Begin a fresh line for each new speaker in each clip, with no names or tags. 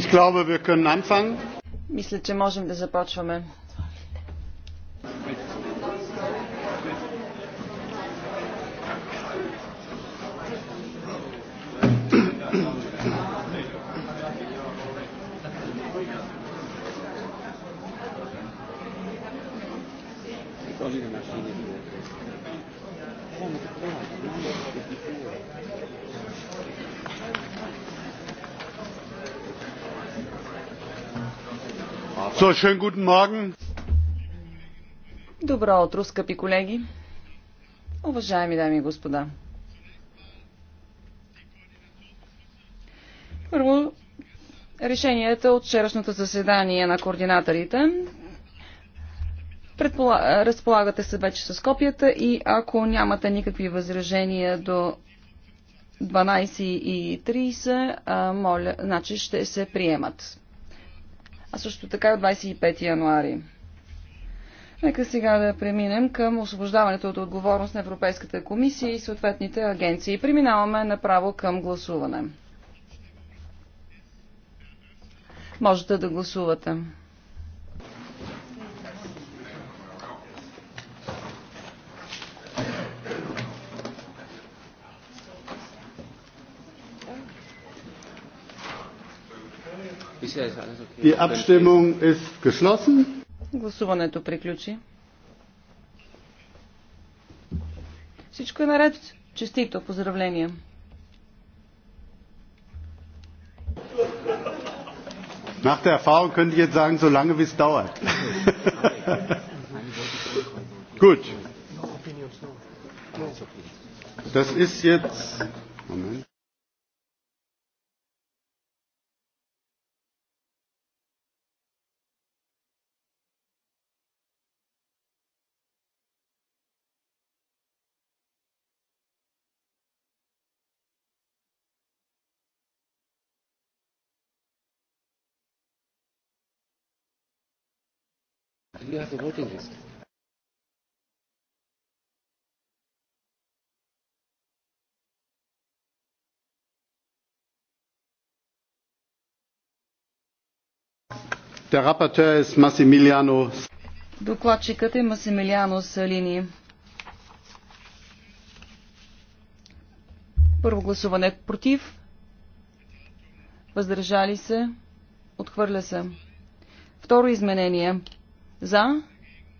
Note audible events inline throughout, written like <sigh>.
Glaube,
Мисля, че можем да започваме.
So, schönen guten Morgen.
Добро утро, скъпи колеги. Уважаеми дами и господа. Първо, решенията от вчерашното заседание на координаторите. Разполагате се вече с копията и ако нямате никакви възражения до 12.30, моля, значи ще се приемат а също така и от 25 януари. Нека сега да преминем към освобождаването от отговорност на Европейската комисия и съответните агенции. Преминаваме направо към гласуване. Можете да гласувате.
Die Abstimmung
ist geschlossen.
Гласуването приключи. Всичко е наред. Честито. Поздравления.
Nach der Erfahrung könnte ich jetzt sagen, so lange wie es dauert. Gut. Das ist jetzt. Moment. you have a voting Der Rapporteur ist Massimiliano.
Докладчикът е Масимилиано Салини. Първо гласуване против. Въздържали се. Отхвърля се. Второ изменение. За,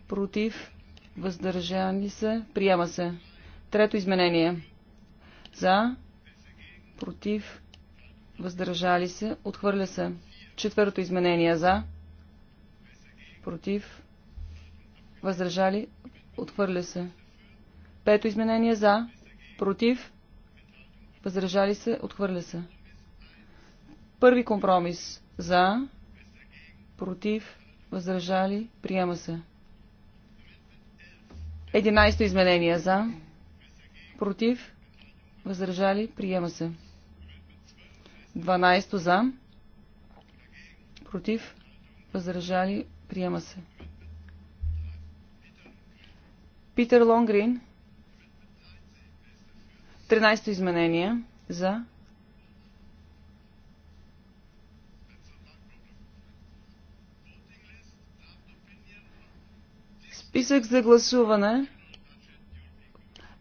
против, въздържани се, приема се. Трето изменение. За, против, въздържали се, отхвърля се. Четвърто изменение. За, против, въздържали, отхвърля се. Пето изменение. За, против, въздържали се, отхвърля се. Първи компромис. За, против, Възражали? Приема се. 11 изменение за. Против? Въздържали? Приема се. 12 за. Против? Възражали? Приема се. Питер Лонгрин. 13 изменение за. списък за гласуване.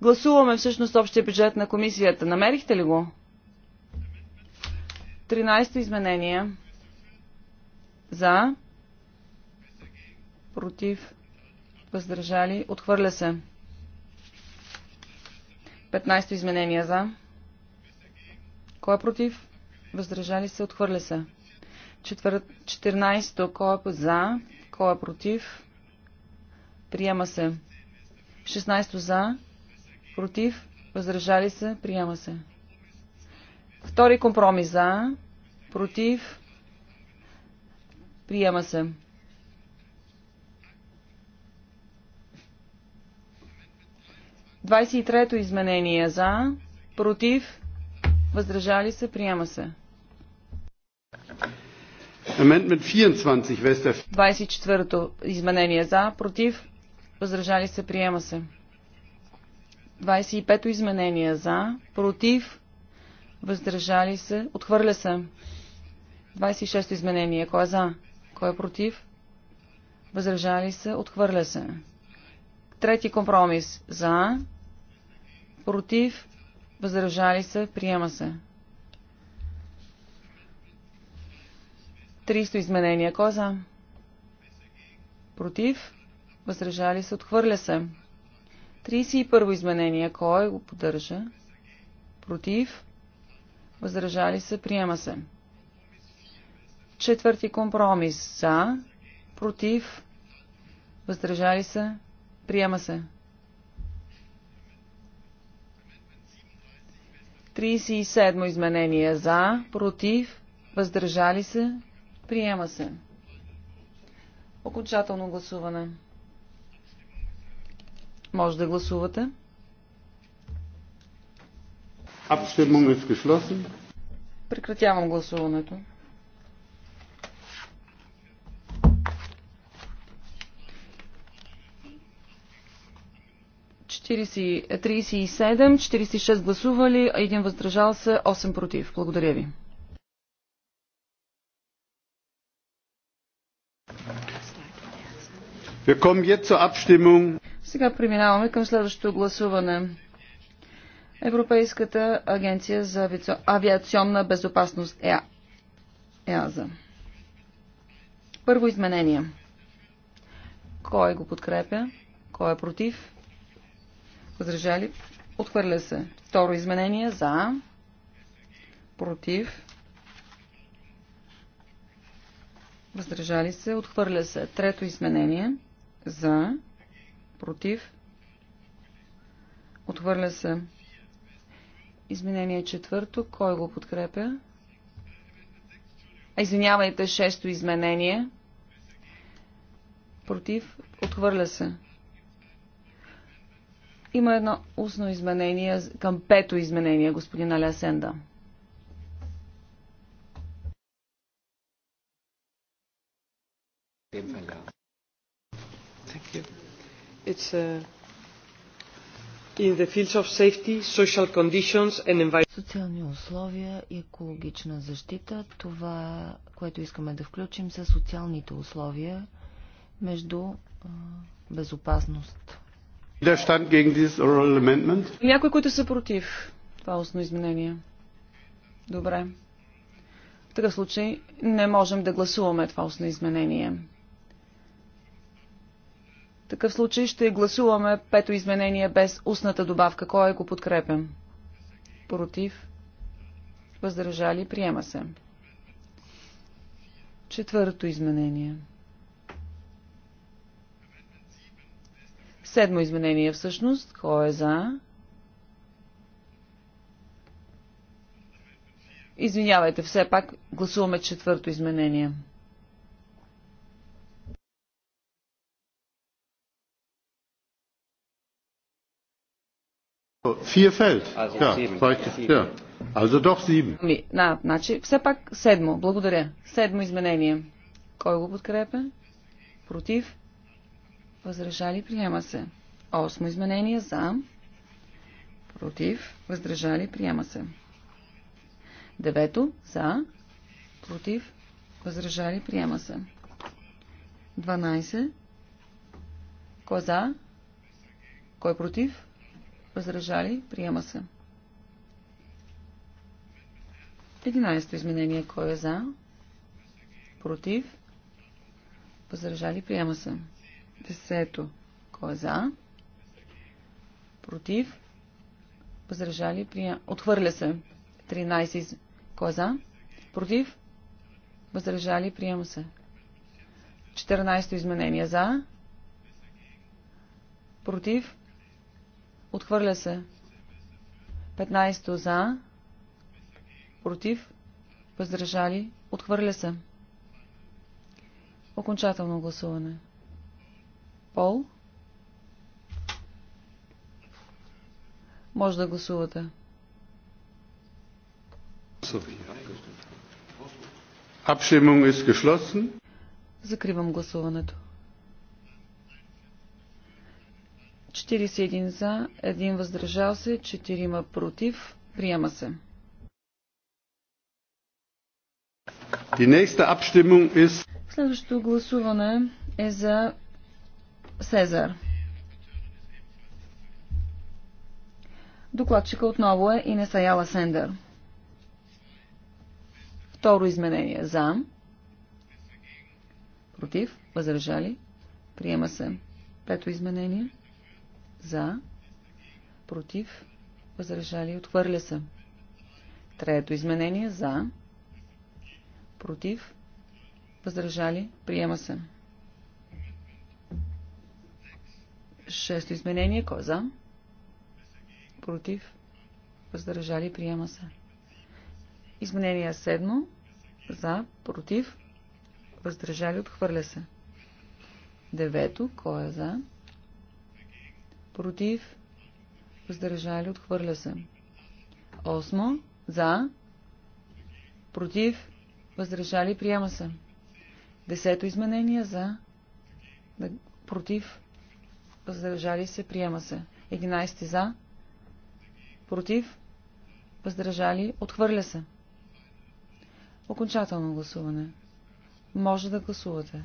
Гласуваме всъщност общия бюджет на комисията. Намерихте ли го? 13 изменения. За. Против. Въздържали. Отхвърля се. 15 изменения за. Кой е против? Въздържали се. Отхвърля се. 14 кой е за? Кой е против? Приема се. 16 за. Против. Въздържали се. Приема се. Втори компромис за. Против. Приема се. Двадесет и трето изменение за. Против. Въздържали се. Приема се.
24-то
изменение за. Против. Въздържали се. Приема се. 25-то изменение. За. Против. Въздържали се. Отхвърля се. 26-то изменение. Кой е за? Кой е против? Въздържали се. Отхвърля се. Трети компромис. За. Против. Въздържали се. Приема се. 300 изменения. Кой е за? Против? Въздържали се. Отхвърля се. 31 изменение. Кой го поддържа? Против. Възражали се. Приема се. Четвърти компромис. За. Против. Въздържали се. Приема се. 37 изменение. За. Против. Въздържали се. Приема се. Окончателно гласуване. Може да гласувате.
Е
Прекратявам гласуването. и 37, е, 46 гласували, а един въздържал се, 8 против. Благодаря ви.
Wir kommen jetzt zur Abstimmung.
Сега преминаваме към следващото гласуване. Европейската агенция за авиационна безопасност ЕА. ЕАЗа. Първо изменение. Кой го подкрепя? Кой е против? Възражали? Отхвърля се. Второ изменение. За. Против. Въздържали се. Отхвърля се. Трето изменение. За против, отхвърля се. Изменение четвърто, кой го подкрепя? Извинявайте, шесто изменение. Против, отхвърля се. Има едно устно изменение към пето изменение, господин Алясенда.
Thank you. It's uh,
in the fields of safety, social conditions and environment. Социални условия и екологична защита. Това, което искаме да включим, са социалните условия между uh, безопасност.
Някои, които са против това устно изменение. Добре. В такъв случай не можем да гласуваме това устно изменение такъв случай ще гласуваме пето изменение без устната добавка. Кой го подкрепям? Против? Въздържали? Приема се. Четвърто изменение. Седмо изменение всъщност. Кой е за? Извинявайте, все пак гласуваме четвърто изменение. Ами, да, значи все пак седмо. Благодаря. Седмо изменение. Кой го подкрепя? Против? Възражали? Приема се. Осмо изменение. За? Против? Въздържали? Приема се. Девето. За? Против? Възражали? Приема се. 12. Кой за? Кой против? Възражали? Приема се. 11 изменение. Кой е за? Против? Възражали? Приема се. 10 Кой е за? Против? Възражали? Приема... Отхвърля се. 13 из... Кой е за? Против? Възражали? Приема се. 14 изменение. За? Против? Отхвърля се. 15 за. Против. Въздържали. Отхвърля се. Окончателно гласуване. Пол. Може да гласувате.
geschlossen. Е
Закривам гласуването. 41 за, 1 въздържал се, 4 против. Приема се. Следващото гласуване е за Сезар. Докладчика отново е Инесаяла Сендър. Второ изменение за. Против. Възражали. Приема се. Пето изменение. За. Против. Възражали. Отхвърля се. Трето изменение. За. Против. Въздържали. Приема се. Шесто изменение. Кой е за? Против. Въздържали. Приема се. Изменение седмо. За. Против. Въздържали. Отхвърля се. Девето. Кой е за? против, въздържали, отхвърля се. Осмо, за, против, въздържали, приема се. Десето изменение за, против, въздържали се, приема се. Единайсти за, против, въздържали, отхвърля се. Окончателно гласуване. Може да гласувате.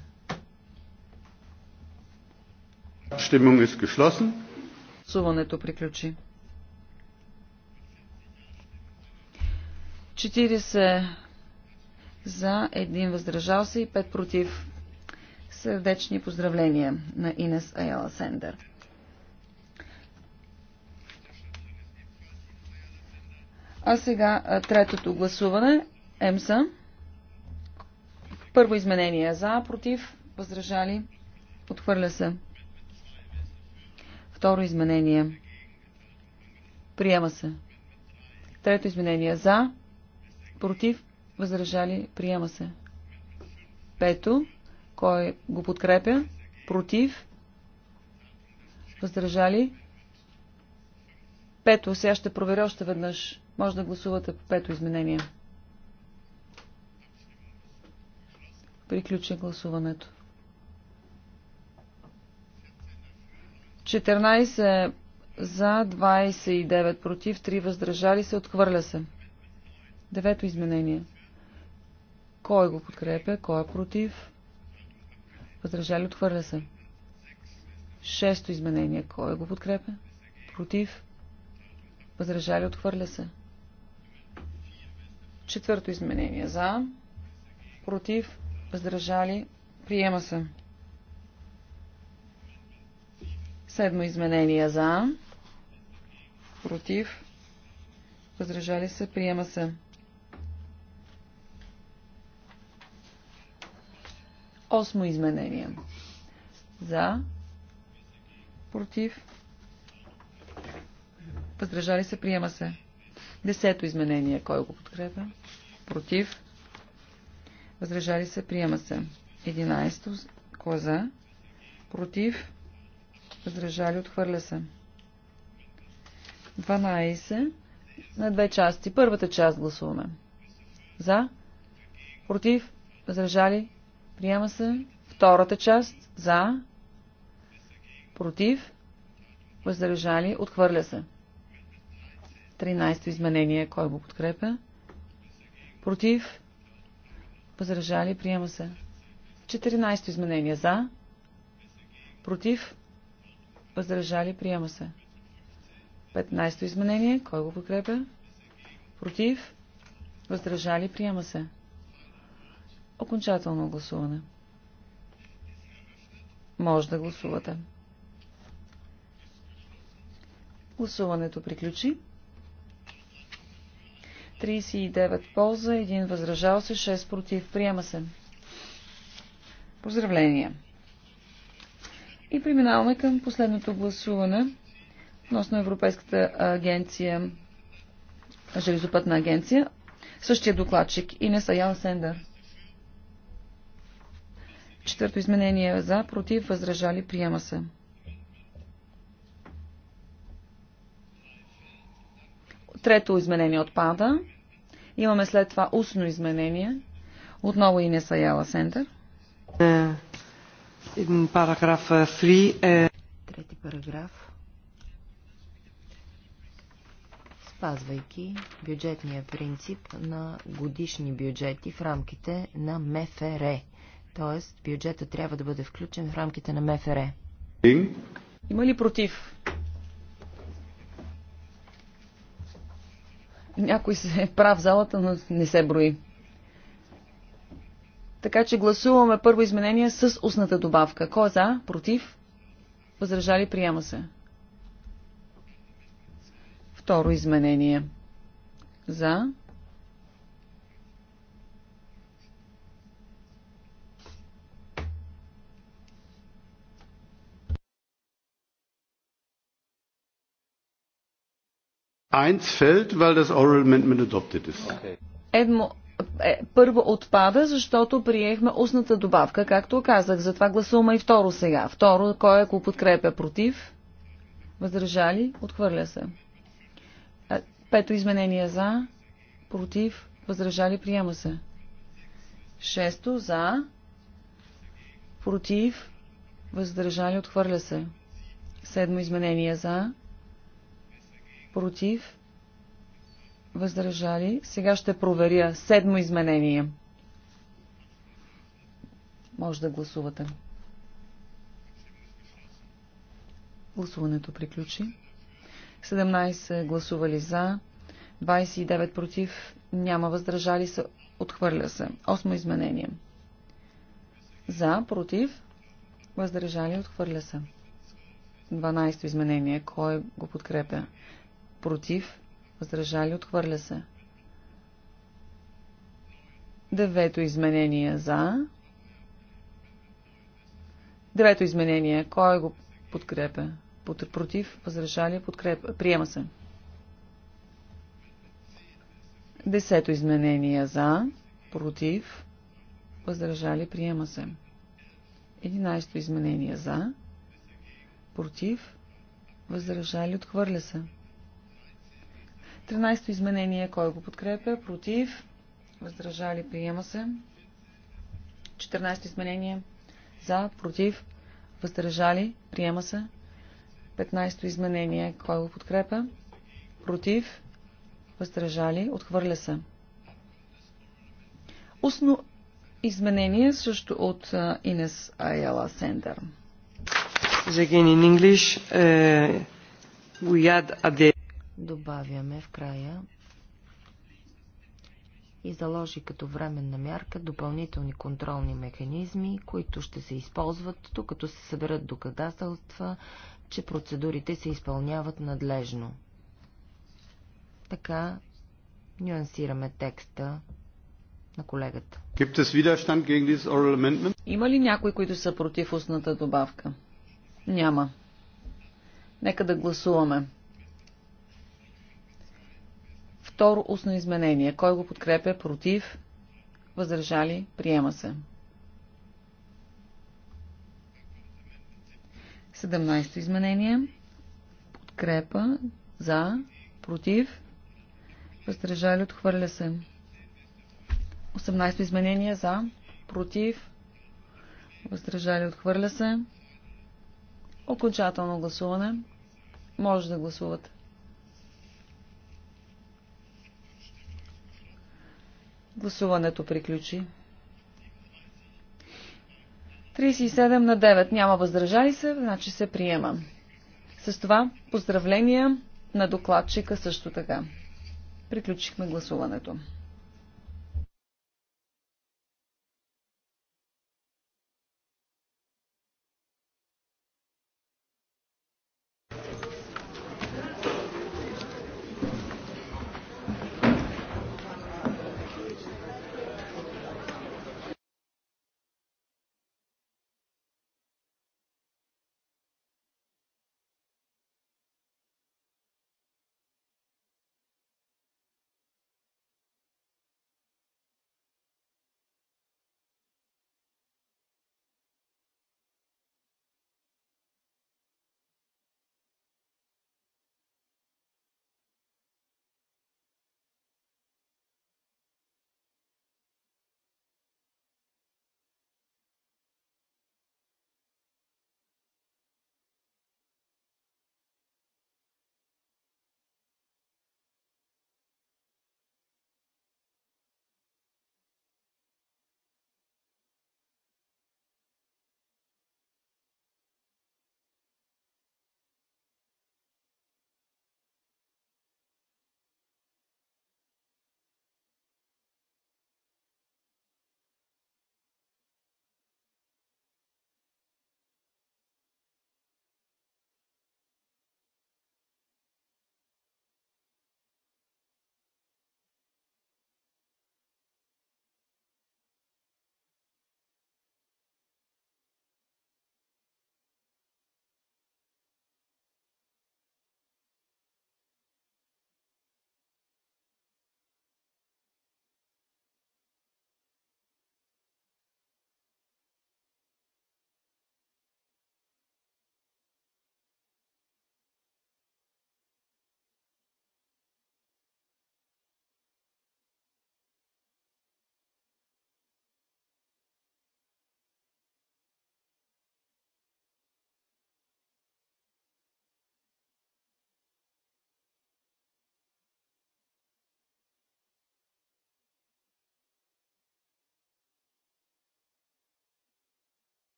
Stimmung ist geschlossen.
Псуването приключи. 40 за, 1 въздържал се и 5 против. Сърдечни поздравления на Инес Айала Сендер. А сега третото гласуване. ЕМСА. Първо изменение за, против, въздържали, отхвърля се. Второ изменение. Приема се. Трето изменение. За. Против. възражали, Приема се. Пето. Кой го подкрепя? Против. Въздържали. Пето. Сега ще проверя още веднъж. Може да гласувате по пето изменение. Приключи гласуването. 14 за, 29 против, 3 въздържали се, отхвърля се. Девето изменение. Кой го подкрепя, кой е против? Въздържали, отхвърля се. Шесто изменение. Кой го подкрепя? Против? Въздържали, отхвърля се. Четвърто изменение. За? Против? Въздържали? Приема се. Седмо изменение за. Против. Въздържали се. Приема се. Осмо изменение. За. Против. Въздържали се. Приема се. Десето изменение. Кой го подкрепя? Против. Въздържали се. Приема се. Единайсто. Кой е за? Против въздържали, отхвърля се. 12 на две части. Първата част гласуваме. За, против, въздържали, приема се. Втората част за, против, въздържали, отхвърля се. 13 изменение. Кой го подкрепя? Против, възражали, приема се. 14 изменение за, против, Въздържали. Приема се. 15-то изменение. Кой го подкрепя? Против. Въздържали. Приема се. Окончателно гласуване. Може да гласувате. Гласуването приключи. 39 полза, 1 възражал се, 6 против. Приема се. Поздравления! И преминаваме към последното гласуване относно Европейската агенция, железопътна агенция. Същия докладчик Инеса Ян Сендър. Четвърто изменение е за, против, възражали, приема се. Трето изменение отпада. Имаме след това устно изменение. Отново и не са Яла Сентър.
Е, Параграф 3. Е- Трети параграф. Спазвайки бюджетния принцип на годишни бюджети в рамките на МФР. Тоест, бюджета трябва да бъде включен в рамките на МФР. Има ли против? Някой се е прав в залата,
но не се брои. Така че гласуваме първо изменение с устната добавка. Кой е за? Против? Възражали? Приема се. Второ изменение. За.
Eins fällt, weil das Oral Amendment adopted Okay.
Едно, е, първо отпада, защото приехме устната добавка, както казах. Затова гласуваме и второ сега. Второ, кой е, ако подкрепя против, въздържали, отхвърля се. Е, пето изменение за, против, въздържали, приема се. Шесто за, против, въздържали, отхвърля се. Седмо изменение за, против, въздържали. Сега ще проверя седмо изменение. Може да гласувате. Гласуването приключи. 17 гласували за, 29 против, няма въздържали се, отхвърля се. Осмо изменение. За, против, въздържали, отхвърля се. 12 изменение. Кой го подкрепя? Против, Възражали Отхвърля се. Девето изменение за. Девето изменение. Кой го подкрепя? Против. възражали, Подкрепя. Приема се. Десето изменение за. Против. възражали, Приема се. Единайсто изменение за. Против. Въздържали. Отхвърля се. 13-то изменение. Кой го подкрепя? Против. Въздържали. Приема се. 14-то изменение. За. Против. Въздържали. Приема се. 15-то изменение. Кой го подкрепя? Против. Въздържали. Отхвърля се. Устно изменение също от Инес Айела Сендър.
Again in English, uh, we add a day добавяме в края и заложи като временна мярка допълнителни контролни механизми, които ще се използват, докато се съберат доказателства, че процедурите се изпълняват надлежно. Така нюансираме текста на колегата. Има ли някои, които
са против устната добавка? Няма. Нека да гласуваме. Второ устно изменение. Кой го подкрепя? Против? Въздържали? Приема се. 17 изменение. Подкрепа. За. Против. Въздържали. Отхвърля се. 18 изменение. За. Против. Въздържали. Отхвърля се. Окончателно гласуване. Може да гласувате. Гласуването приключи. 37 на 9. Няма въздържали се, значи се приема. С това поздравления на докладчика също така. Приключихме гласуването.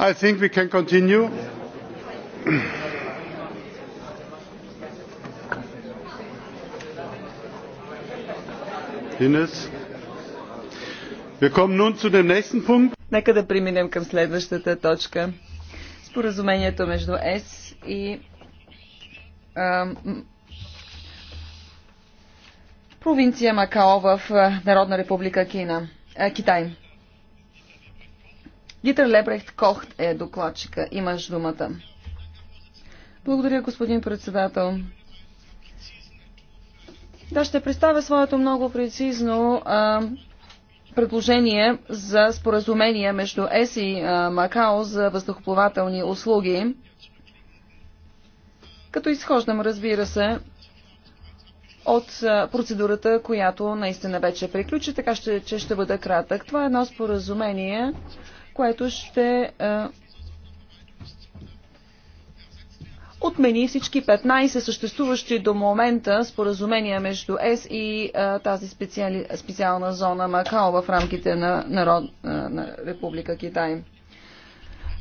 I think we can continue. Wir kommen nun zu dem nächsten Punkt. Нека
да преминем към
следващата точка.
Споразумението между ЕС и а, провинция Макао в Народна република Кина, а, Китай. Дитър Лебрехт Кохт е докладчика. Имаш думата. Благодаря, господин председател. Да, ще представя своето много прецизно а, предложение за споразумение между ЕС и а, Макао за въздухоплавателни услуги. Като изхождам, разбира се, от процедурата, която наистина вече приключи, така ще, че ще бъда кратък. Това е едно споразумение, което ще е, отмени всички 15 съществуващи до момента споразумения между ЕС и а, е, тази специали, специална зона Макао в рамките на, народ, а, е, на Република Китай.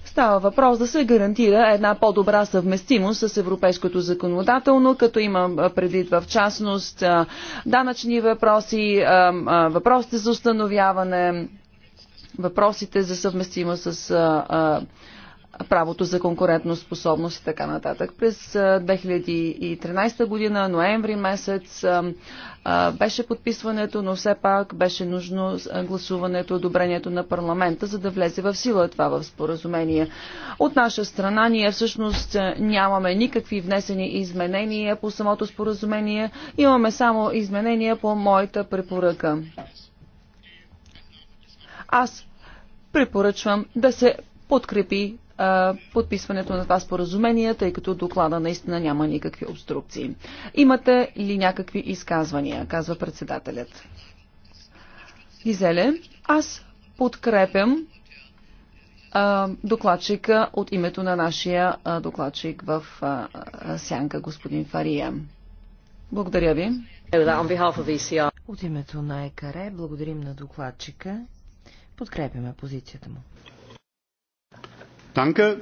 Става въпрос да се гарантира една по-добра съвместимост с европейското законодателно, като имам предвид в частност данъчни въпроси, въпросите за установяване, въпросите за съвместима с а, а, правото за конкурентно способност и така нататък. През 2013 година, ноември месец, беше подписването, но все пак беше нужно гласуването, одобрението на парламента, за да влезе в сила това в споразумение. От наша страна ние всъщност нямаме никакви внесени изменения по самото споразумение, имаме само изменения по моята препоръка. Аз препоръчвам да се подкрепи подписването на това споразумение, тъй като доклада наистина няма никакви обструкции. Имате ли някакви изказвания, казва председателят. Гизеле, аз подкрепям а, докладчика от името на нашия а, докладчик в а,
а, Сянка, господин Фария. Благодаря ви. E от името на ЕКАРЕ благодарим на докладчика Подкрепяме позицията му. Танка.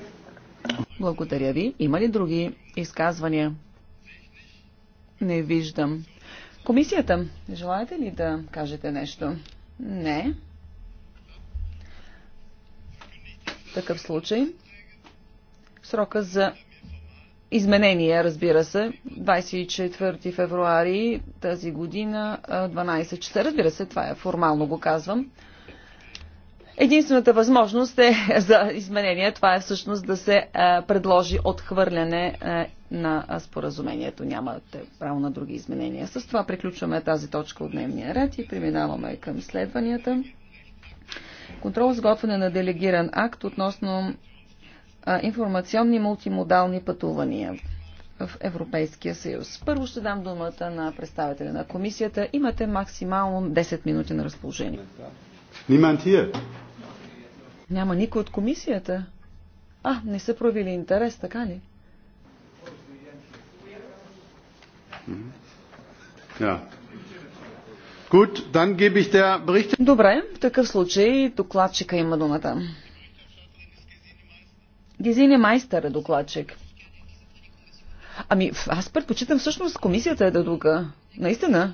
Благодаря ви. Има ли други
изказвания? Не виждам. Комисията, желаете ли да кажете нещо? Не. В такъв случай срока за изменения, разбира се, 24 февруари тази година, 12 часа. Разбира се, това е формално го казвам. Единствената възможност е <laughs> за изменение. Това е всъщност да се предложи отхвърляне на споразумението. Нямате право на други изменения. С това приключваме тази точка от дневния ред и преминаваме към следванията. Контрол сготвяне на делегиран акт относно информационни мултимодални пътувания в Европейския съюз. Първо ще дам думата на представителя на комисията. Имате максимално 10 минути на разположение. Niemand hier. Няма никой от комисията. А, не са провели интерес, така ли? Gut, dann gebe ich der Bericht... Добре, в такъв случай докладчика има думата. Гизине Майстър е докладчик. Ами, аз предпочитам всъщност комисията е да тук. Наистина.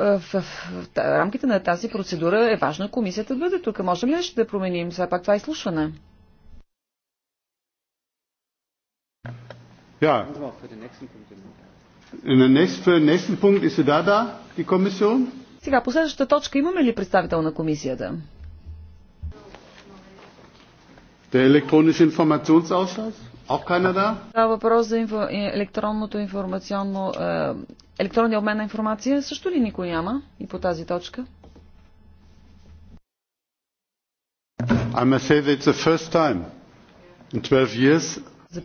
Е, в, в, в рамките на тази процедура е важно комисията да бъде тук. Можем ли нещо да променим Сега пак това е изслушване?
Ja. Сега, последващата точка имаме ли представител
на комисията?
Der elektronische Informationsausschuss? Това
въпрос за електронното информационно... Е, електронния обмен на информация също ли никой няма и по тази точка?
I must say that it's the first time in 12 years.
За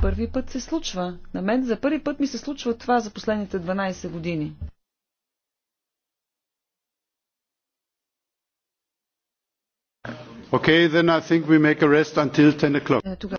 първи път се случва. На мен за първи път ми се случва това за последните 12 години.
Okay, then I think we make a rest until 10 o'clock.
Тогава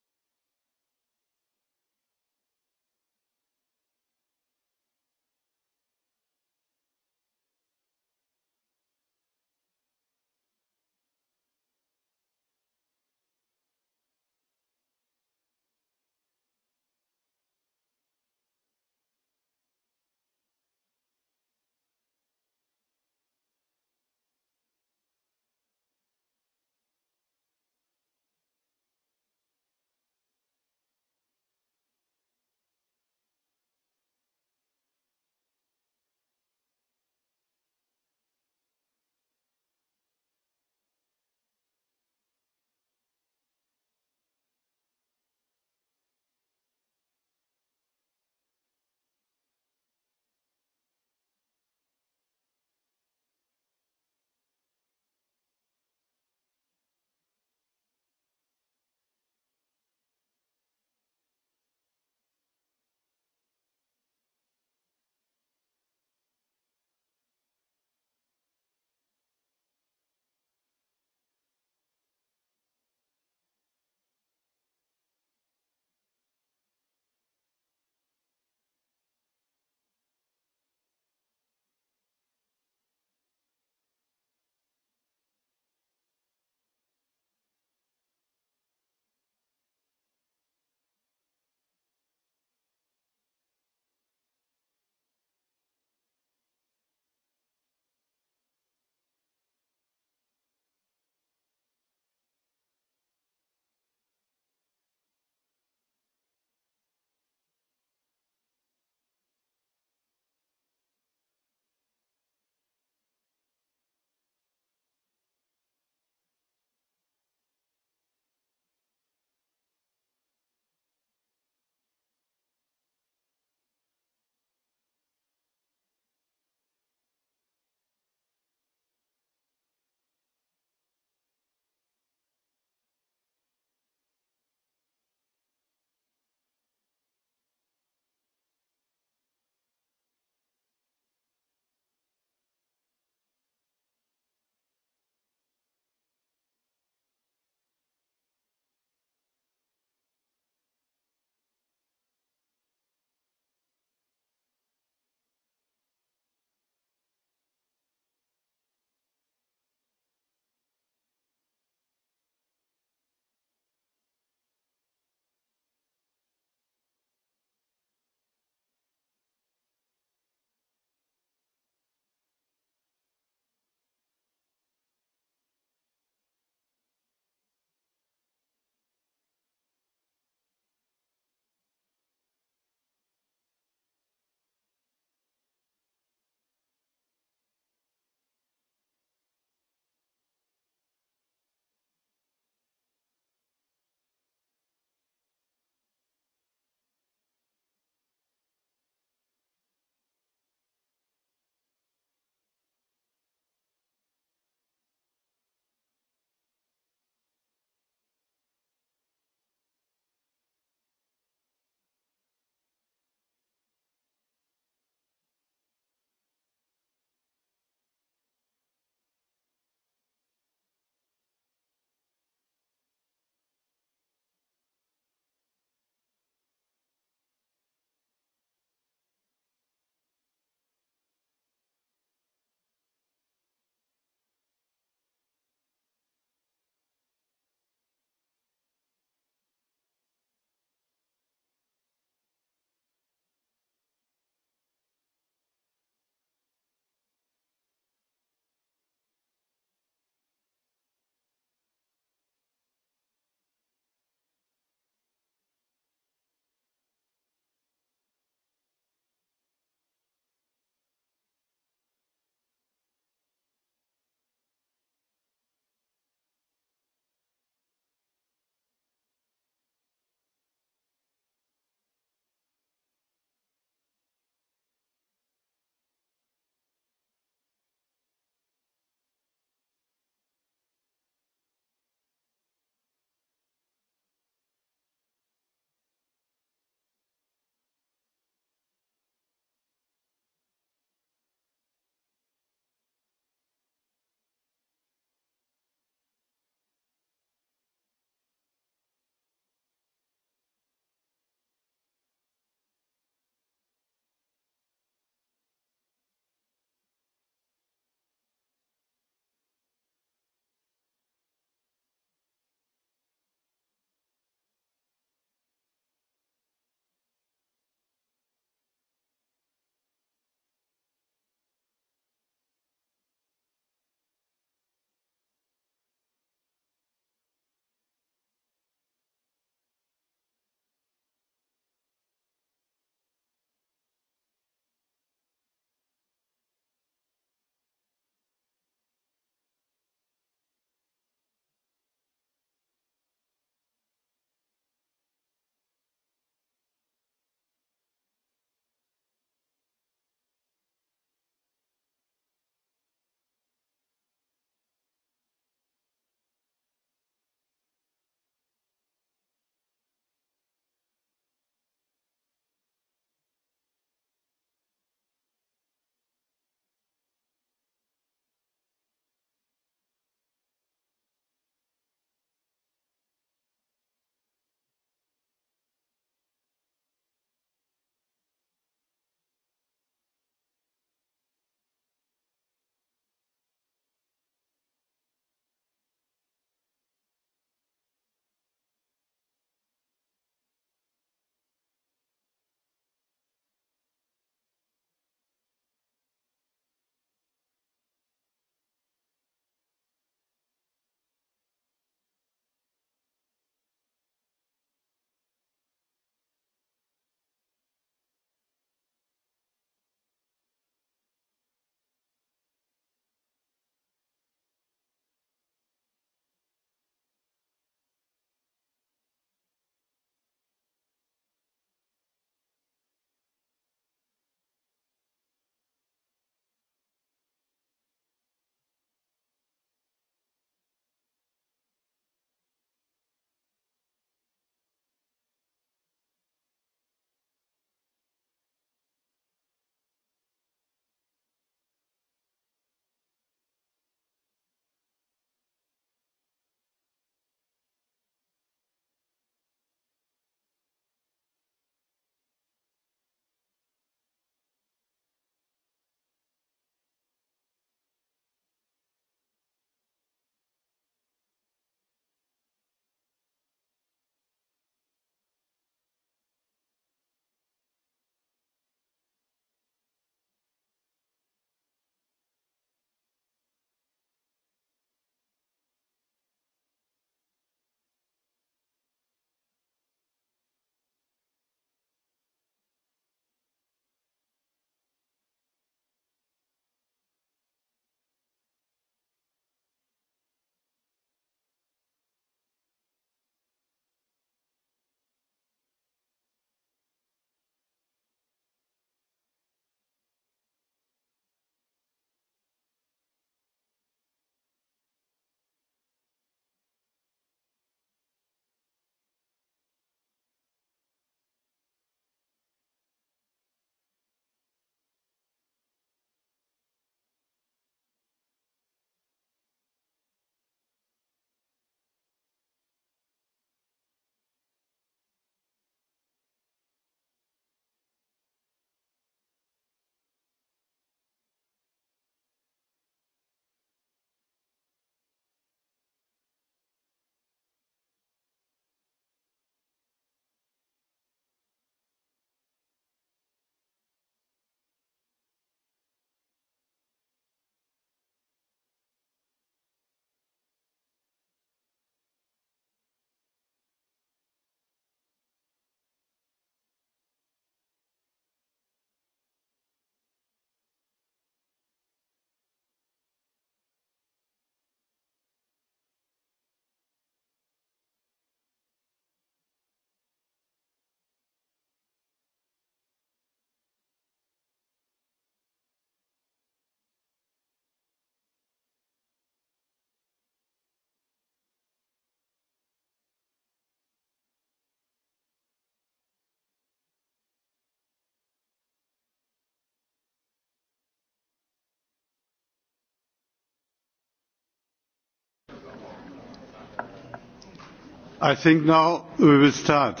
I think now we will start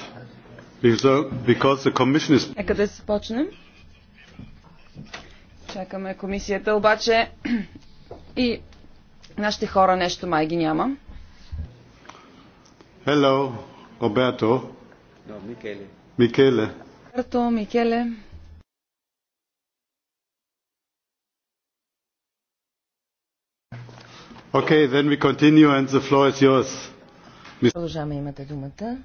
because the commission is...
Нека да започнем. Чакаме комисията, обаче и нашите хора нещо май ги няма.
Hello, Roberto. No, Michele. Michele.
Roberto, Michele.
Okay, then we continue and the floor is yours.
Продължаваме, имате думата.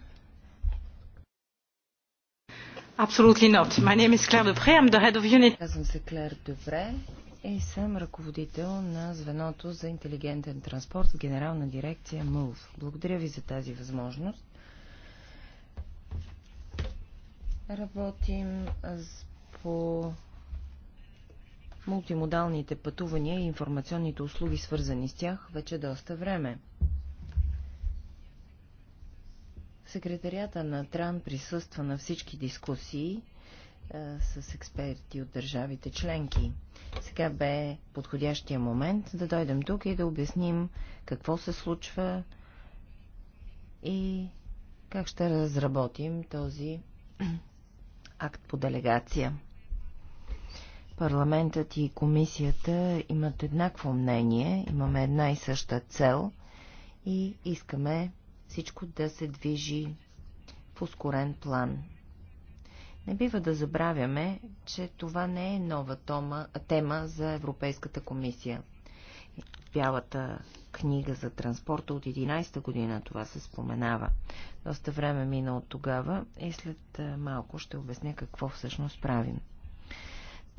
Absolutely not. My name is Claire Dupre. I'm the head of unit. Казвам се Клер Дупре и съм ръководител на звеното за интелигентен транспорт в генерална дирекция МУЛФ. Благодаря ви за тази възможност. Работим по мултимодалните пътувания и информационните услуги, свързани с тях, вече доста време. Секретарията на Тран присъства на всички дискусии а, с експерти от държавите членки. Сега бе подходящия момент да дойдем тук и да обясним какво се случва и как ще разработим този <clears throat> акт по делегация. Парламентът и комисията имат еднакво мнение, имаме една и съща цел и искаме всичко да се движи в ускорен план. Не бива да забравяме, че това не е нова тома, тема за Европейската комисия. Бялата книга за транспорта от 11-та година това се споменава. Доста време мина от тогава и след малко ще обясня какво всъщност правим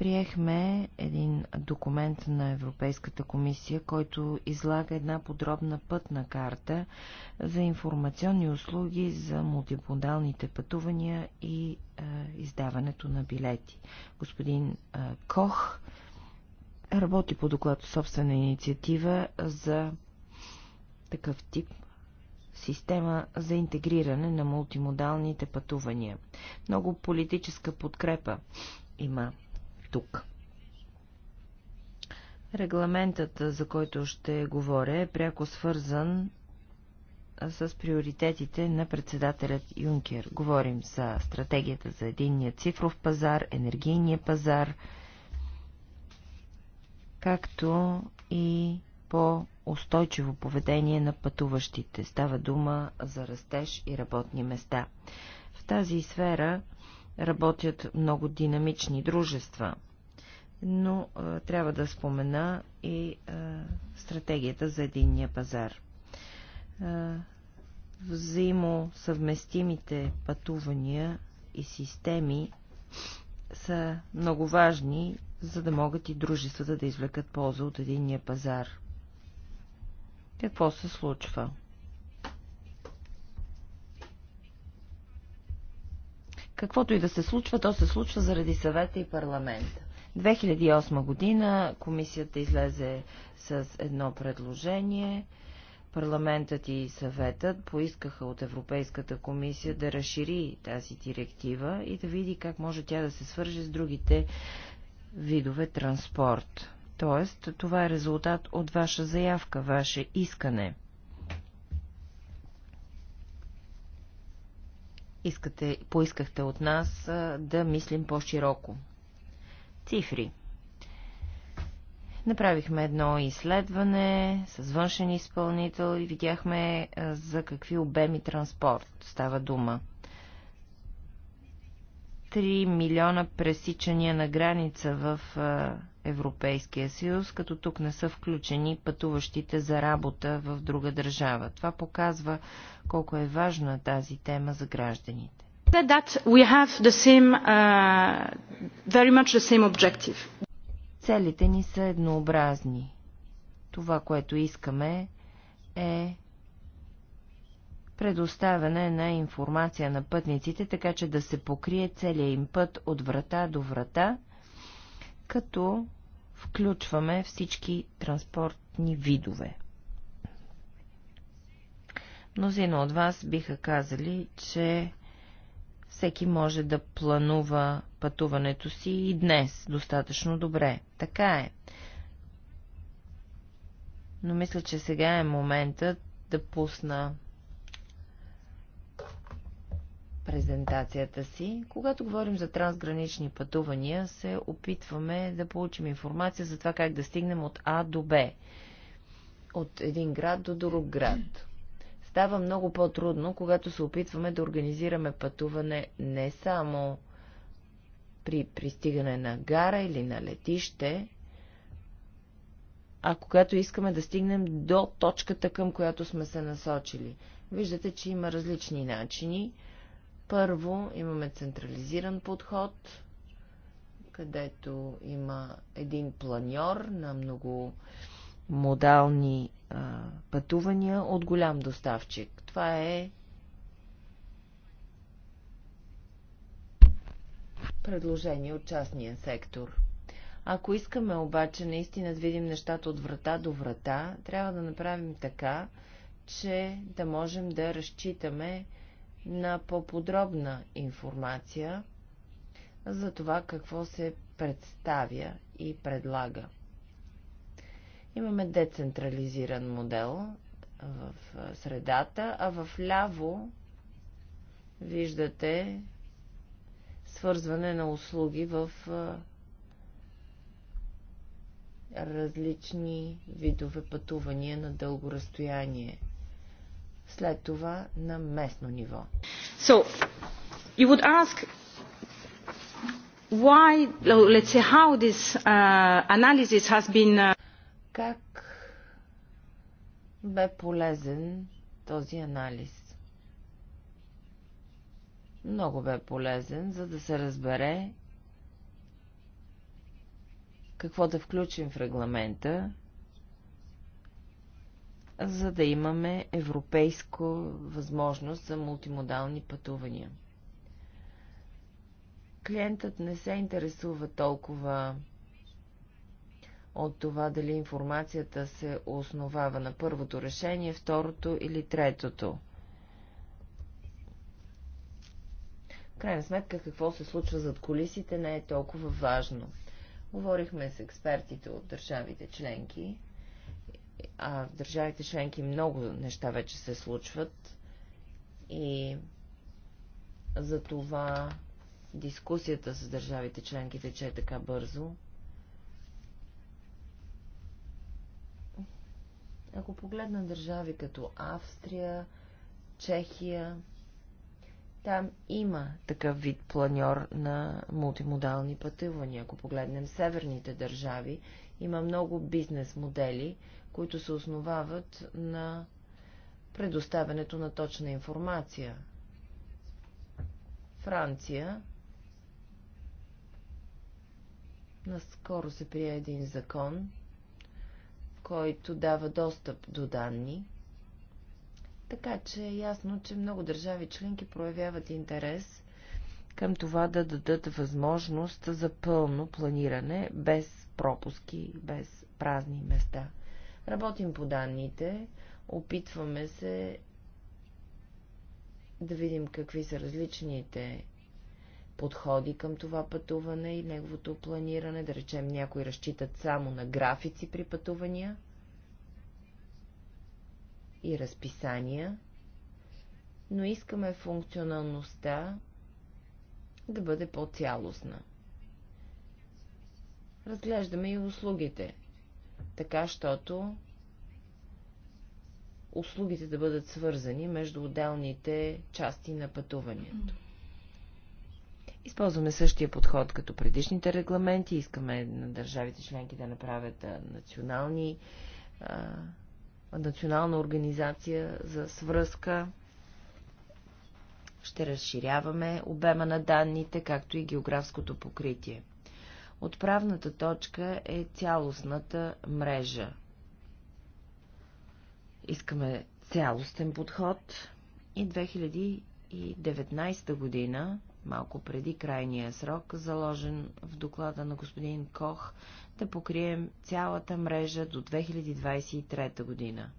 приехме един документ на Европейската комисия, който излага една подробна пътна карта за информационни услуги за мултиподалните пътувания и е, издаването на билети. Господин е, Кох работи по доклад собствена инициатива за такъв тип система за интегриране на мултимодалните пътувания. Много политическа подкрепа има тук. Регламентът, за който ще говоря, е пряко свързан с приоритетите на председателят Юнкер. Говорим за стратегията за единния цифров пазар, енергийния пазар, както и по устойчиво поведение на пътуващите. Става дума за растеж и работни места. В тази сфера работят много динамични дружества. Но а, трябва да спомена и а, стратегията за единния пазар. А, взаимосъвместимите пътувания и системи са много важни, за да могат и дружествата да извлекат полза от единния пазар. Какво се случва? Каквото и да се случва, то се случва заради съвета и парламента. 2008 година комисията излезе с едно предложение. Парламентът и съветът поискаха от Европейската комисия да разшири тази директива и да види как може тя да се свърже с другите видове транспорт. Тоест, това е резултат от ваша заявка, ваше искане – искате, поискахте от нас да мислим по-широко. Цифри. Направихме едно изследване с външен изпълнител и видяхме за какви обеми транспорт става дума. 3 милиона пресичания на граница в Европейския съюз, като тук не са включени пътуващите за работа в друга държава. Това показва колко е важна тази тема за гражданите.
Uh,
Целите ни са еднообразни. Това, което искаме е предоставяне на информация на пътниците, така че да се покрие целият им път от врата до врата – като включваме всички транспортни видове. Мнозина от вас биха казали, че всеки може да планува пътуването си и днес достатъчно добре. Така е. Но мисля, че сега е моментът да пусна презентацията си. Когато говорим за трансгранични пътувания, се опитваме да получим информация за това как да стигнем от А до Б. От един град до друг град. Става много по-трудно, когато се опитваме да организираме пътуване не само при пристигане на гара или на летище, а когато искаме да стигнем до точката, към която сме се насочили. Виждате, че има различни начини първо имаме централизиран подход, където има един планьор на много модални а, пътувания от голям доставчик. Това е предложение от частния сектор. Ако искаме обаче наистина да видим нещата от врата до врата, трябва да направим така, че да можем да разчитаме на по-подробна информация за това какво се представя и предлага. Имаме децентрализиран модел в средата, а в ляво виждате свързване на услуги в различни видове пътувания на дълго разстояние – след това на местно ниво.
So, you would ask why, let's say, how this uh, analysis has been... Uh... Как
бе полезен този анализ? Много бе полезен, за да се разбере какво да включим в регламента за да имаме европейска възможност за мултимодални пътувания. Клиентът не се интересува толкова от това дали информацията се основава на първото решение, второто или третото. крайна сметка какво се случва зад колисите не е толкова важно. Говорихме с експертите от държавите членки а в държавите членки много неща вече се случват и за това дискусията с държавите членки тече е така бързо. Ако погледна държави като Австрия, Чехия, там има такъв вид планьор на мултимодални пътувания. Ако погледнем северните държави, има много бизнес модели, които се основават на предоставянето на точна информация. Франция наскоро се прие един закон, който дава достъп до данни, така че е ясно, че много държави членки проявяват интерес към това да дадат възможност за пълно планиране, без пропуски, без празни места. Работим по данните, опитваме се да видим какви са различните подходи към това пътуване и неговото планиране. Да речем, някои разчитат само на графици при пътувания и разписания, но искаме функционалността да бъде по-цялостна. Разглеждаме и услугите – така, щото услугите да бъдат свързани между отделните части на пътуването. Използваме същия подход като предишните регламенти. Искаме на държавите членки да направят национални, а, национална организация за свръзка. Ще разширяваме обема на данните, както и географското покритие. Отправната точка е цялостната мрежа. Искаме цялостен подход и 2019 година, малко преди крайния срок, заложен в доклада на господин Кох, да покрием цялата мрежа до 2023 година.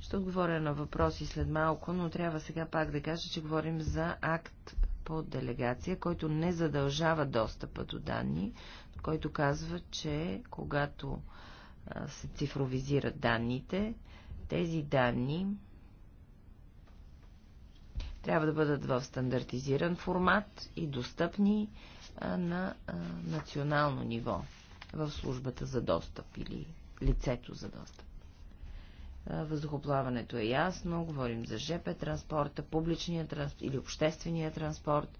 Ще отговоря на въпроси след малко, но трябва сега пак да кажа, че говорим за акт по делегация, който не задължава достъпа до данни, който казва, че когато се цифровизират данните, тези данни трябва да бъдат в стандартизиран формат и достъпни на национално ниво в службата за достъп или лицето за достъп. Въздухоплаването е ясно, говорим за ЖП транспорта, публичния транспорт или обществения транспорт.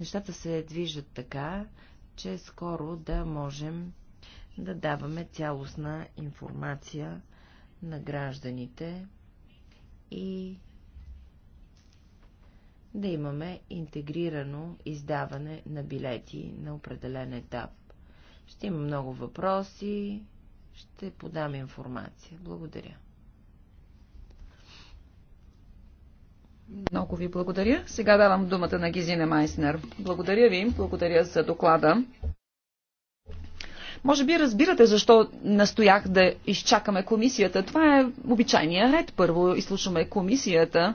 Нещата се движат така, че скоро да можем да даваме цялостна информация на гражданите и да имаме интегрирано издаване на билети на определен етап. Ще има много въпроси, ще подам информация. Благодаря. Много ви благодаря. Сега давам думата на Гизина Майснер.
Благодаря ви, благодаря за доклада. Може би разбирате защо настоях да изчакаме комисията. Това е обичайния ред. Първо изслушваме комисията.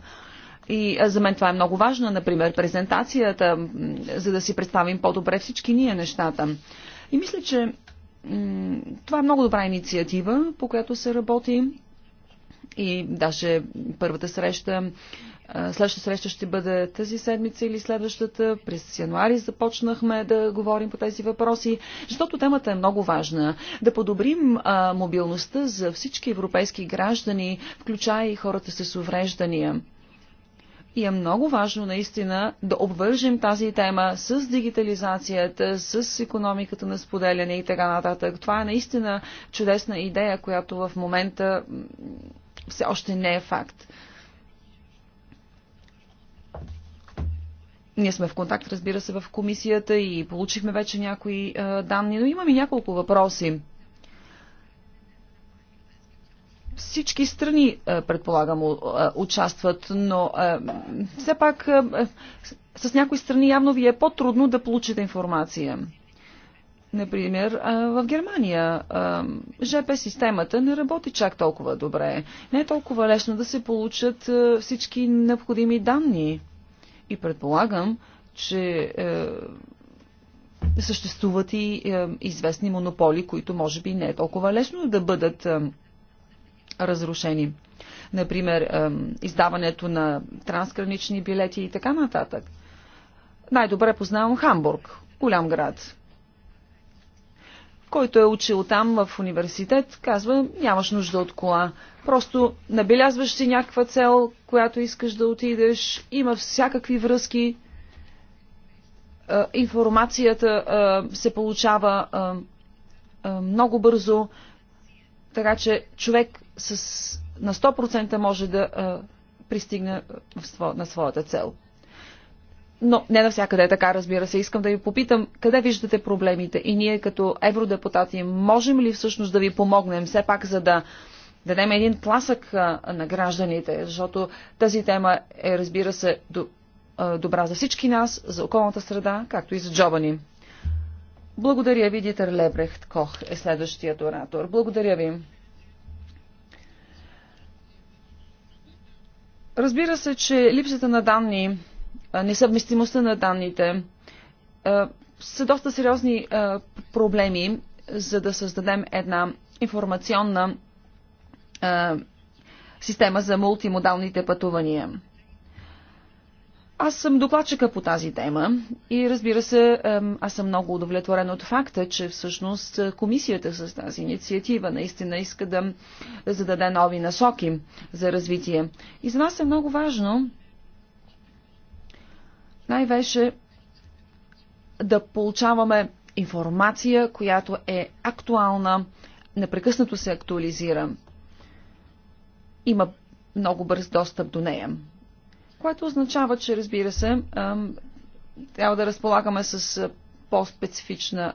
И за мен това е много важно, например, презентацията, за да си представим по-добре всички ние нещата. И мисля, че това е много добра инициатива, по която се работи. И даже първата среща Следващата среща ще бъде тази седмица или следващата. През януари започнахме да говорим по тези въпроси, защото темата е много важна. Да подобрим а, мобилността за всички европейски граждани, включая и хората с увреждания. И е много важно наистина да обвържем тази тема с дигитализацията, с економиката на споделяне и така нататък. Това е наистина чудесна идея, която в момента все още не е факт. Ние сме в контакт, разбира се, в комисията и получихме вече някои а, данни, но имаме няколко въпроси. Всички страни, предполагам, участват, но все пак с някои страни явно ви е по-трудно да получите информация. Например, в Германия ЖП системата не работи чак толкова добре. Не е толкова лесно да се получат всички необходими данни. И предполагам, че е, съществуват и е, известни монополи, които може би не е толкова лесно да бъдат е, разрушени. Например, е, издаването на трансгранични билети и така нататък. Най-добре познавам Хамбург, голям град който е учил там в университет, казва, нямаш нужда от кола. Просто набелязваш си някаква цел, която искаш да отидеш, има всякакви връзки, е, информацията е, се получава е, много бързо, така че човек с, на 100% може да пристигне на своята цел. Но не навсякъде е така, разбира се. Искам да ви попитам, къде виждате проблемите и ние като евродепутати можем ли всъщност да ви помогнем все пак, за да дадем един тласък на гражданите, защото тази тема е, разбира се, добра за всички нас, за околната среда, както и за джоба ни. Благодаря ви, Дитър Лебрехт Кох е следващият оратор. Благодаря ви. Разбира се, че липсата на данни несъвместимостта на данните. Са доста сериозни проблеми, за да създадем една информационна система за мултимодалните пътувания. Аз съм докладчика по тази тема и разбира се, аз съм много удовлетворен от факта, че всъщност комисията с тази инициатива наистина иска да зададе нови насоки за развитие. И за нас е много важно най-вече да получаваме информация, която е актуална, непрекъснато се актуализира. Има много бърз достъп до нея. Което означава, че разбира се, трябва да разполагаме с по-специфична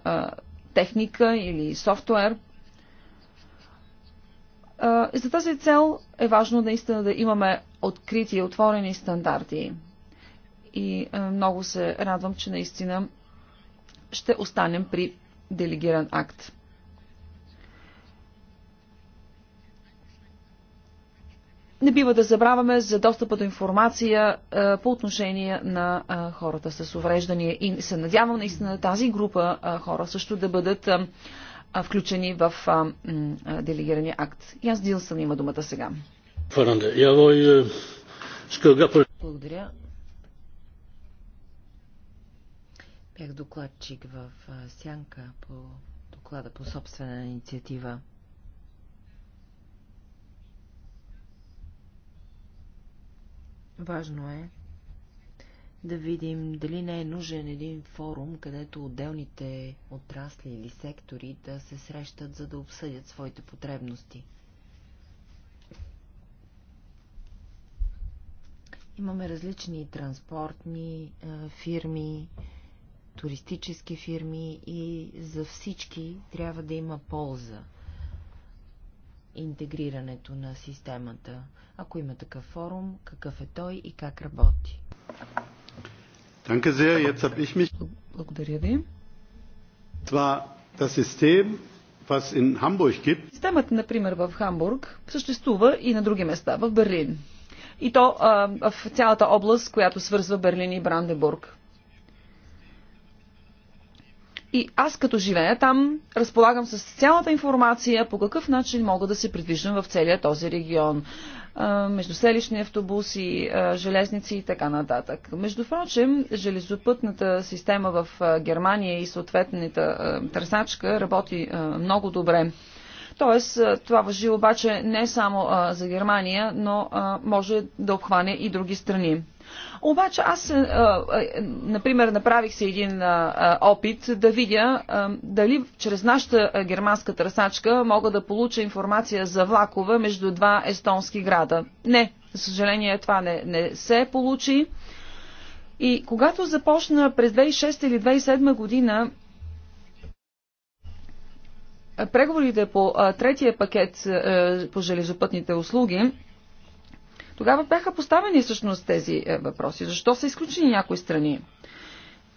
техника или софтуер. За тази цел е важно наистина да имаме открити и отворени стандарти и много се радвам, че наистина ще останем при делегиран акт. Не бива да забравяме за достъпа до информация по отношение на хората с увреждания и се надявам наистина тази група хора също да бъдат включени в делегирания акт. Аз Дилсън има думата сега.
Е,
Благодаря. Бях докладчик в Сянка по доклада по собствена инициатива. Важно е да видим дали не е нужен един форум, където отделните отрасли или сектори да се срещат, за да обсъдят своите потребности. Имаме различни транспортни фирми, туристически фирми и за всички трябва да има полза интегрирането на системата. Ако има такъв форум, какъв е той и как работи? Благодаря ви.
Системата,
например, в Хамбург съществува и на други места, в Берлин. И то а, в цялата област, която свързва Берлин и Бранденбург. И аз като живея там, разполагам с цялата информация по какъв начин мога да се придвижвам в целия този регион. Между селищни автобуси, железници и така нататък. Между прочим, железопътната система в Германия и съответната търсачка работи много добре. Тоест, това въжи обаче не само за Германия, но може да обхване и други страни. Обаче аз, е, е, е, например, направих се един опит да видя дали чрез нашата германска търсачка мога да получа информация за влакове между два естонски града. Не, за съжаление това не, не се получи. И когато започна през 2006 или 2007 година преговорите по третия пакет по железопътните услуги, тогава бяха поставени всъщност тези е, въпроси. Защо са изключени някои страни?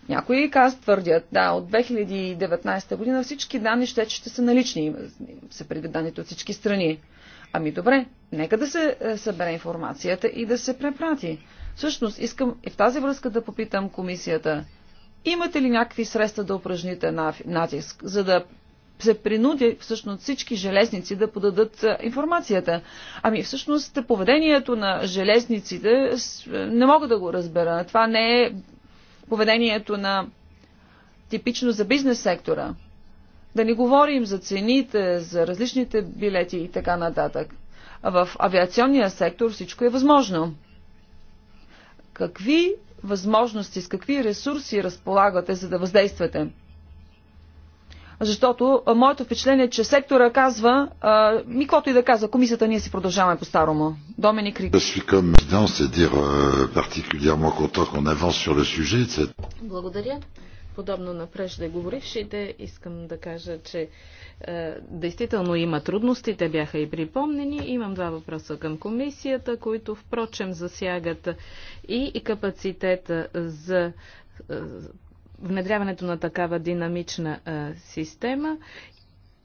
Някои каз твърдят, да, от 2019 година всички данни ще, ще са налични, се предвид данните от всички страни. Ами добре, нека да се е, събере информацията и да се препрати. Всъщност, искам и в тази връзка да попитам комисията, имате ли някакви средства да упражните натиск, за да се принуди всъщност всички железници да подадат информацията. Ами всъщност поведението на железниците не мога да го разбера. Това не е поведението на типично за бизнес сектора. Да не говорим за цените, за различните билети и така нататък. В авиационния сектор всичко е възможно. Какви възможности, с какви ресурси разполагате, за да въздействате? Защото моето впечатление е, че сектора казва, ми каквото и да казва, комисията ние си продължаваме по-старому. Домени Крик.
Euh,
Благодаря. Подобно на преждеговорившите, искам да кажа, че е, действително има трудности, те бяха и припомнени. Имам два въпроса към комисията, които впрочем засягат и капацитета за е, внедряването на такава динамична система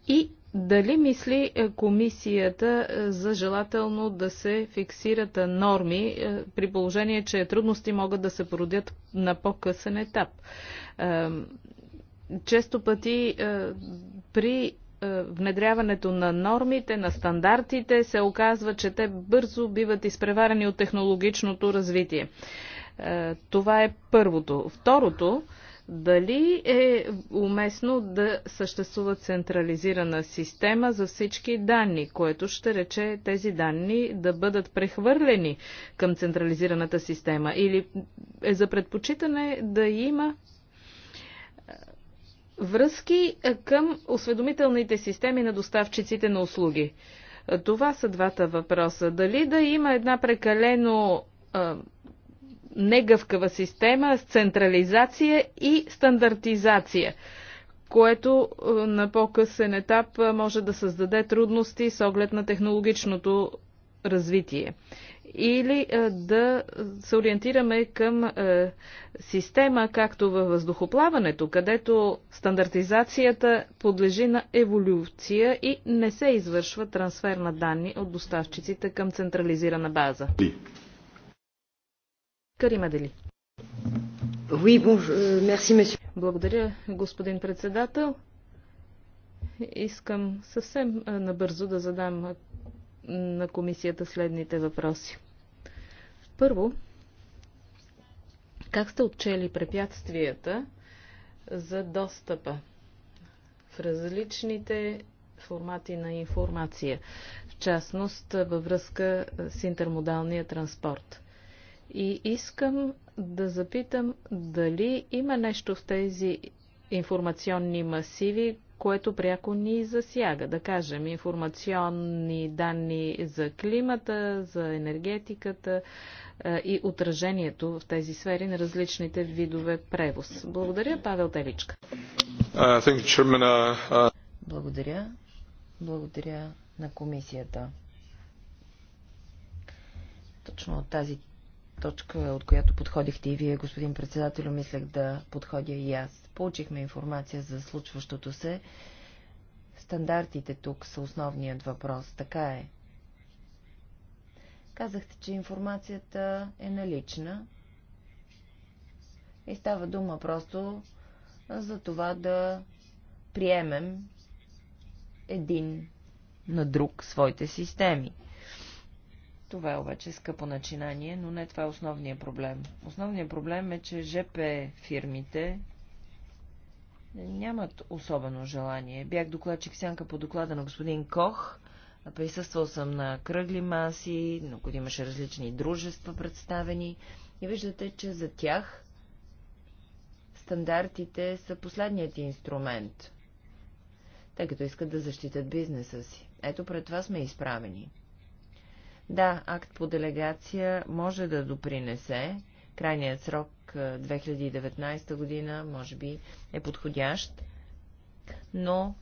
и дали мисли комисията за желателно да се фиксират норми при положение, че трудности могат да се породят на по-късен етап? Често пъти при внедряването на нормите, на стандартите се оказва, че те бързо биват изпреварени от технологичното развитие. Това е първото. Второто, дали е уместно да съществува централизирана система за всички данни, което ще рече тези данни да бъдат прехвърлени към централизираната система? Или е за предпочитане да има е, връзки е, към осведомителните системи на доставчиците на услуги? Е, това са двата въпроса. Дали да има една прекалено негъвкава система с централизация и стандартизация което е, на по-късен етап е, може да създаде трудности с оглед на технологичното развитие. Или е, да се ориентираме към система, както във въздухоплаването, където стандартизацията подлежи на еволюция и не се извършва трансфер на данни от доставчиците към централизирана база. Карима Дели.
Euh,
Благодаря, господин председател. Искам съвсем набързо да задам на комисията следните въпроси. Първо, как сте отчели препятствията за достъпа в различните формати на информация, в частност във връзка с интермодалния транспорт? И искам да запитам дали има нещо в тези информационни масиви, което пряко ни засяга. Да кажем, информационни данни за климата, за енергетиката е, и отражението в тези сфери на различните видове превоз. Благодаря, Павел Теличка.
Uh, uh, uh, Благодаря. Благодаря на комисията. Точно от тази точка, от която подходихте и вие, господин председател, мислех да подходя и аз. Получихме информация за случващото се. Стандартите тук са основният въпрос. Така е. Казахте, че информацията е налична и става дума просто за това да приемем един на друг своите системи. Това е обаче скъпо начинание, но не това е основният проблем. Основният проблем е, че ЖП фирмите нямат особено желание. Бях докладчик сянка по доклада на господин Кох. Присъствал съм на кръгли маси, на които имаше различни дружества представени. И виждате, че за тях стандартите са последният инструмент, тъй като искат да защитят бизнеса си. Ето пред това сме изправени. Да, акт по делегация може да допринесе. Крайният срок 2019 година може би е подходящ, но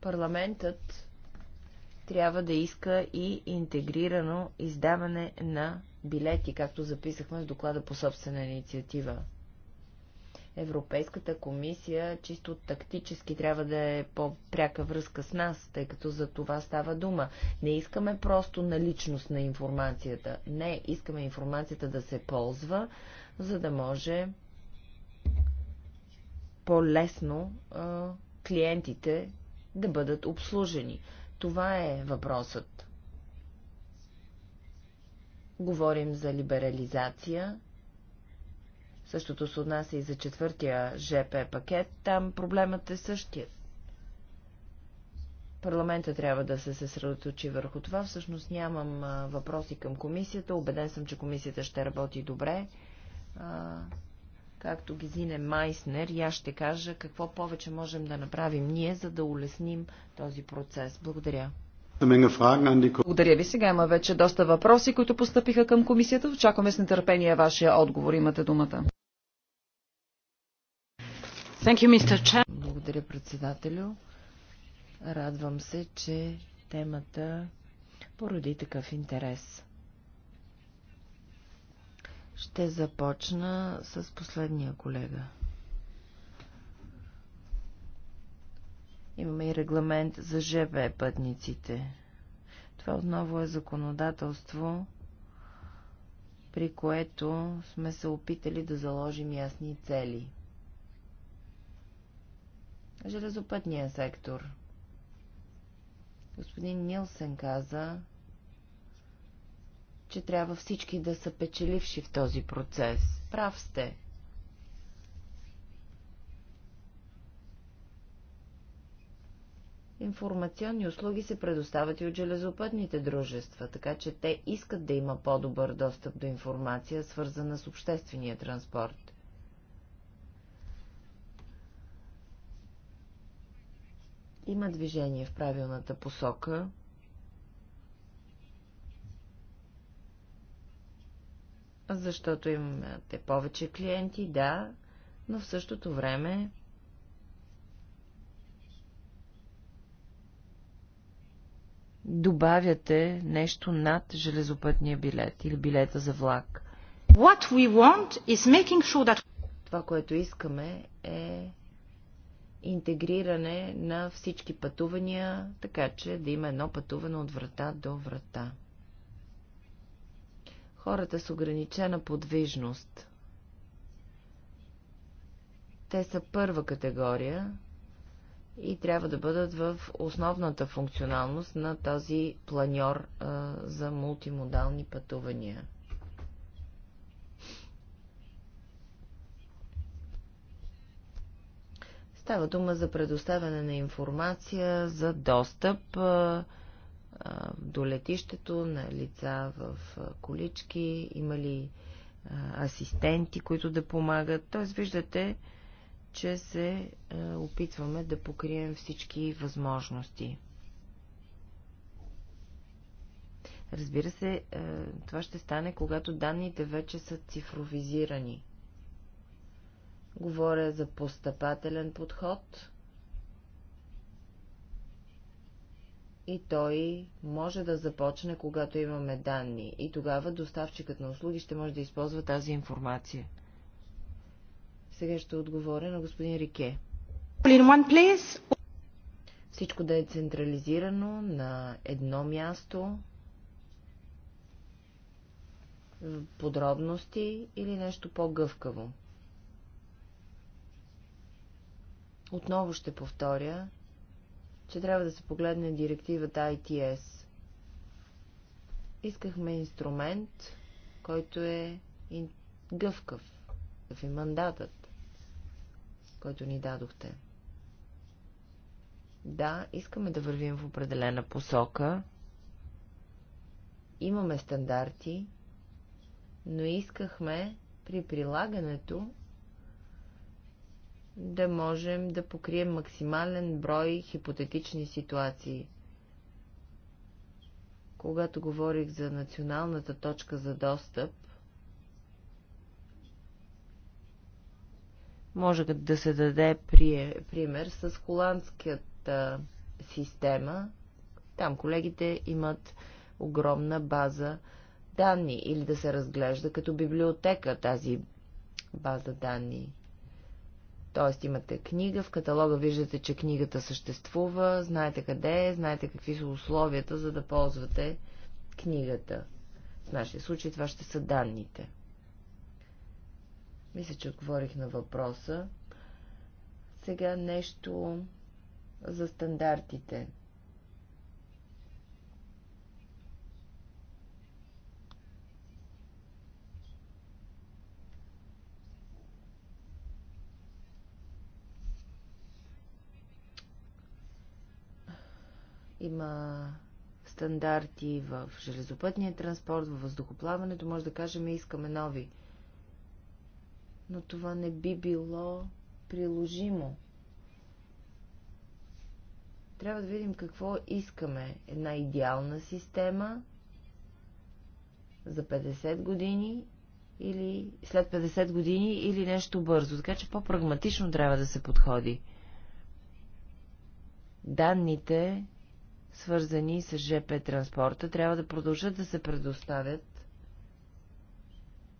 парламентът трябва да иска и интегрирано издаване на билети, както записахме в доклада по собствена инициатива. Европейската комисия чисто тактически трябва да е по-пряка връзка с нас, тъй като за това става дума. Не искаме просто наличност на информацията. Не, искаме информацията да се ползва, за да може по-лесно клиентите да бъдат обслужени. Това е въпросът. Говорим за либерализация, Същото се отнася и за четвъртия ЖП пакет. Там проблемът е същият. Парламента трябва да се съсредоточи върху това. Всъщност нямам а, въпроси към комисията. Обеден съм, че комисията ще работи добре. А, както зине Майснер, и аз ще кажа какво повече можем да направим ние, за да улесним този процес. Благодаря. Благодаря ви. Сега има вече доста
въпроси, които постъпиха към комисията. Очакваме с нетърпение вашия отговор. Имате думата.
Благодаря, председателю. Радвам се, че темата поради такъв интерес. Ще започна с последния колега. Имаме и регламент за ЖВ пътниците. Това отново е законодателство, при което сме се опитали да заложим ясни цели. Железопътния сектор. Господин Нилсен каза, че трябва всички да са печеливши в този процес. Прав сте. Информационни услуги се предоставят и от железопътните дружества, така че те искат да има по-добър достъп до информация, свързана с обществения транспорт. Има движение в правилната посока. Защото имате повече клиенти, да, но в същото време добавяте нещо над железопътния билет или билета за влак. What we want is making sure that... Това, което искаме е интегриране на всички пътувания, така че да има едно пътуване от врата до врата. Хората с ограничена подвижност. Те са първа категория и трябва да бъдат в основната функционалност на този планьор а, за мултимодални пътувания. Става дума за предоставяне на информация за достъп а, а, до летището на лица в колички, има ли а, асистенти, които да помагат. Тоест, виждате, че се опитваме да покрием всички възможности. Разбира се, това ще стане, когато данните вече са цифровизирани – Говоря за постъпателен подход и той може да започне, когато имаме данни и тогава доставчикът на услуги ще може да използва тази информация. Сега ще отговоря на господин Рике. Всичко да е централизирано на едно място, подробности или нещо по-гъвкаво. Отново ще повторя, че трябва да се погледне директивата ITS. Искахме инструмент, който е гъвкав. Какъв е мандатът, който ни дадохте? Да, искаме да вървим в определена посока. Имаме стандарти, но искахме при прилагането да можем да покрием максимален брой хипотетични ситуации. Когато говорих за националната точка за достъп, може да се даде при, пример с холандската система. Там колегите имат огромна база данни или да се разглежда като библиотека тази база данни. Т.е. имате книга, в каталога виждате, че книгата съществува, знаете къде е, знаете какви са условията, за да ползвате книгата. В нашия случай това ще са данните. Мисля, че отговорих на въпроса. Сега нещо за стандартите. Има стандарти в железопътния транспорт, във въздухоплаването, може да кажем, е, искаме нови. Но това не би било приложимо. Трябва да видим какво искаме. Една идеална система за 50 години или след 50 години или нещо бързо. Така че по-прагматично трябва да се подходи. Данните свързани с ЖП транспорта, трябва да продължат да се предоставят,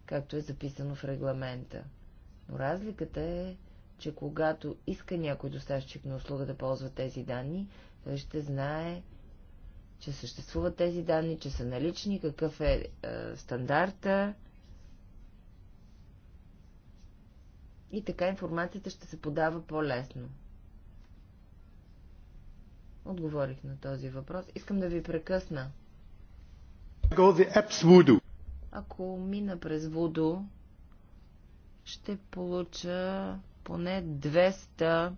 както е записано в регламента. Но разликата е, че когато иска някой доставчик на услуга да ползва тези данни, той ще знае, че съществуват тези данни, че са налични, какъв е, е стандарта. И така информацията ще се подава по-лесно. Отговорих на този въпрос. Искам да ви прекъсна. Ако мина през Вудо, ще получа поне 200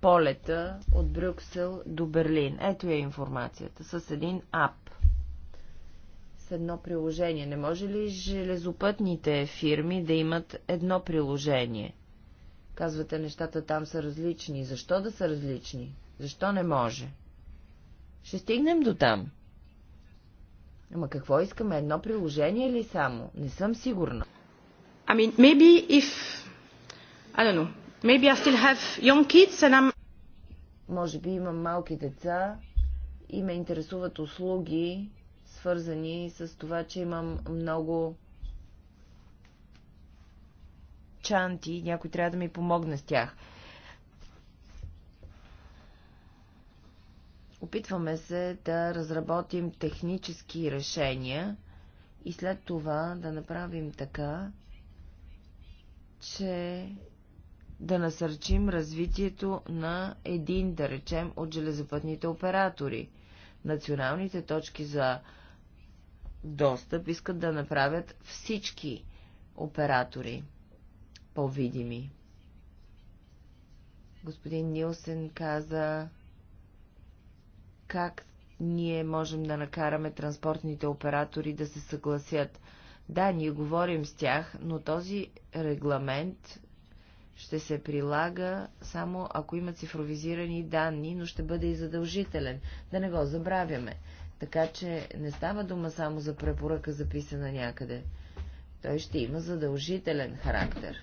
полета от Брюксел до Берлин. Ето е информацията. С един ап. С едно приложение. Не може ли железопътните фирми да имат едно приложение? Казвате, нещата там са различни. Защо да са различни? Защо не може? Ще стигнем до там. Ама какво искаме? Едно приложение ли само? Не съм сигурна.
I mean, maybe if... I don't know.
Maybe I still have young
kids and I'm...
Може би имам малки деца и ме интересуват услуги, свързани с това, че имам много чанти и някой трябва да ми помогне с тях. Опитваме се да разработим технически решения и след това да направим така, че да насърчим развитието на един, да речем, от железопътните оператори. Националните точки за достъп искат да направят всички оператори по-видими. Господин Нилсен каза, как ние можем да накараме транспортните оператори да се съгласят. Да, ние говорим с тях, но този регламент ще се прилага само ако има цифровизирани данни, но ще бъде и задължителен. Да не го забравяме. Така че не става дума само за препоръка записана някъде. Той ще има задължителен характер.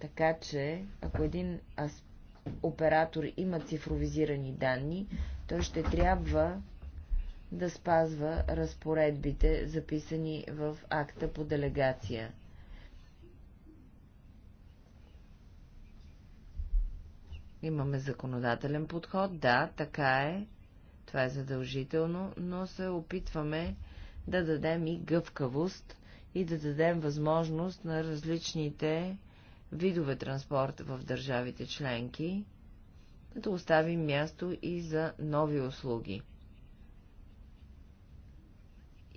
Така че, ако един оператор има цифровизирани данни, той ще трябва да спазва разпоредбите, записани в акта по делегация. Имаме законодателен подход, да, така е, това е задължително, но се опитваме да дадем и гъвкавост и да дадем възможност на различните видове транспорт в държавите членки като оставим място и за нови услуги.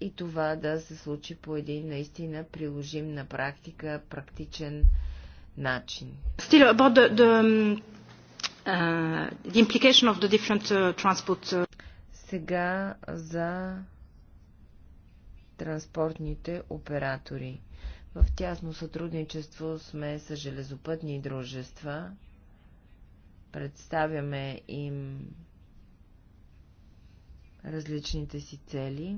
И това да се случи по един наистина приложим на практика, практичен начин. Still
about the, the, uh, the implication of the different uh, transport. Сега за транспортните
оператори. В тясно сътрудничество сме с железопътни дружества Представяме им различните си цели.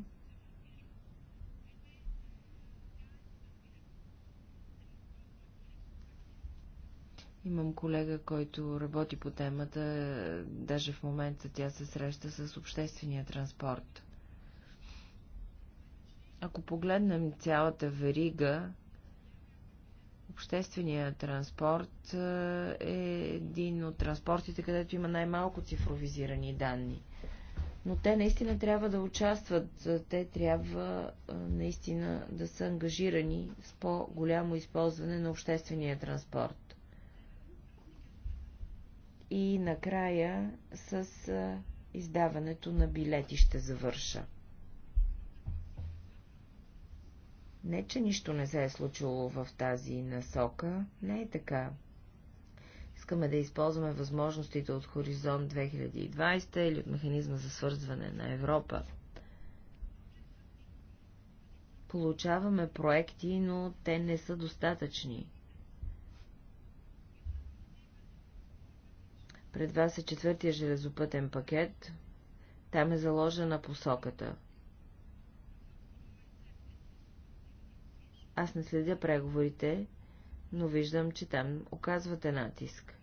Имам колега, който работи по темата, даже в момента тя се среща с обществения транспорт. Ако погледнем цялата верига Общественият транспорт е, е един от транспортите, където има най-малко цифровизирани данни. Но те наистина трябва да участват, е, те трябва е, наистина да са ангажирани с по-голямо използване на обществения транспорт. И накрая с издаването на билети ще завърша. Не, че нищо не се е случило в тази насока, не е така. Искаме да използваме възможностите от Хоризонт 2020 или от механизма за свързване на Европа. Получаваме проекти, но те не са достатъчни. Пред вас е четвъртия железопътен пакет. Там е заложена посоката. Аз не следя преговорите, но виждам, че там оказвате натиск.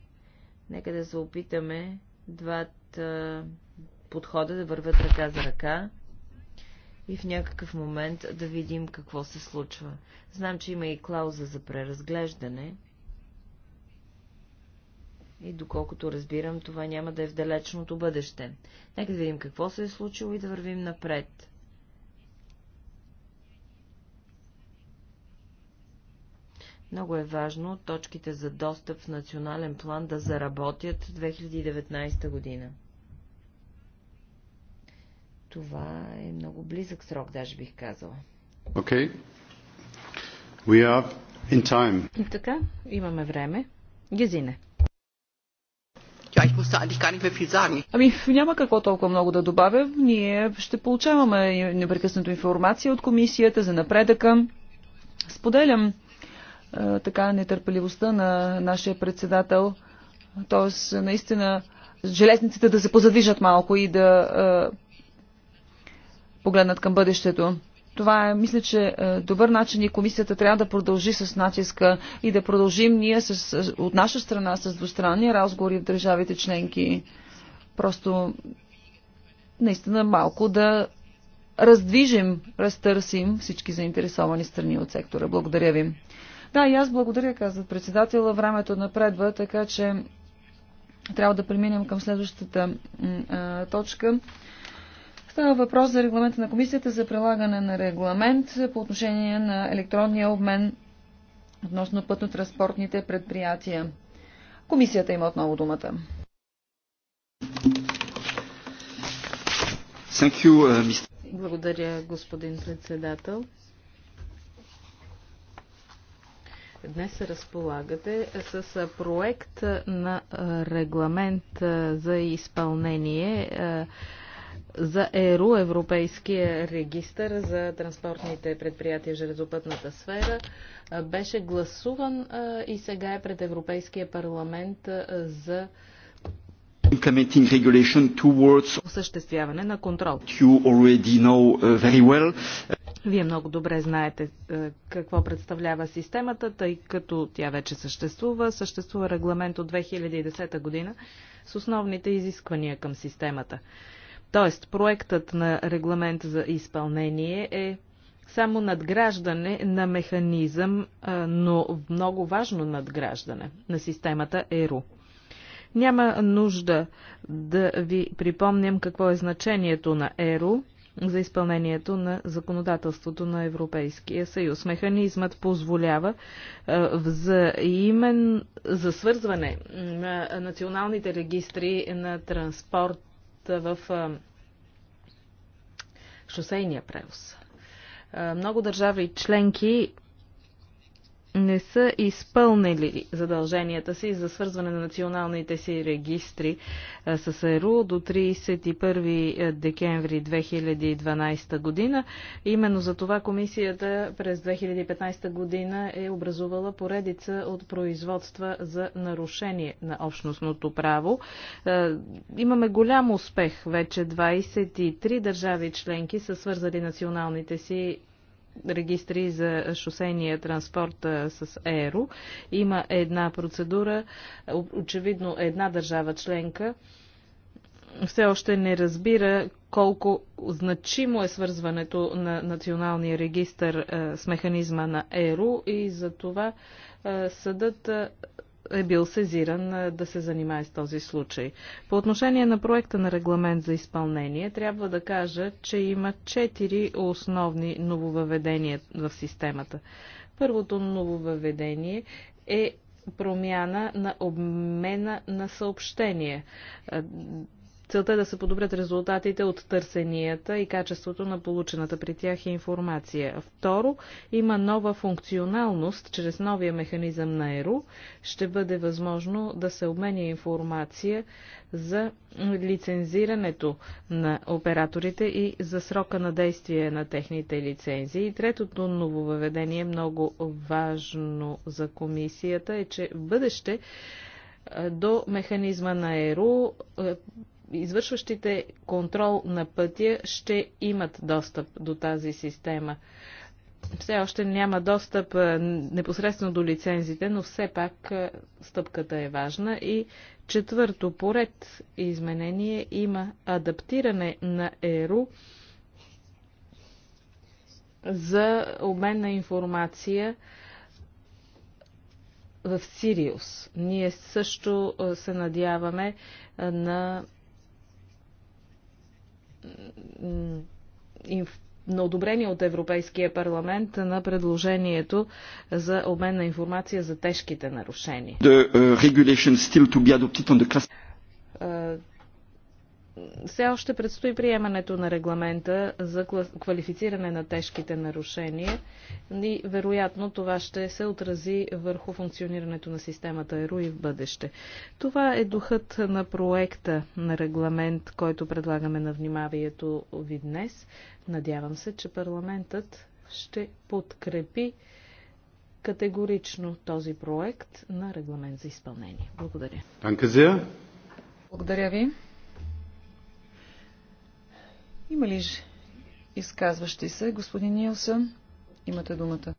Нека да се опитаме двата подхода да вървят ръка за ръка и в някакъв момент да видим какво се случва. Знам, че има и клауза за преразглеждане. И доколкото разбирам, това няма да е в далечното бъдеще. Нека да видим какво се е случило и да вървим напред. Много е важно точките за достъп в национален план да заработят 2019 година. Това е много близък срок, даже бих казала.
Okay. We are in time.
И така, имаме време. Гезине. Ами няма какво толкова много да
добавя. Ние ще получаваме непрекъснато информация от комисията за напредъка. Споделям така нетърпеливостта на нашия председател. Тоест, наистина, железниците да се позадвижат малко и да погледнат към бъдещето. Това е, мисля, че добър начин и комисията трябва да продължи с натиска и да продължим ние с, от наша страна с двустранни разговори в държавите членки. Просто наистина малко да раздвижим, разтърсим всички заинтересовани страни от сектора. Благодаря ви. Да, и аз благодаря, каза председателя. Времето напредва, така че трябва да преминем към следващата а, точка. Става въпрос за регламента на комисията за прилагане на регламент по отношение на електронния обмен относно пътно-транспортните предприятия. Комисията има отново думата.
Uh,
благодаря, господин председател. Днес се разполагате с проект на регламент за изпълнение за ЕРУ, Европейския регистър за транспортните предприятия в железопътната сфера, беше гласуван и сега е пред Европейския парламент за
implementing regulation towards
осъществяване на контрол.
You already know uh, very well.
Вие много добре знаете е, какво представлява системата, тъй като тя вече съществува. Съществува регламент от 2010 година с основните изисквания към системата. Тоест, проектът на регламент за изпълнение е само надграждане на механизъм, е, но много важно надграждане на системата ЕРУ. Няма нужда да ви припомням какво е значението на ЕРУ – за изпълнението на законодателството на Европейския съюз. Механизмът позволява е, за имен за свързване на националните регистри на транспорт в е, шосейния превоз. Е, много държави членки не са изпълнили задълженията си за свързване на националните си регистри с ЕРУ до 31 декември 2012 година. Именно за това комисията през 2015 година е образувала поредица от производства за нарушение на общностното право. Имаме голям успех. Вече 23 държави членки са свързали националните си регистри за шосейния транспорт с ЕРО. Има една процедура. Очевидно една държава членка все още не разбира колко значимо е свързването на националния регистр с механизма на Еро и за това съдът е бил сезиран е, да се занимае с този случай. По отношение на проекта на регламент за изпълнение, трябва да кажа, че има четири основни нововъведения в системата. Първото нововъведение е промяна на обмена на съобщение. Е, Целта е да се подобрят резултатите от търсенията и качеството на получената при тях информация. Второ, има нова функционалност. Чрез новия механизъм на ЕРУ ще бъде възможно да се обменя информация за лицензирането на операторите и за срока на действие на техните лицензии. И третото нововъведение, много важно за комисията, е, че в бъдеще до механизма на ЕРУ извършващите контрол на пътя ще имат достъп до тази система. Все още няма достъп непосредствено до лицензите, но все пак стъпката е важна. И четвърто, поред изменение има адаптиране на ЕРУ за обмен на информация в Сириус. Ние също се надяваме на на одобрение от Европейския парламент на предложението за обмен на информация за тежките нарушения. The, uh, все още предстои приемането на регламента за квалифициране на тежките нарушения и вероятно това ще се отрази върху функционирането на системата ЕРУ и в бъдеще. Това е духът на проекта на регламент, който предлагаме на вниманието ви днес. Надявам се, че парламентът ще подкрепи категорично този проект на регламент за изпълнение. Благодаря. Благодаря ви.
Има ли изказващи се? Господин Нилсън, имате думата.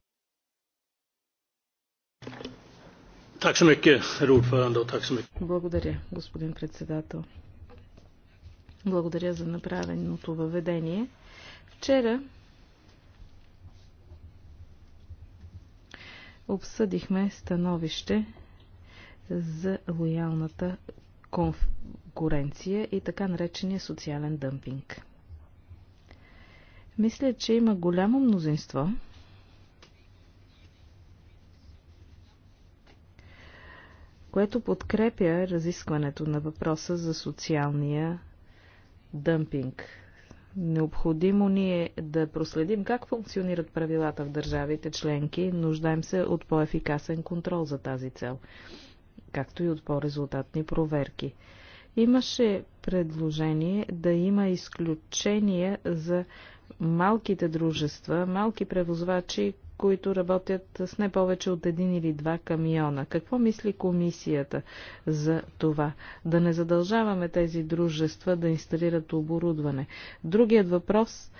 Благодаря, господин председател. Благодаря за направеното въведение. Вчера обсъдихме становище за лоялната конкуренция и така наречения социален дъмпинг. Мисля, че има голямо мнозинство. което подкрепя разискването на въпроса за социалния дъмпинг. Необходимо ни е да проследим как функционират правилата в държавите членки, нуждаем се от по-ефикасен контрол за тази цел, както и от по-резултатни проверки. Имаше предложение да има изключение за малките дружества, малки превозвачи, които работят с не повече от един или два камиона. Какво мисли комисията за това? Да не задължаваме тези дружества да инсталират оборудване. Другият въпрос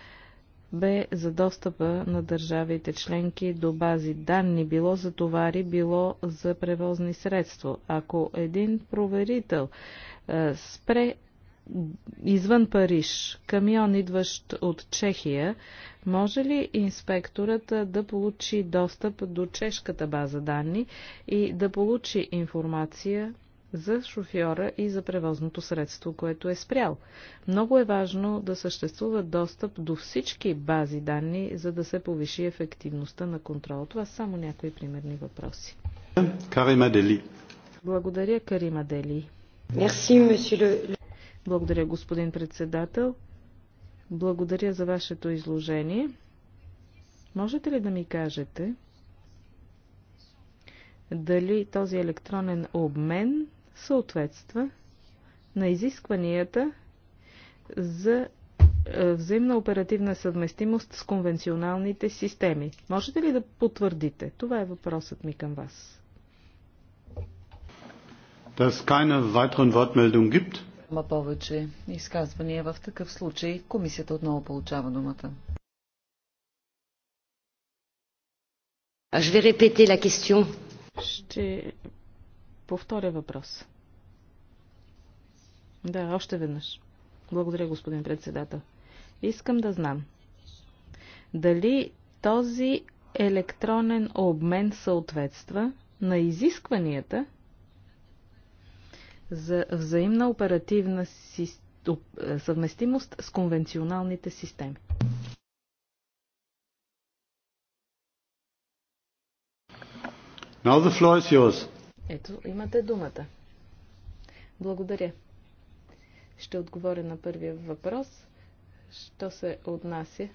бе за достъпа на държавите членки до бази данни, било за товари, било за превозни средства. Ако един проверител е, спре извън Париж, камион идващ от Чехия, може ли инспекторът да получи достъп до чешката база данни и да получи информация за шофьора и за превозното средство, което е спрял. Много е важно да съществува достъп до всички бази данни, за да се повиши ефективността на контрол. Това са само някои примерни въпроси.
Карима Дели.
Благодаря, Карима Дели. Merci, благодаря, господин председател. Благодаря за вашето изложение. Можете ли да ми кажете дали този електронен обмен съответства на изискванията за е, взаимна оперативна съвместимост с конвенционалните системи. Можете ли да потвърдите? Това е въпросът ми към вас.
Dass keine weiteren Wortmeldungen gibt,
няма повече изказвания в такъв случай.
Комисията отново получава думата.
Ще повторя въпрос. Да, още веднъж. Благодаря, господин председател. Искам да знам. Дали този електронен обмен съответства на изискванията, за взаимна оперативна съвместимост с конвенционалните системи.
Now the floor is yours.
Ето, имате думата. Благодаря. Ще отговоря на първия въпрос, що се отнася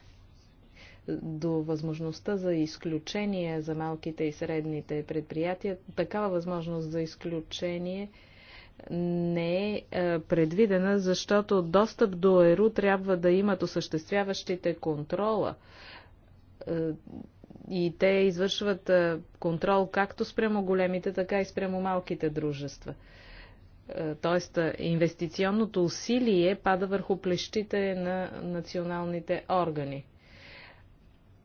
до възможността за изключение за малките и средните предприятия. Такава възможност за изключение – не е, е предвидена, защото достъп до ЕРУ трябва да имат осъществяващите контрола. Е, и те извършват е, контрол както спрямо големите, така и спрямо малките дружества. Тоест, инвестиционното усилие пада върху плещите на националните органи.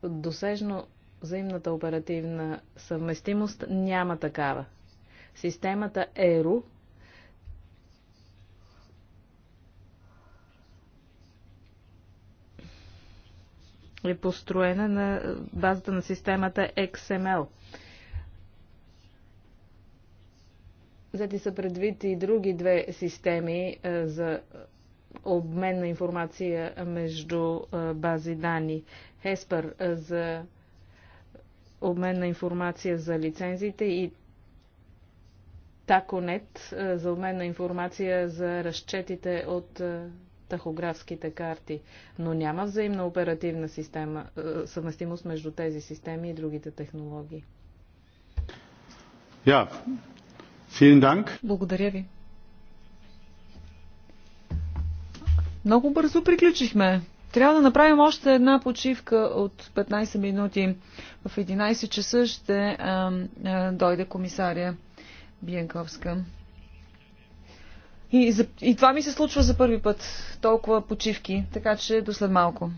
Досежно взаимната оперативна съвместимост няма такава. Системата ЕРУ е построена на базата на системата XML. Взети са предвид и други две системи е, за обмен на информация между е, бази данни. Хеспер за обмен на информация за лицензите и Таконет за обмен на информация за разчетите от е, тахографските карти, но няма взаимна оперативна система, е, съвместимост между тези системи и другите технологии.
Ja, vielen Dank.
Благодаря
ви. Много бързо приключихме. Трябва да направим още една почивка от 15 минути. В 11 часа ще а, а, дойде комисаря Биенковска. И, и това ми се случва за първи път. Толкова почивки, така че до след малко.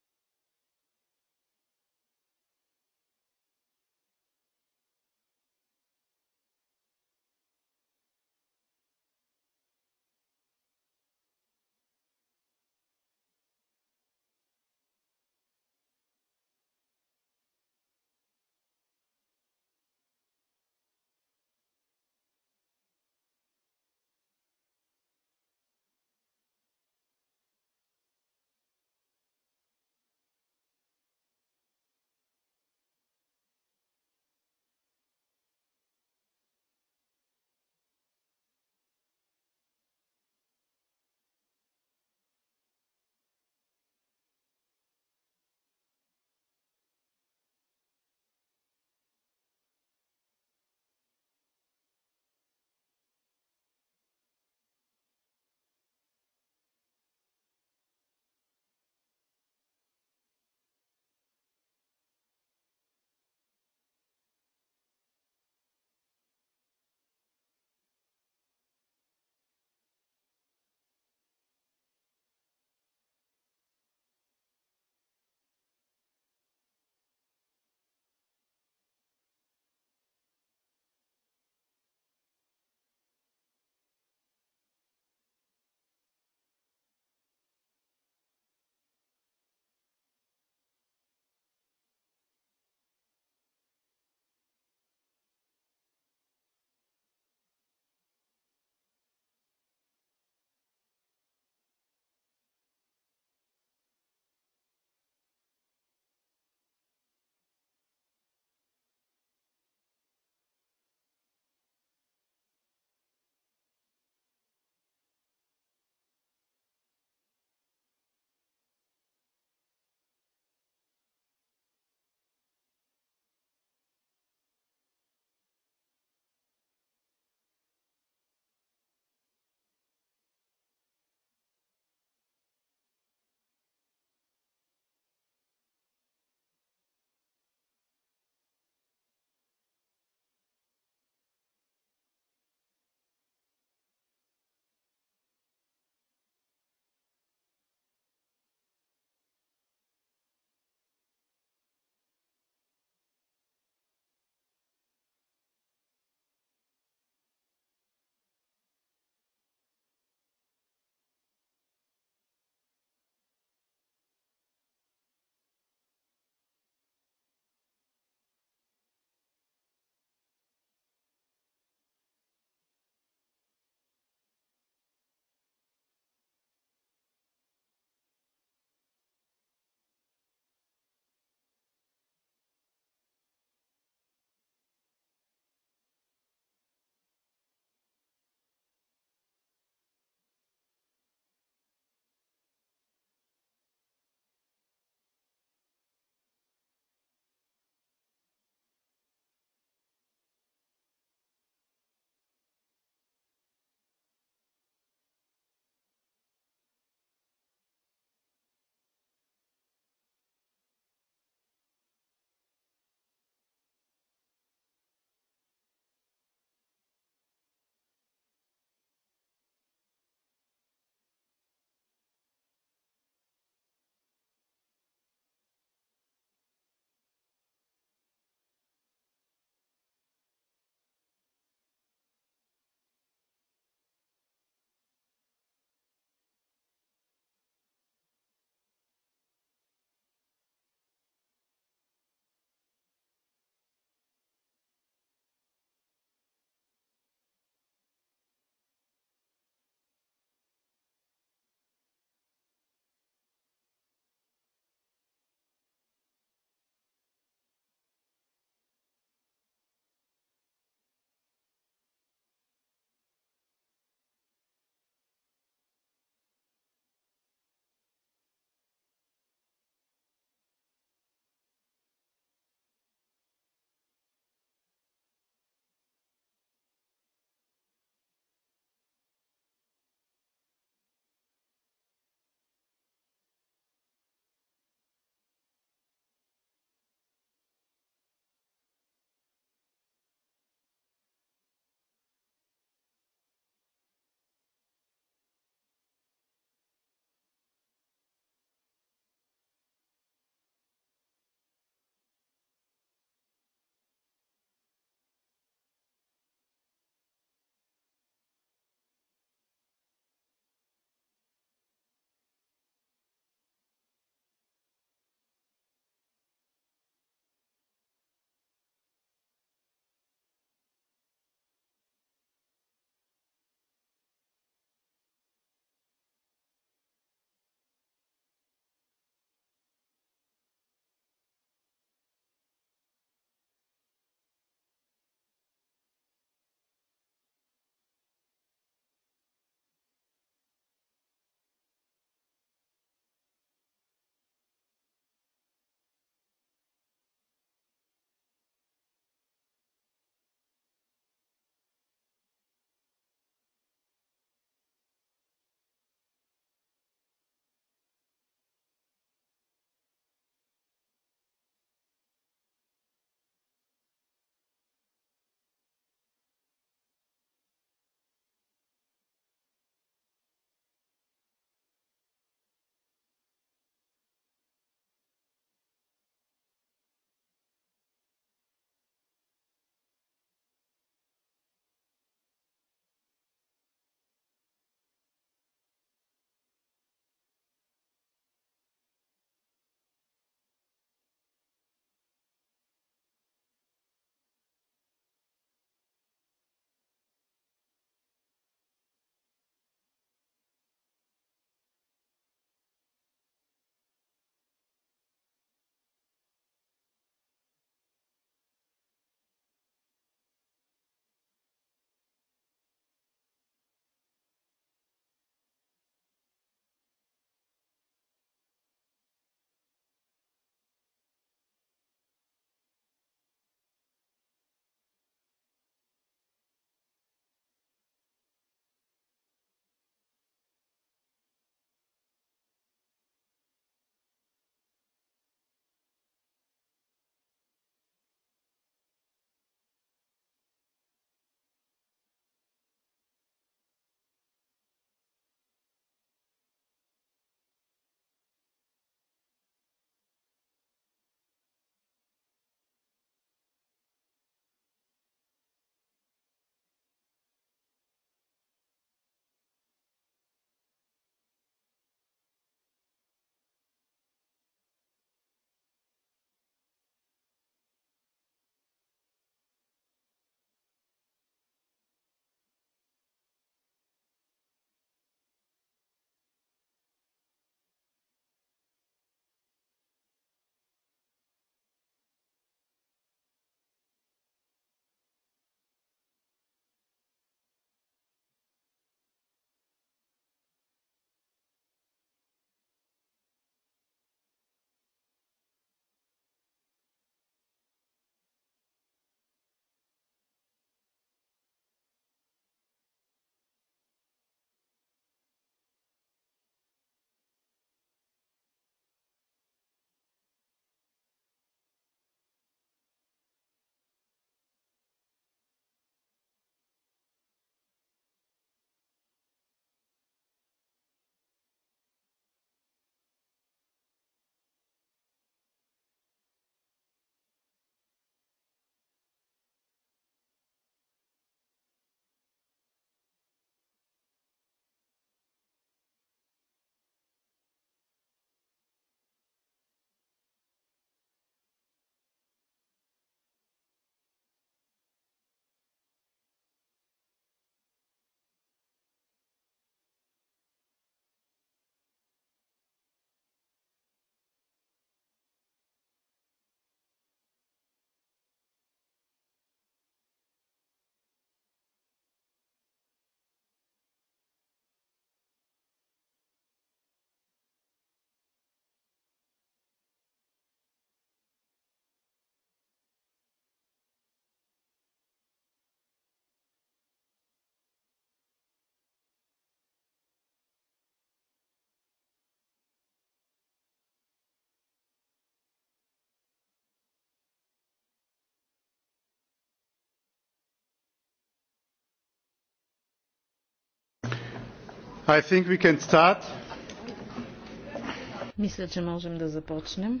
Мисля, че можем да започнем.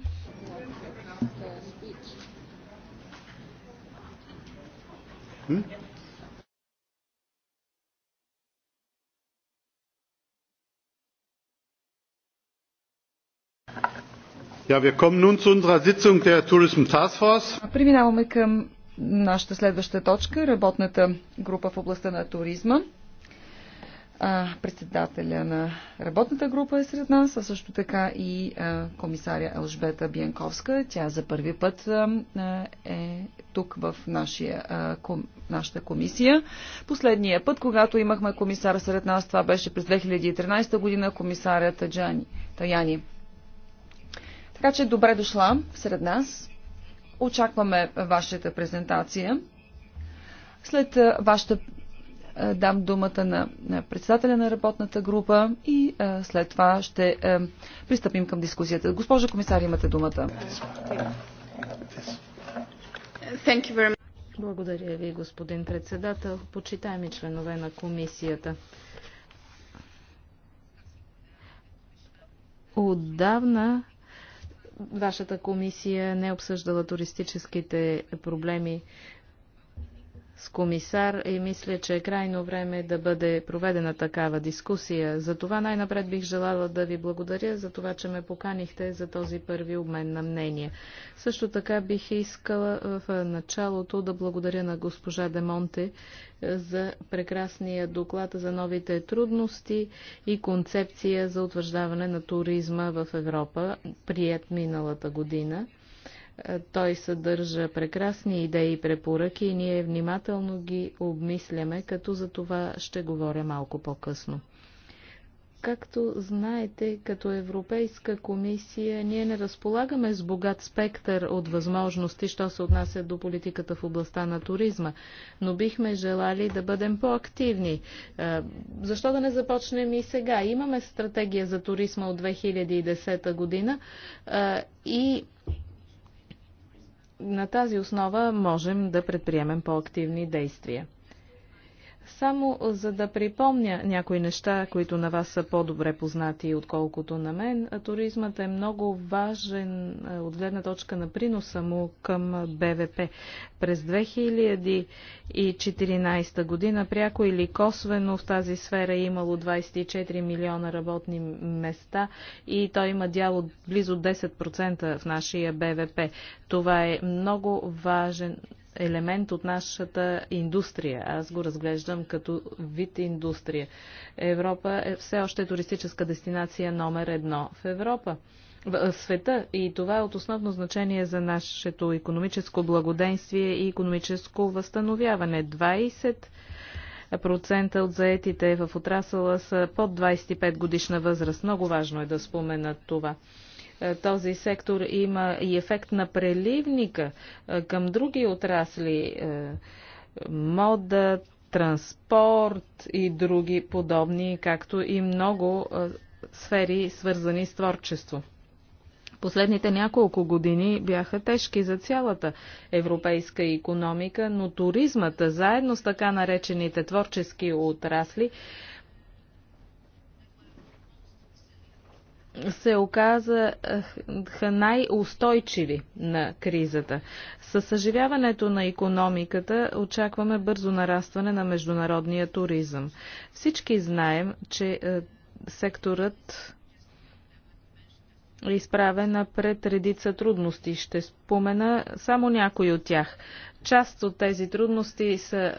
Ja, wir kommen nun zu unserer Sitzung der Tourism Task Force.
Преминаваме
към нашата следваща точка, работната група в областта на туризма. А, председателя на работната група е сред нас, а също така и а, комисаря Елжбета Биенковска. Тя за първи път а, е тук в нашия, а, ком, нашата комисия. Последния път, когато имахме комисар сред нас, това беше през 2013 година, комисарят Джани Таяни. Така че добре дошла сред нас. Очакваме вашата презентация. След вашата е, дам думата на председателя на работната група и е, след това ще е, пристъпим към дискусията. Госпожа комисар, имате думата.
Благодаря ви, господин председател. Почитаеми членове на комисията. Отдавна вашата комисия не обсъждала туристическите проблеми с комисар и мисля, че е крайно време да бъде проведена такава дискусия. За това най-напред бих желала да ви благодаря за това, че ме поканихте за този първи обмен на мнение. Също така бих искала в началото да благодаря на госпожа Демонте е, за прекрасния доклад за новите трудности и концепция за утвърждаване на туризма в Европа, прият миналата година. Е, той съдържа прекрасни идеи и препоръки и ние внимателно ги обмисляме, като за това ще говоря малко по-късно. Както знаете, като Европейска комисия ние не разполагаме с богат спектър от възможности, що се отнася до политиката в областта на туризма, но бихме желали да бъдем по-активни. Е, защо да не започнем и сега? Имаме стратегия за туризма от 2010 година е, и на тази основа можем да предприемем по-активни действия. Само за да припомня някои неща, които на вас са по-добре познати, отколкото на мен, туризмът е много важен е, от гледна точка на приноса му към БВП. През 2014 година пряко или косвено в тази сфера е имало 24 милиона работни места и той има дял от близо 10% в нашия БВП. Това е много важен елемент от нашата индустрия. Аз го разглеждам като вид индустрия. Европа е все още туристическа дестинация номер едно в Европа в света и това е от основно значение за нашето економическо благоденствие и економическо възстановяване. 20% от заетите в отрасъла са под 25 годишна възраст. Много важно е да споменат това. Е, този сектор има и ефект на преливника е, към други отрасли, е, мода, транспорт и други подобни, както и много сфери, свързани с творчество. Последните няколко години бяха тежки за цялата европейска економика, но туризмата, заедно с така наречените творчески отрасли, се оказаха най-устойчиви на кризата. Със съживяването на економиката очакваме бързо нарастване на международния туризъм. Всички знаем, че е, секторът изправена пред редица трудности. Ще спомена само някои от тях. Част от тези трудности са е,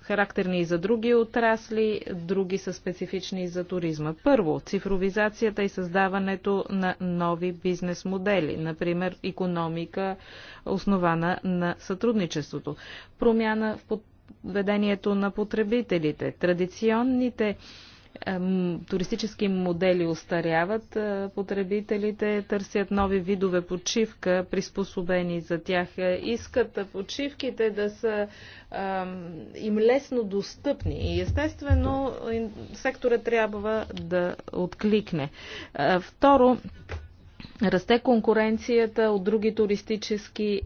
характерни и за други отрасли, други са специфични за туризма. Първо, цифровизацията и създаването на нови бизнес модели, например економика, основана на сътрудничеството. Промяна в поведението на потребителите. Традиционните туристически модели устаряват, е, потребителите търсят нови видове почивка, приспособени за тях. Е, искат почивките да са им лесно достъпни и естествено сектора трябва да откликне. Е, второ, расте конкуренцията от други туристически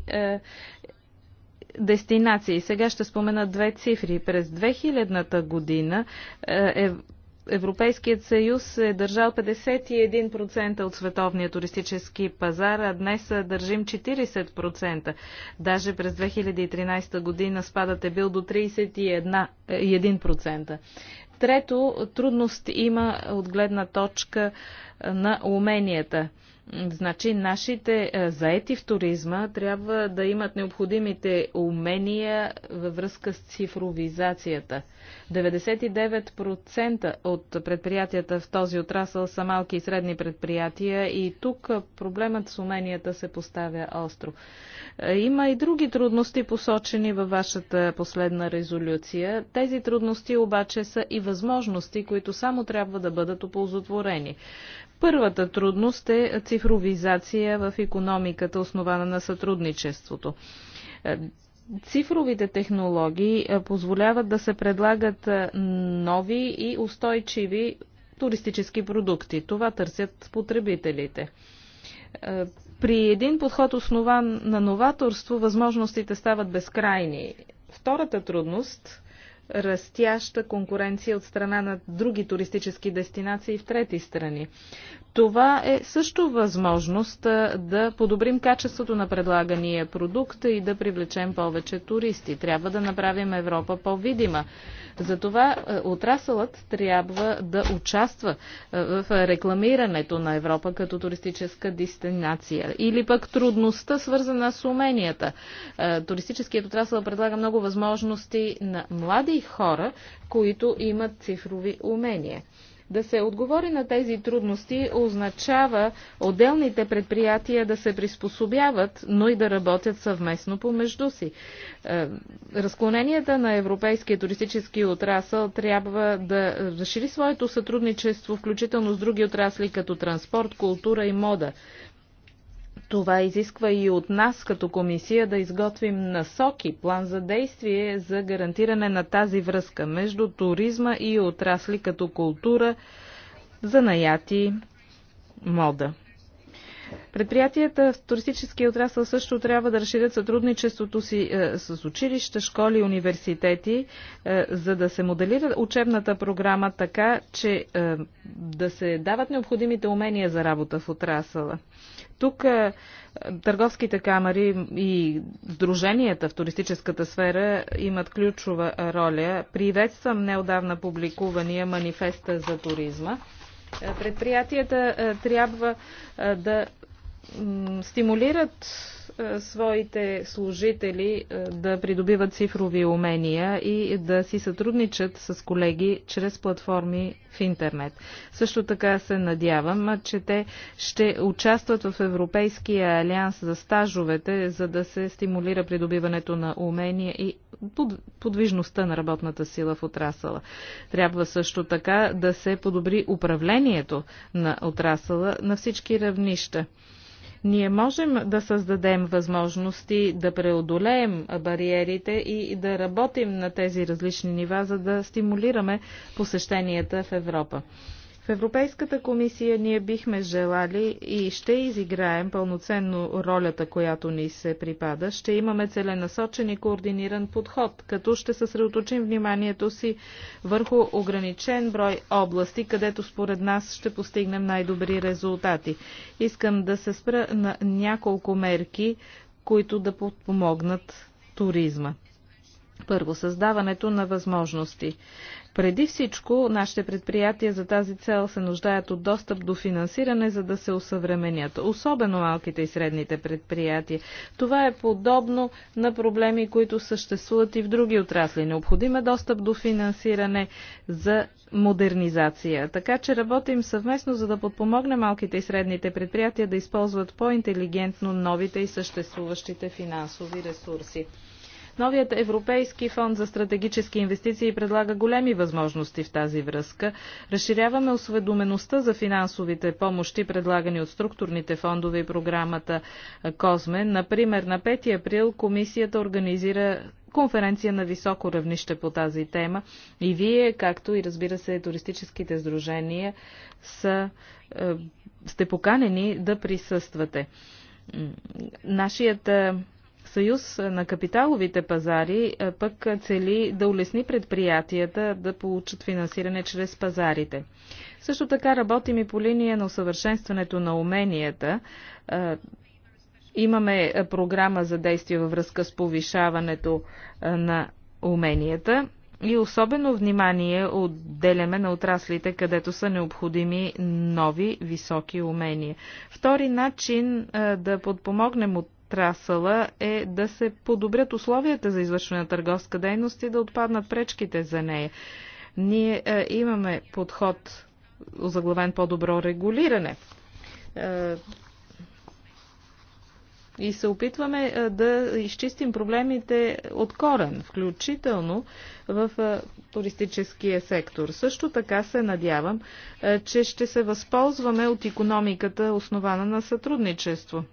дестинации. Сега ще спомена две цифри. През 2000-та година е, Европейският съюз е държал 51% от световния туристически пазар, а днес държим 40%. Даже през 2013 година спадът е бил до 31%. Трето, трудност има от гледна точка на уменията. Значи нашите е, заети в туризма трябва да имат необходимите умения във връзка с цифровизацията. 99% от предприятията в този отрасъл са малки и средни предприятия и тук проблемът с уменията се поставя остро. Е, има и други трудности, посочени във вашата последна резолюция. Тези трудности обаче са и възможности, които само трябва да бъдат оползотворени. Първата трудност е цифровизация в економиката, основана на сътрудничеството. Е, цифровите технологии е, позволяват да се предлагат е, нови и устойчиви туристически продукти. Това търсят потребителите. При един подход основан на новаторство, възможностите стават безкрайни. Втората трудност растяща конкуренция от страна на други туристически дестинации в трети страни. Това е също възможност да подобрим качеството на предлагания продукт и да привлечем повече туристи. Трябва да направим Европа по-видима. Затова отрасълът трябва да участва в рекламирането на Европа като туристическа дестинация. Или пък трудността, свързана с уменията. Туристическият отрасъл предлага много възможности на млади и хора, които имат цифрови умения. Да се отговори на тези трудности означава отделните предприятия да се приспособяват, но и да работят съвместно помежду си. Е, разклоненията на европейския туристически отрасъл трябва да разшири своето сътрудничество, включително с други отрасли, като транспорт, култура и мода. Това изисква и от нас като комисия да изготвим насоки, план за действие за гарантиране на тази връзка между туризма и отрасли като култура, занаяти, мода. Предприятията в туристическия отрасъл също трябва да разширят сътрудничеството си е, с училища, школи университети, е, за да се моделира учебната програма така, че е, да се дават необходимите умения за работа в отрасъла. Тук е, търговските камери и сдруженията в туристическата сфера имат ключова роля. Приветствам неодавна публикувания манифеста за туризма. Предприятията е, трябва е, да стимулират е, своите служители е, да придобиват цифрови умения и да си сътрудничат с колеги чрез платформи в интернет. Също така се надявам, че те ще участват в Европейския алианс за стажовете, за да се стимулира придобиването на умения и подвижността на работната сила в отрасъла. Трябва също така да се подобри управлението на отрасъла на всички равнища. Ние можем да създадем възможности да преодолеем бариерите и да работим на тези различни нива, за да стимулираме посещенията в Европа. В Европейската комисия ние бихме желали и ще изиграем пълноценно ролята, която ни се припада. Ще имаме целенасочен и координиран подход, като ще съсредоточим вниманието си върху ограничен брой области, където според нас ще постигнем най-добри резултати. Искам да се спра на няколко мерки, които да подпомогнат туризма. Първо, създаването на възможности. Преди всичко, нашите предприятия за тази цел се нуждаят от достъп до финансиране, за да се усъвременят, особено малките и средните предприятия. Това е подобно на проблеми, които съществуват и в други отрасли. Необходим е достъп до финансиране за модернизация. Така че работим съвместно, за да подпомогне малките и средните предприятия да използват по-интелигентно новите и съществуващите финансови ресурси. Новият Европейски фонд за стратегически инвестиции предлага големи възможности в тази връзка. Разширяваме осведомеността за финансовите помощи, предлагани от структурните фондове и програмата Козме. Например, на 5 април комисията организира конференция на високо равнище по тази тема. И вие, както и разбира се, туристическите сдружения са, сте поканени да присъствате. Нашият съюз на капиталовите пазари пък цели да улесни предприятията да получат финансиране чрез пазарите. Също така работим и по линия на усъвършенстването на уменията. Имаме програма за действие във връзка с повишаването на уменията и особено внимание отделяме на отраслите, където са необходими нови високи умения. Втори начин да подпомогнем от отрасъла е да се подобрят условията за извършване на търговска дейност и да отпаднат пречките за нея. Ние е, имаме подход озаглавен по-добро регулиране. Е, и се опитваме е, да изчистим проблемите от корен, включително в е, туристическия сектор. Също така се надявам, е, че ще се възползваме от економиката, основана на сътрудничество.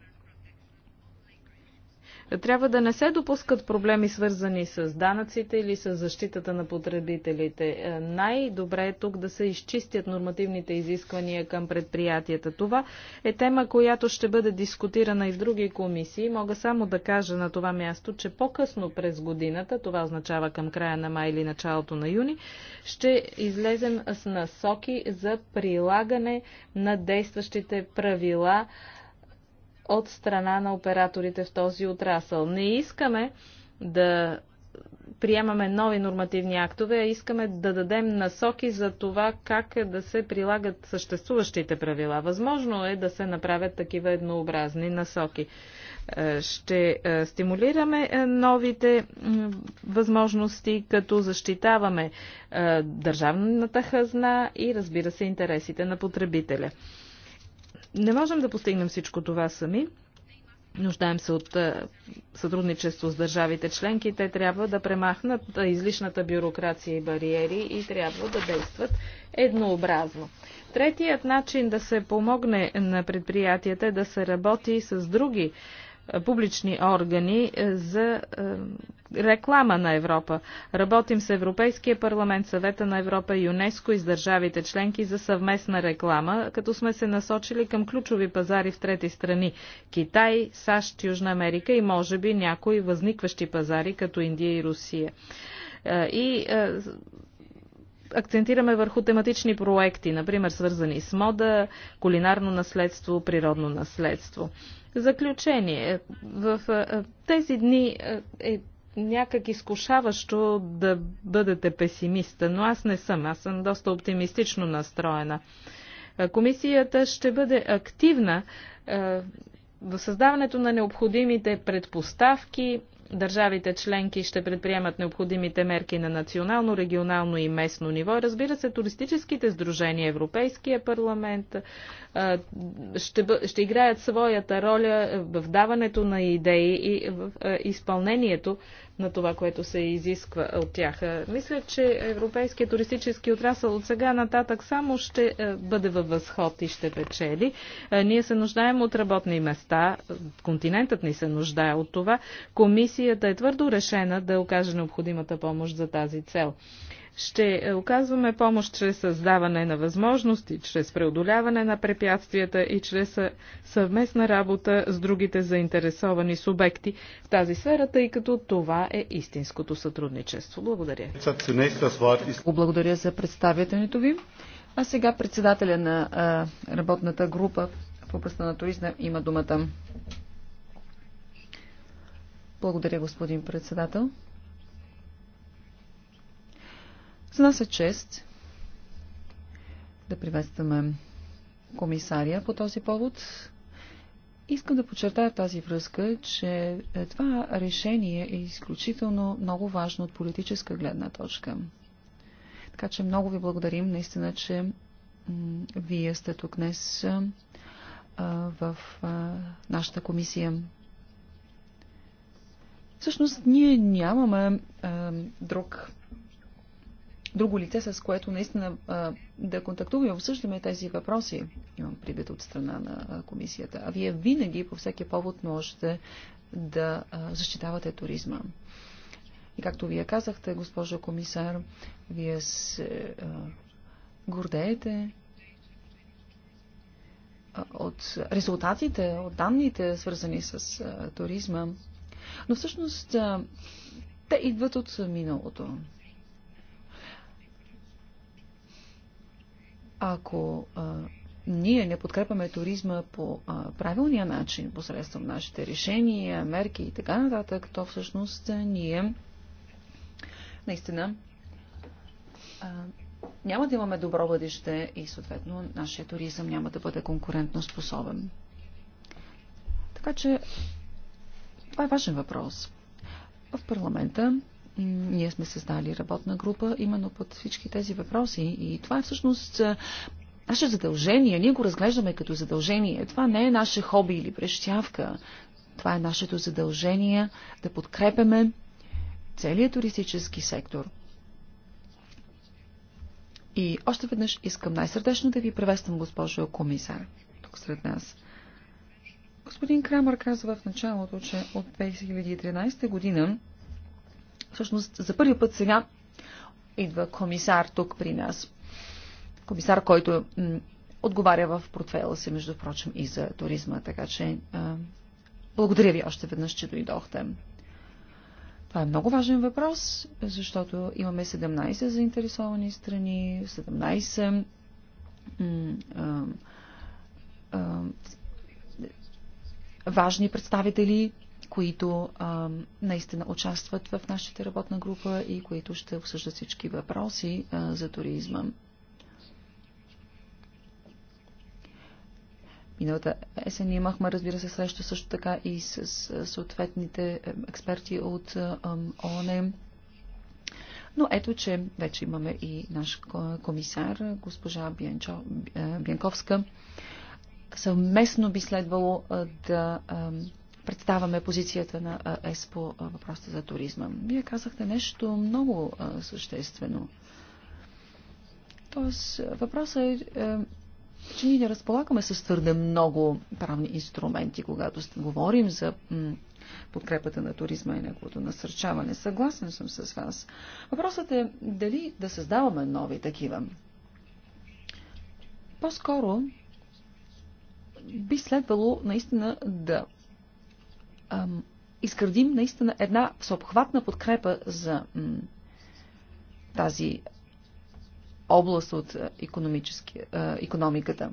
Трябва да не се допускат проблеми свързани с данъците или с защитата на потребителите. Е, най-добре е тук да се изчистят нормативните изисквания към предприятията. Това е тема, която ще бъде дискутирана и в други комисии. Мога само да кажа на това място, че по-късно през годината, това означава към края на май или началото на юни, ще излезем с насоки за прилагане на действащите правила от страна на операторите в този отрасъл. Не искаме да приемаме нови нормативни актове, а искаме да дадем насоки за това как е да се прилагат съществуващите правила. Възможно е да се направят такива еднообразни насоки. Е, ще е, стимулираме новите възможности, като защитаваме държавната хазна и разбира се интересите на потребителя. Не можем да постигнем всичко това сами. Нуждаем се от е, сътрудничество с държавите членки. Те трябва да премахнат е, излишната бюрокрация и бариери и трябва да действат еднообразно. Третият начин да се помогне на предприятията е да се работи с други публични органи е, за е, реклама на Европа. Работим с Европейския парламент, Съвета на Европа, ЮНЕСКО и с държавите членки за съвместна реклама, като сме се насочили към ключови пазари в трети страни – Китай, САЩ, Южна Америка и може би някои възникващи пазари, като Индия и Русия. Е, и акцентираме върху тематични проекти, например свързани с мода, кулинарно наследство, природно наследство. Заключение. В тези дни е някак изкушаващо да бъдете песимиста, но аз не съм. Аз съм доста оптимистично настроена. Комисията ще бъде активна в създаването на необходимите предпоставки Държавите членки ще предприемат необходимите мерки на национално, регионално и местно ниво. Разбира се, туристическите сдружения, Европейския парламент ще, ще играят своята роля в даването на идеи и в изпълнението на това, което се изисква от тях. Е, мисля, че европейският туристически отрасъл от сега нататък само ще е, бъде във възход и ще печели. Е, ние се нуждаем от работни места, континентът ни се нуждае от това. Комисията е твърдо решена да окаже необходимата помощ за тази цел. Ще е, оказваме помощ чрез създаване на възможности, чрез преодоляване на препятствията и чрез е, съвместна работа с другите заинтересовани субекти в тази сфера, тъй като това е истинското сътрудничество. Благодаря.
Благодаря за представянето ви. А сега председателя на е, работната група в областта на туризма има думата. Благодаря, господин председател. За нас е чест да приветстваме комисария по този повод. Искам да подчертая тази връзка, че е, това решение е изключително много важно от политическа гледна точка. Така че много ви благодарим наистина, че вие сте тук днес е, в е, нашата комисия. Всъщност ние нямаме друг друго лице, с което наистина да контактуваме и обсъждаме тези въпроси, имам предвид от страна на комисията. А вие винаги по всеки повод можете да защитавате туризма. И както вие казахте, госпожо комисар, вие се гордеете от резултатите, от данните, свързани с туризма. Но всъщност те идват от миналото. Ако а, ние не подкрепаме туризма по а, правилния начин, посредством нашите решения, мерки и така нататък, то всъщност ние наистина а, няма да имаме добро бъдеще и съответно нашия туризъм няма да бъде конкурентно способен. Така че това е важен въпрос. В парламента ние сме създали работна група именно под всички тези въпроси и това е всъщност наше задължение. Ние го разглеждаме като задължение. Това не е наше хоби или прещявка. Това е нашето задължение да подкрепяме целият туристически сектор. И още веднъж искам най-сърдечно да ви приветствам, госпожо комисар, тук сред нас. Господин Крамър казва в началото, че от 2013 година Всъщност за първи път сега идва комисар тук при нас. Комисар, който отговаря в портфела си, между прочим, и за туризма. Така че а, благодаря ви още веднъж, че дойдохте. Това е много важен въпрос, защото имаме 17 заинтересовани страни, 17 а, а, важни представители които а, наистина участват в нашата работна група и които ще обсъждат всички въпроси а, за туризма. Миналата есен имахме, разбира се, среща също така и с, с съответните е, експерти от е, ООН. Но ето, че вече имаме и наш комисар, госпожа Бянчо, е, Бянковска. Съвместно би следвало да представяме позицията на ЕС по въпроса за туризма. Вие казахте нещо много съществено. Тоест, въпросът е, е, че ние не разполагаме с твърде много правни инструменти, когато говорим за подкрепата на туризма и неговото насърчаване. Съгласен съм с вас. Въпросът е дали да създаваме нови такива. По-скоро би следвало наистина да изградим наистина една всеобхватна подкрепа за тази област от економиката.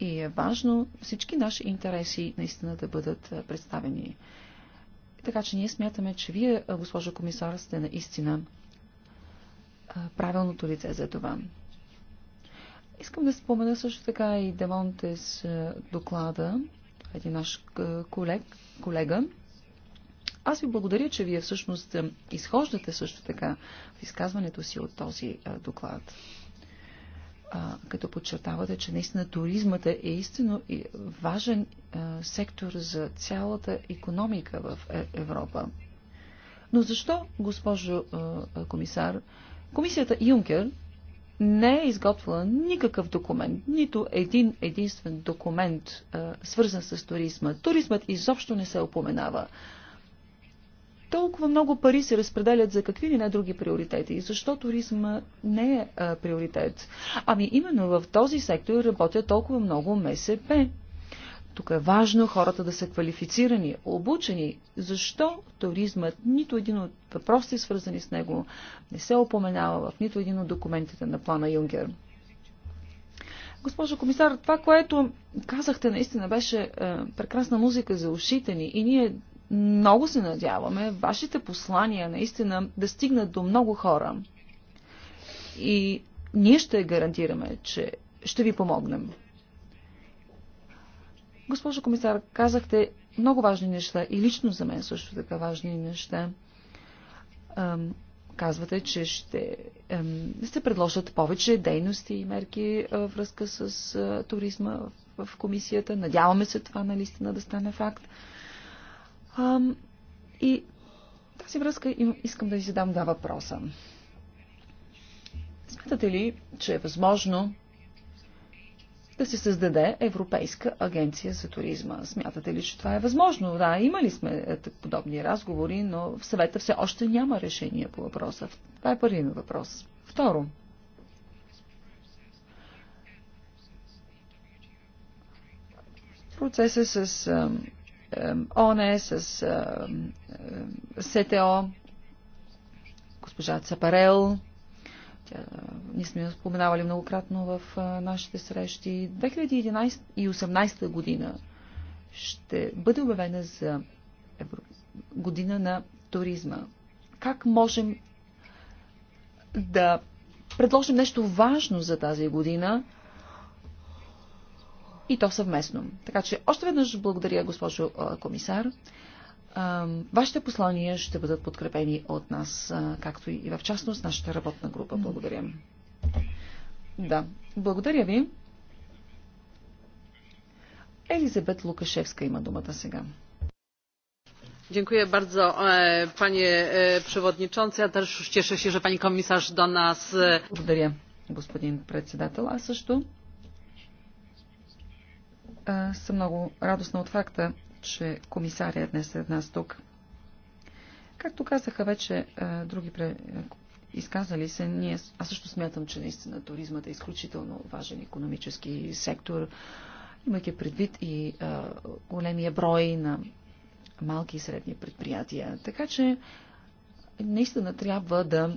И е важно всички наши интереси наистина да бъдат представени. Така че ние смятаме, че вие, госпожа комисар, сте наистина правилното лице за това. Искам да спомена също така и Демонтес доклада, един наш е, колег, колега. Аз ви благодаря, че вие всъщност е, изхождате също така в изказването си от този е, доклад. Като подчертавате, че наистина туризмът е истинно важен сектор за цялата економика в Европа. Но защо, госпожо комисар, комисията Юнкер не е изготвила никакъв документ, нито един единствен документ, свързан с туризма. Туризмът изобщо не се опоменава. Толкова много пари се разпределят за какви ли не други приоритети. И Защо туризма не е а, приоритет? Ами именно в този сектор работят толкова много МСП. Тук е важно хората да са квалифицирани, обучени. Защо туризмът, нито един от въпросите, свързани с него, не се опоменава в нито един от документите на плана Юнгер? Госпожо комисар, това, което казахте, наистина беше е, прекрасна музика за ушите ни и ние много се надяваме вашите послания наистина да стигнат до много хора. И ние ще гарантираме, че ще ви помогнем. Госпожо комисар, казахте много важни неща и лично за мен също така важни неща. Казвате, че ще се предложат повече дейности и мерки във връзка с туризма в комисията. Надяваме се това наистина да стане факт. И тази връзка искам да ви задам два въпроса. Смятате ли, че е възможно да се създаде Европейска агенция за туризма. Смятате ли, че това е възможно? Да, имали сме е, подобни разговори, но в съвета все още няма решение по въпроса. Това е първият ми въпрос. Второ. Процеса с ОНЕ, с СТО, госпожа Цапарел, тя, ние сме споменавали многократно в нашите срещи. 2018 година ще бъде обявена за Евро... година на туризма. Как можем да предложим нещо важно за тази година и то съвместно. Така че още веднъж благодаря, госпожо комисар. Вашите послания ще бъдат подкрепени от нас, както и в частност нашата работна група. Благодаря. Да, благодаря ви. Елизабет Лукашевска има думата сега.
Dziękuję bardzo e, panie
e, przewodniczący. Ja też cieszę się, że pani komisarz do nas. E, благодаря, господин председател. Аз също съм много радостна от факта, че комисаря е днес сред нас тук. Както казаха вече а, е, други пре... изказали се, ние, аз също смятам, че наистина туризмът е изключително важен економически сектор, имайки предвид и а, е, големия брой на малки и средни предприятия. Така че наистина трябва да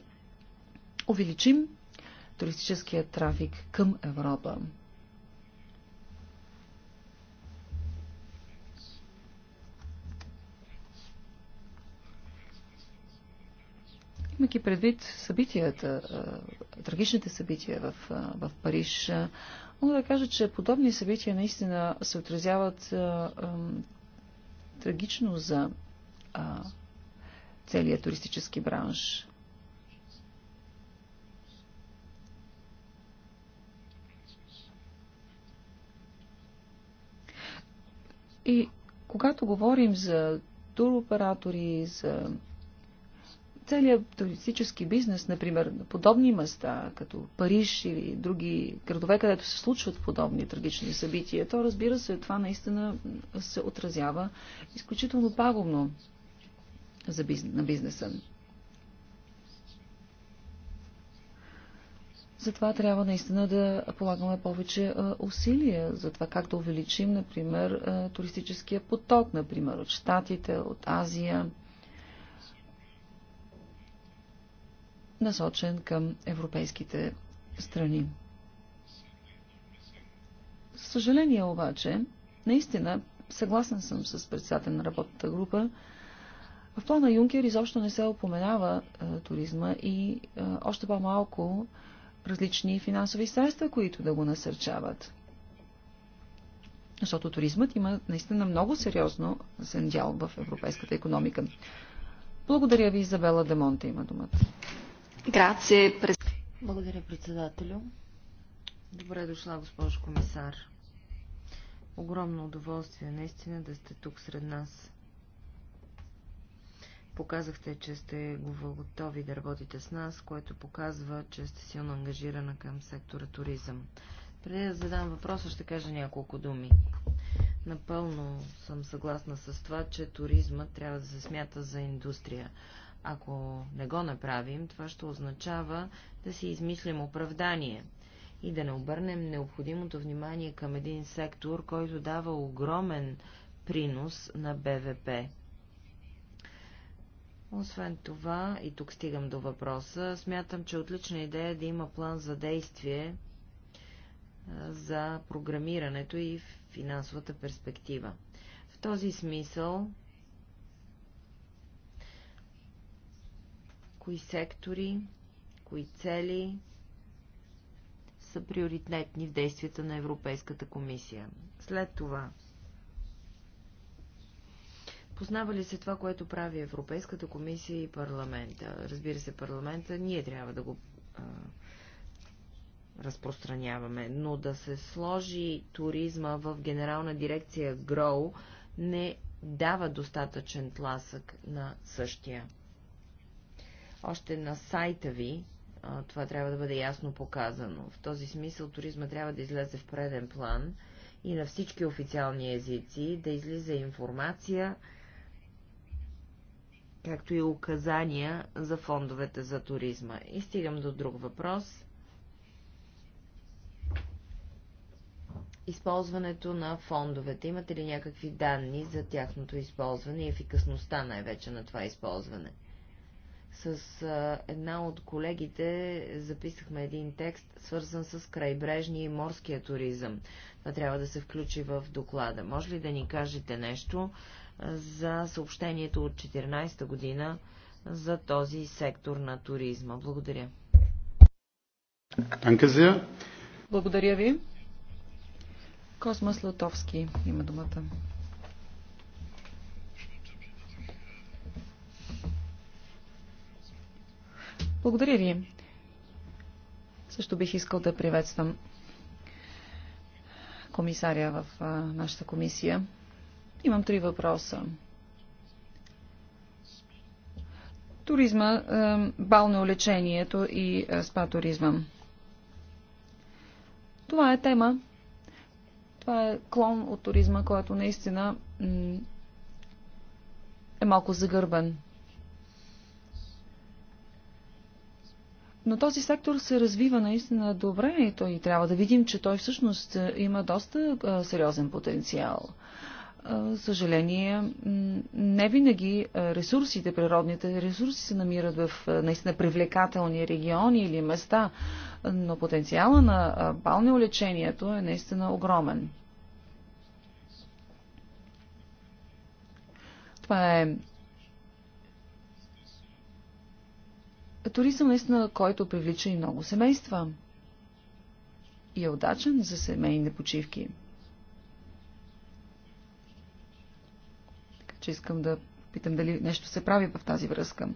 увеличим туристическия трафик към Европа. Имайки предвид събитията, трагичните събития в, в Париж, мога да кажа, че подобни събития наистина се отразяват а, а, трагично за а, целият туристически бранш. И когато говорим за туроператори, за целият туристически бизнес, например, на подобни места, като Париж или други градове, където се случват подобни трагични събития, то разбира се, това наистина се отразява изключително пагубно за бизнес, на бизнеса. Затова трябва наистина да полагаме повече усилия за това как да увеличим, например, туристическия поток, например, от Штатите, от Азия. насочен към европейските страни. Съжаление обаче, наистина, съгласен съм с председател на работната група, в плана Юнкер изобщо не се упоменава а, е, туризма и а, е, още по-малко различни финансови средства, които да го насърчават. Защото туризмът има наистина много сериозно сендял в европейската економика. Благодаря ви, Изабела Демонте има думата.
Е Благодаря, председателю. Добре дошла, госпожо комисар. Огромно удоволствие наистина да сте тук сред нас. Показахте, че сте готови да работите с нас, което показва, че сте силно ангажирана към сектора туризъм. Преди да задам въпроса, ще кажа няколко думи. Напълно съм съгласна с това, че туризма трябва да се смята за индустрия. Ако не го направим, това ще означава да си измислим оправдание и да не обърнем необходимото внимание към един сектор, който дава огромен принос на БВП. Освен това, и тук стигам до въпроса, смятам, че отлична идея е да има план за действие за програмирането и финансовата перспектива. В този смисъл кои сектори, кои цели са приоритетни в действията на Европейската комисия. След това, познава ли се това, което прави Европейската комисия и парламента? Разбира се, парламента ние трябва да го а, разпространяваме, но да се сложи туризма в генерална дирекция ГРОУ не дава достатъчен тласък на същия. Още на сайта ви това трябва да бъде ясно показано. В този смисъл туризма трябва да излезе в преден план и на всички официални езици да излиза информация, както и указания за фондовете за туризма. И стигам до друг въпрос. Използването на фондовете. Имате ли някакви данни за тяхното използване и ефикасността най-вече на това използване? с а, една от колегите записахме един текст, свързан с крайбрежния и морския туризъм. Това трябва да се включи в доклада. Може ли да ни кажете нещо за съобщението от 14-та година за този сектор на туризма? Благодаря.
Благодаря ви. Космос Лотовски има думата. Благодаря ви. Също бих искал да приветствам комисаря в нашата комисия. Имам три въпроса. Туризма, бално лечението и спа туризма. Това е тема. Това е клон от туризма, който наистина е малко загърбен. Но този сектор се развива наистина добре и той трябва да видим, че той всъщност е, има доста сериозен потенциал. съжаление, не винаги ресурсите, природните ресурси се намират в наистина привлекателни региони или места, но потенциала на балнеолечението е наистина огромен. Това е туризъм наистина, който привлича и много семейства и е удачен за семейни почивки. Така че искам да питам дали нещо се прави в тази връзка.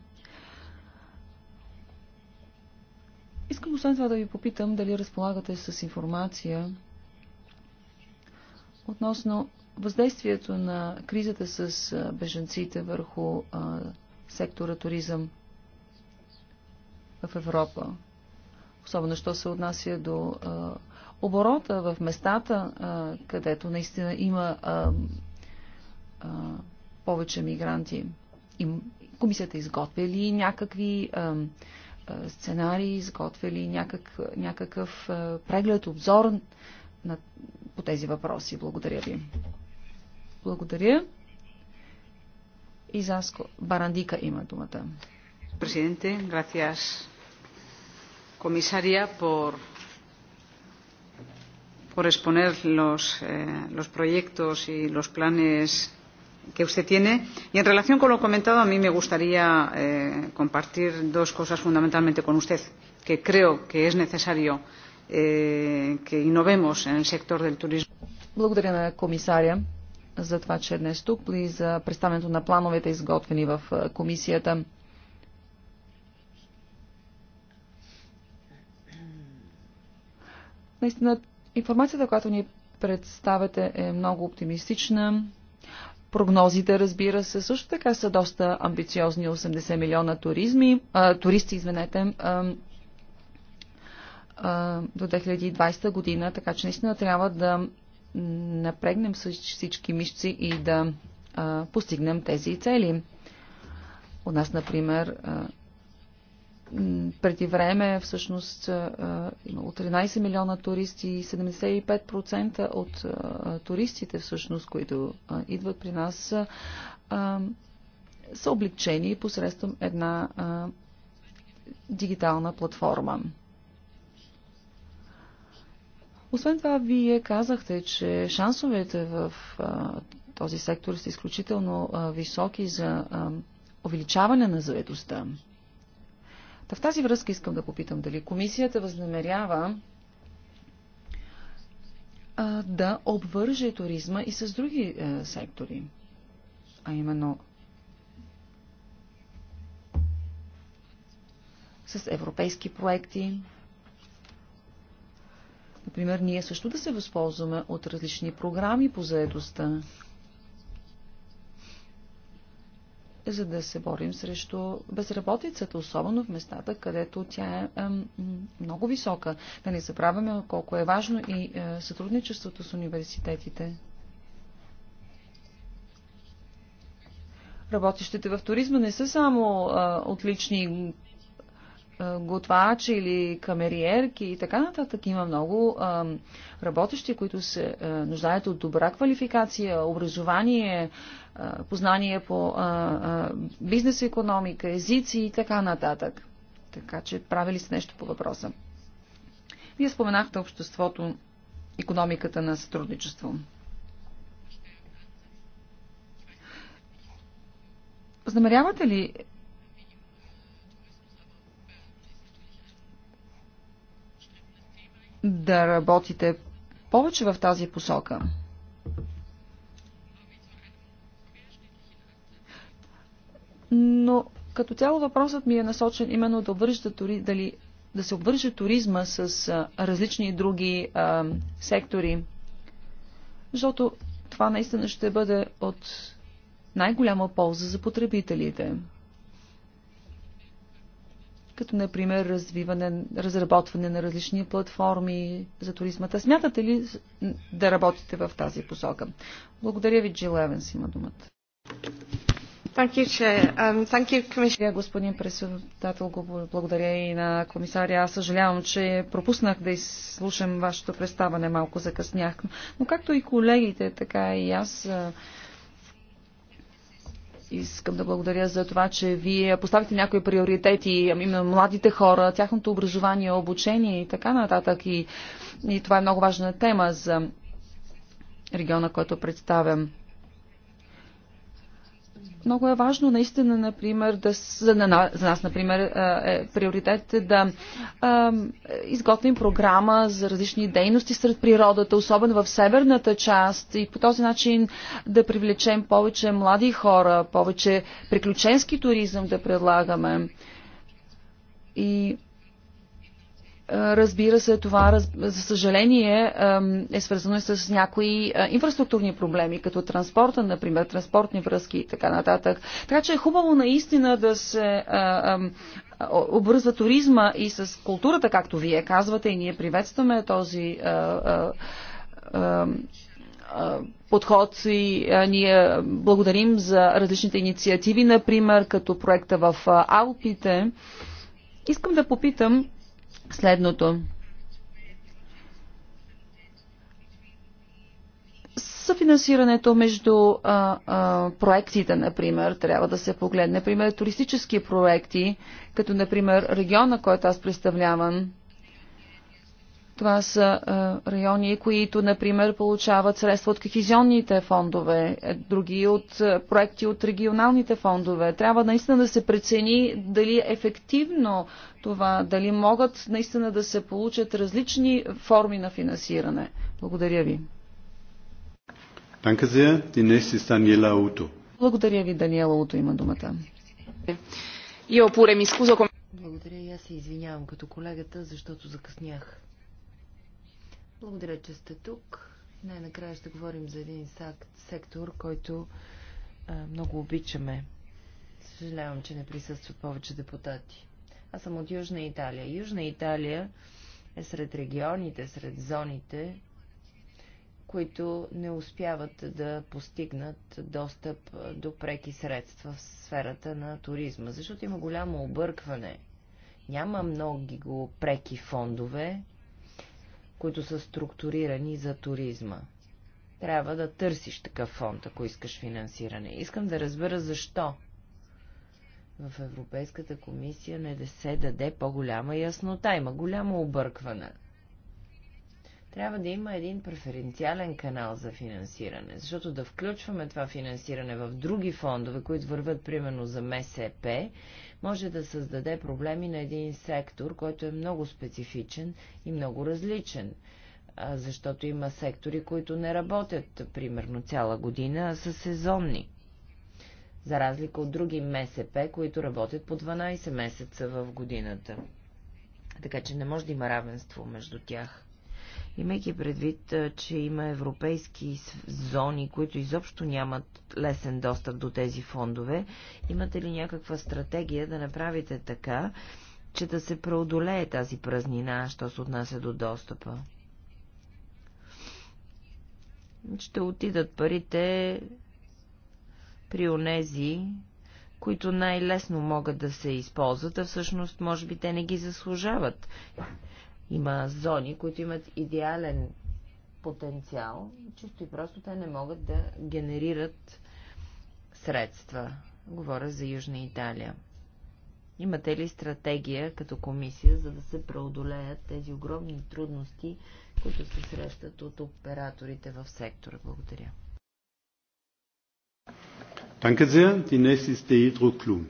Искам освен това да ви попитам дали разполагате с информация относно въздействието на кризата с беженците върху а, сектора туризъм в Европа. Особено, що се отнася до а, оборота в местата, а, където наистина има а, а, повече мигранти. И комисията изготвя ли някакви а, а, сценарии, изготвя ли някак, някакъв а, преглед, обзор на, по тези въпроси? Благодаря ви. Благодаря. Изаско Барандика има думата.
Президенте, gracias comisaria, por, por exponer los, eh, los proyectos y los planes que usted tiene. Y en relación con lo comentado, a mí me gustaría eh, compartir dos cosas fundamentalmente con usted, que creo que es necesario eh, que innovemos en el sector del turismo.
Благодаря на комисаря за това, че днес тук и за представянето на плановете, изготвени в комисията. Наистина, информацията, която ни представяте е много оптимистична. Прогнозите, разбира се, също така са доста амбициозни. 80 милиона туризми, а, туристи, извинете, а, а, до 2020 година, така че наистина трябва да напрегнем всички мишци и да а, постигнем тези цели. У нас, например, а, преди време всъщност имало 13 милиона туристи и 75% от туристите всъщност, които идват при нас, са облегчени посредством една дигитална платформа. Освен това, вие казахте, че шансовете в този сектор са изключително високи за увеличаване на заедостта. Та в тази връзка искам да попитам дали комисията възнамерява а, да обвърже туризма и с други а, е, сектори, а именно с европейски проекти. Например, ние също да се възползваме от различни програми по заедостта, за да се борим срещу безработицата, особено в местата, където тя е много висока. Да не забравяме колко е важно и е, сътрудничеството с университетите. Работещите в туризма не са само отлични готвачи или камериерки и така нататък. Има много работещи, които се нуждаят от добра квалификация, образование, познание по бизнес економика, езици и така нататък. Така че правили сте нещо по въпроса. Вие споменахте обществото, економиката на сътрудничество. Знамерявате ли да работите повече в тази посока. Но като цяло въпросът ми е насочен именно да обвържете дали да се обвърже туризма с а, различни други а, сектори, защото това наистина ще бъде от най-голяма полза за потребителите като например развиване, разработване на различни платформи за туризмата. Смятате ли да работите в тази посока? Благодаря ви, Джил Евенс има думата. Um, благодаря, господин председател. Благодаря и на комисаря. Аз съжалявам, че пропуснах да изслушам вашето представане. Малко закъснях. Но както и колегите, така и аз искам да благодаря за това, че вие поставите някои приоритети, именно младите хора, тяхното образование, обучение и така нататък. И, и това е много важна тема за региона, който представям. Много е важно наистина, например, да, за, на, за нас, например, е, е приоритет е да е, изготвим програма за различни дейности сред природата, особено в северната част и по този начин да привлечем повече млади хора, повече приключенски туризъм да предлагаме. И е, разбира се, това, за съжаление, е свързано и с някои е, инфраструктурни проблеми, като транспорта, например, транспортни връзки и така нататък. Така че е хубаво наистина да се е, обвързва туризма и с културата, както вие казвате, и ние приветстваме този подход и ние благодарим за различните инициативи, например, като проекта в Алпите. Искам да попитам, следното. съфинансирането между а, а, проектите, например, трябва да се погледне. Например, туристически проекти, като, например, региона, който аз представлявам, това са а, е, райони, които, например, получават средства от кохезионните фондове, е, други от а, е, проекти от регионалните фондове. Трябва наистина да се прецени дали ефективно това, дали могат наистина да се получат различни форми на финансиране. Благодаря ви. Благодаря ви, Даниела Уто има думата.
Благодаря и аз се извинявам като колегата, защото закъснях. Благодаря, че сте тук. Най-накрая ще говорим за един сектор, който а, много обичаме. Съжалявам, че не присъстват повече депутати. Аз съм от Южна Италия. Южна Италия е сред регионите, сред зоните, които не успяват да постигнат достъп до преки средства в сферата на туризма, защото има голямо объркване. Няма много преки фондове, които са структурирани за туризма. Трябва да търсиш такъв фонд, ако искаш финансиране. Искам да разбера защо в Европейската комисия не да се даде по-голяма яснота. Има голямо объркване трябва да има един преференциален канал за финансиране, защото да включваме това финансиране в други фондове, които върват примерно за МСП, може да създаде проблеми на един сектор, който е много специфичен и много различен. Защото има сектори, които не работят примерно цяла година, а са сезонни. За разлика от други МСП, които работят по 12 месеца в годината. Така че не може да има равенство между тях. Имайки предвид, че има европейски зони, които изобщо нямат лесен достъп до тези фондове, имате ли някаква стратегия да направите така, че да се преодолее тази празнина, що се отнася до достъпа? Ще отидат парите при онези, които най-лесно могат да се използват, а всъщност може би те не ги заслужават. Има зони, които имат идеален потенциал, чисто и просто те не могат да генерират средства. Говоря за Южна Италия. Имате ли стратегия като комисия, за да се преодолеят тези огромни трудности, които се срещат от операторите в сектора? Благодаря.
Danke sehr. Die nächste ist Klum.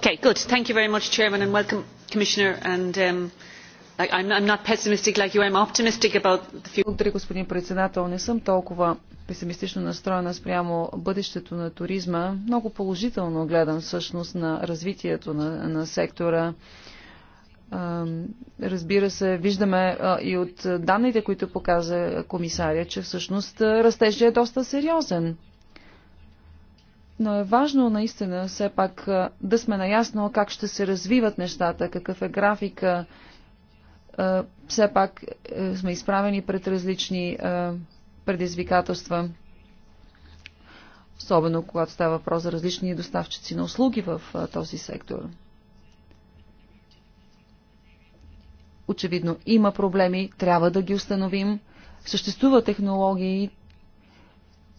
Thank you very much, Chairman, and welcome, Commissioner. And um, like, I'm, not pessimistic like you. I'm optimistic about the future. Благодаря, господин председател. Не съм толкова песимистично настроена спрямо бъдещето на туризма. Много положително гледам всъщност на развитието на, на сектора. Разбира се, виждаме и от данните, които показа комисаря, че всъщност растежът е доста сериозен. Но е важно наистина все пак да сме наясно как ще се развиват нещата, какъв е графика. Все пак е, сме изправени пред различни предизвикателства, особено когато става въпрос за различни доставчици на услуги в този сектор. Очевидно има проблеми, трябва да ги установим. Съществуват технологии,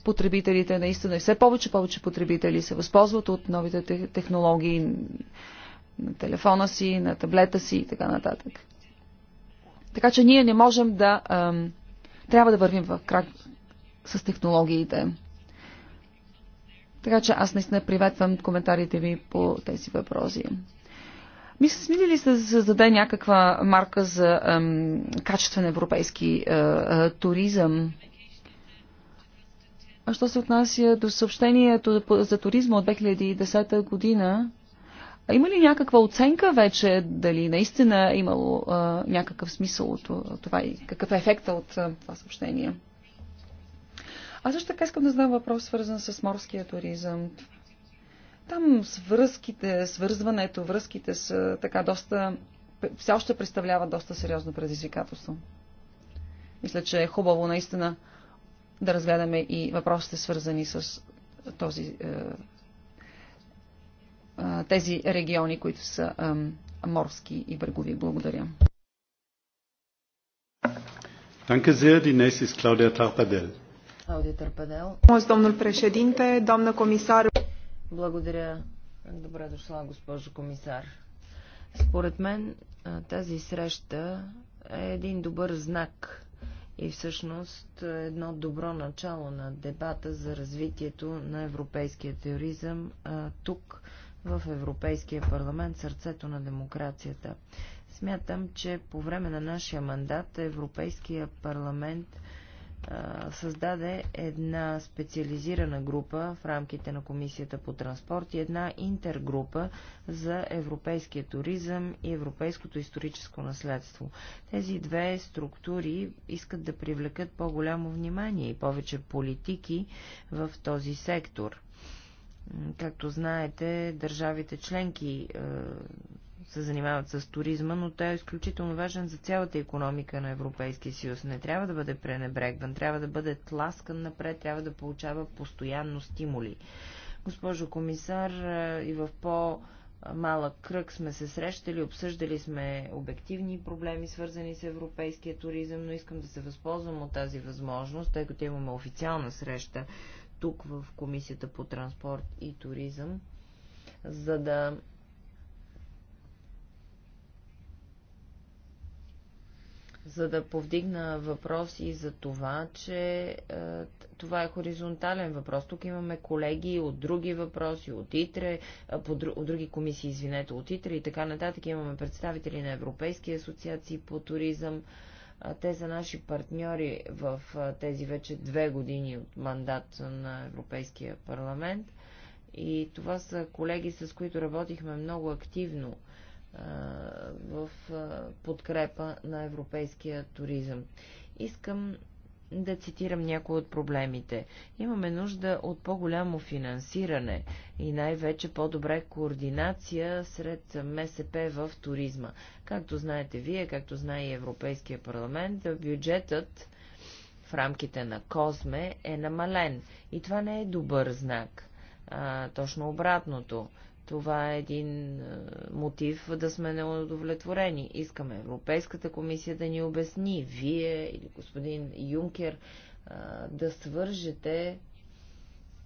потребителите наистина и все повече повече потребители се възползват от новите технологии на телефона си, на таблета си и така нататък. Така че ние не можем да... Ам, трябва да вървим в крак с технологиите. Така че аз наистина приветвам коментарите ви по тези въпроси. Мисля, смили ли се да създаде някаква марка за ам, качествен европейски а, а, туризъм? А що се отнася до съобщението за туризма от 2010 година, има ли някаква оценка вече дали наистина е имало а, някакъв смисъл от това и какъв е ефекта от а, това съобщение? Аз също така искам да знам въпрос, свързан с морския туризъм. Там с връзките, свързването, връзките са така доста, все още представляват доста сериозно предизвикателство. Мисля, че е хубаво наистина да разгледаме и въпросите свързани с този, е, е, тези региони, които са е, морски и брегови. Благодаря.
Danke sehr. Die nächste ist Claudia Tarpadel.
Claudia Tarpadel.
Domnul președinte, doamnă comisar. Благодаря. Добре
дошла, госпожо комисар. Според мен тази среща е един добър знак и всъщност е едно добро начало на дебата за развитието на европейския теоризъм тук, в Европейския парламент, сърцето на демокрацията. Смятам, че по време на нашия мандат Европейския парламент създаде една специализирана група в рамките на Комисията по транспорт и една интергрупа за европейския туризъм и европейското историческо наследство. Тези две структури искат да привлекат по-голямо внимание и повече политики в този сектор. Както знаете, държавите членки е, се занимават с туризма, но той е изключително важен за цялата економика на Европейския съюз. Не трябва да бъде пренебрегван, трябва да бъде тласкан напред, трябва да получава постоянно стимули. Госпожо комисар, и в по- малък кръг сме се срещали, обсъждали сме обективни проблеми, свързани с европейския туризъм, но искам да се възползвам от тази възможност, тъй като имаме официална среща тук в Комисията по транспорт и туризъм, за да за да повдигна въпроси за това, че е, това е хоризонтален въпрос. Тук имаме колеги от други въпроси, от ИТРЕ, е, по, от други комисии, извинете, от ИТРЕ и така нататък. Имаме представители на Европейски асоциации по туризъм. Те са наши партньори в тези вече две години от мандат на Европейския парламент. И това са колеги, с които работихме много активно в подкрепа на европейския туризъм. Искам да цитирам някои от проблемите. Имаме нужда от по-голямо финансиране и най-вече по-добре координация сред МСП в туризма. Както знаете вие, както знае и Европейския парламент, бюджетът в рамките на Козме е намален и това не е добър знак. А, точно обратното. Това е един е, мотив да сме неудовлетворени. Искаме Европейската комисия да ни обясни, вие или господин Юнкер, е, да свържете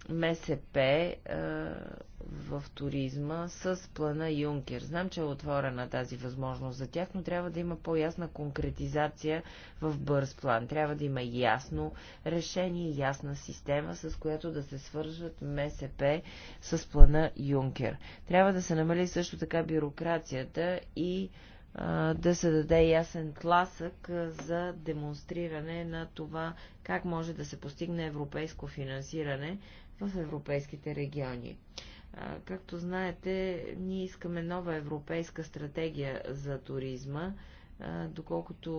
МСП е, в туризма с плана Юнкер. Знам, че е отворена тази възможност за тях, но трябва да има по-ясна конкретизация в бърз план. Трябва да има ясно решение, ясна система, с която да се свържат МСП с плана Юнкер. Трябва да се намали също така бюрокрацията и да се даде ясен тласък за демонстриране на това, как може да се постигне европейско финансиране в европейските региони. Както знаете, ние искаме нова европейска стратегия за туризма. Доколкото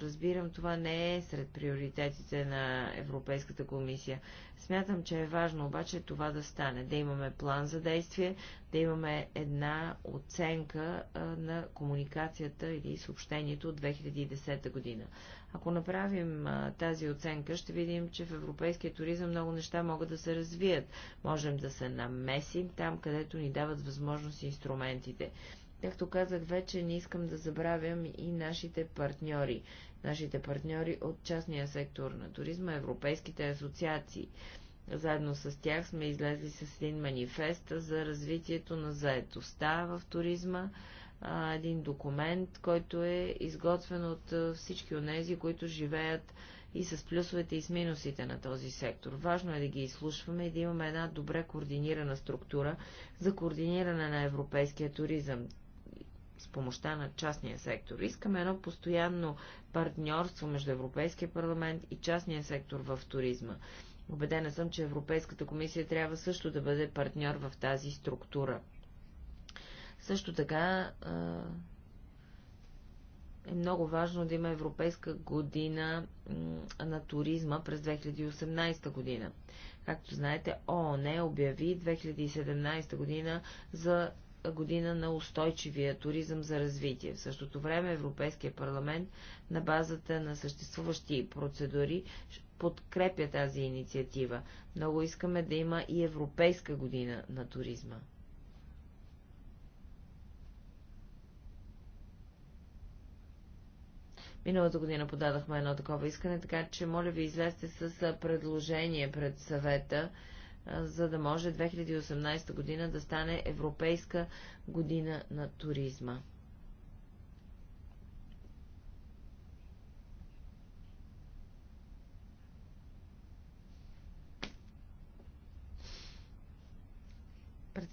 разбирам, това не е сред приоритетите на Европейската комисия. Смятам, че е важно обаче това да стане, да имаме план за действие, да имаме една оценка на комуникацията или съобщението от 2010 година. Ако направим а, тази оценка, ще видим, че в европейския туризъм много неща могат да се развият. Можем да се намесим там, където ни дават възможност инструментите. Както казах вече, не искам да забравям и нашите партньори. Нашите партньори от частния сектор на туризма, европейските асоциации. Заедно с тях сме излезли с един манифест за развитието на заетостта в туризма а, един документ, който е изготвен от всички от тези, които живеят и с плюсовете и с минусите на този сектор. Важно е да ги изслушваме и да имаме една добре координирана структура за координиране на европейския туризъм с помощта на частния сектор. Искаме едно постоянно партньорство между Европейския парламент и частния сектор в туризма. Обедена съм, че Европейската комисия трябва също да бъде партньор в тази структура. Също така е много важно да има Европейска година на туризма през 2018 година. Както знаете, ООН обяви 2017 година за година на устойчивия туризъм за развитие. В същото време Европейския парламент на базата на съществуващи процедури подкрепя тази инициатива. Много искаме да има и Европейска година на туризма. Миналата година подадахме едно такова искане, така че моля ви излезте с предложение пред съвета, за да може 2018 година да стане Европейска година на туризма.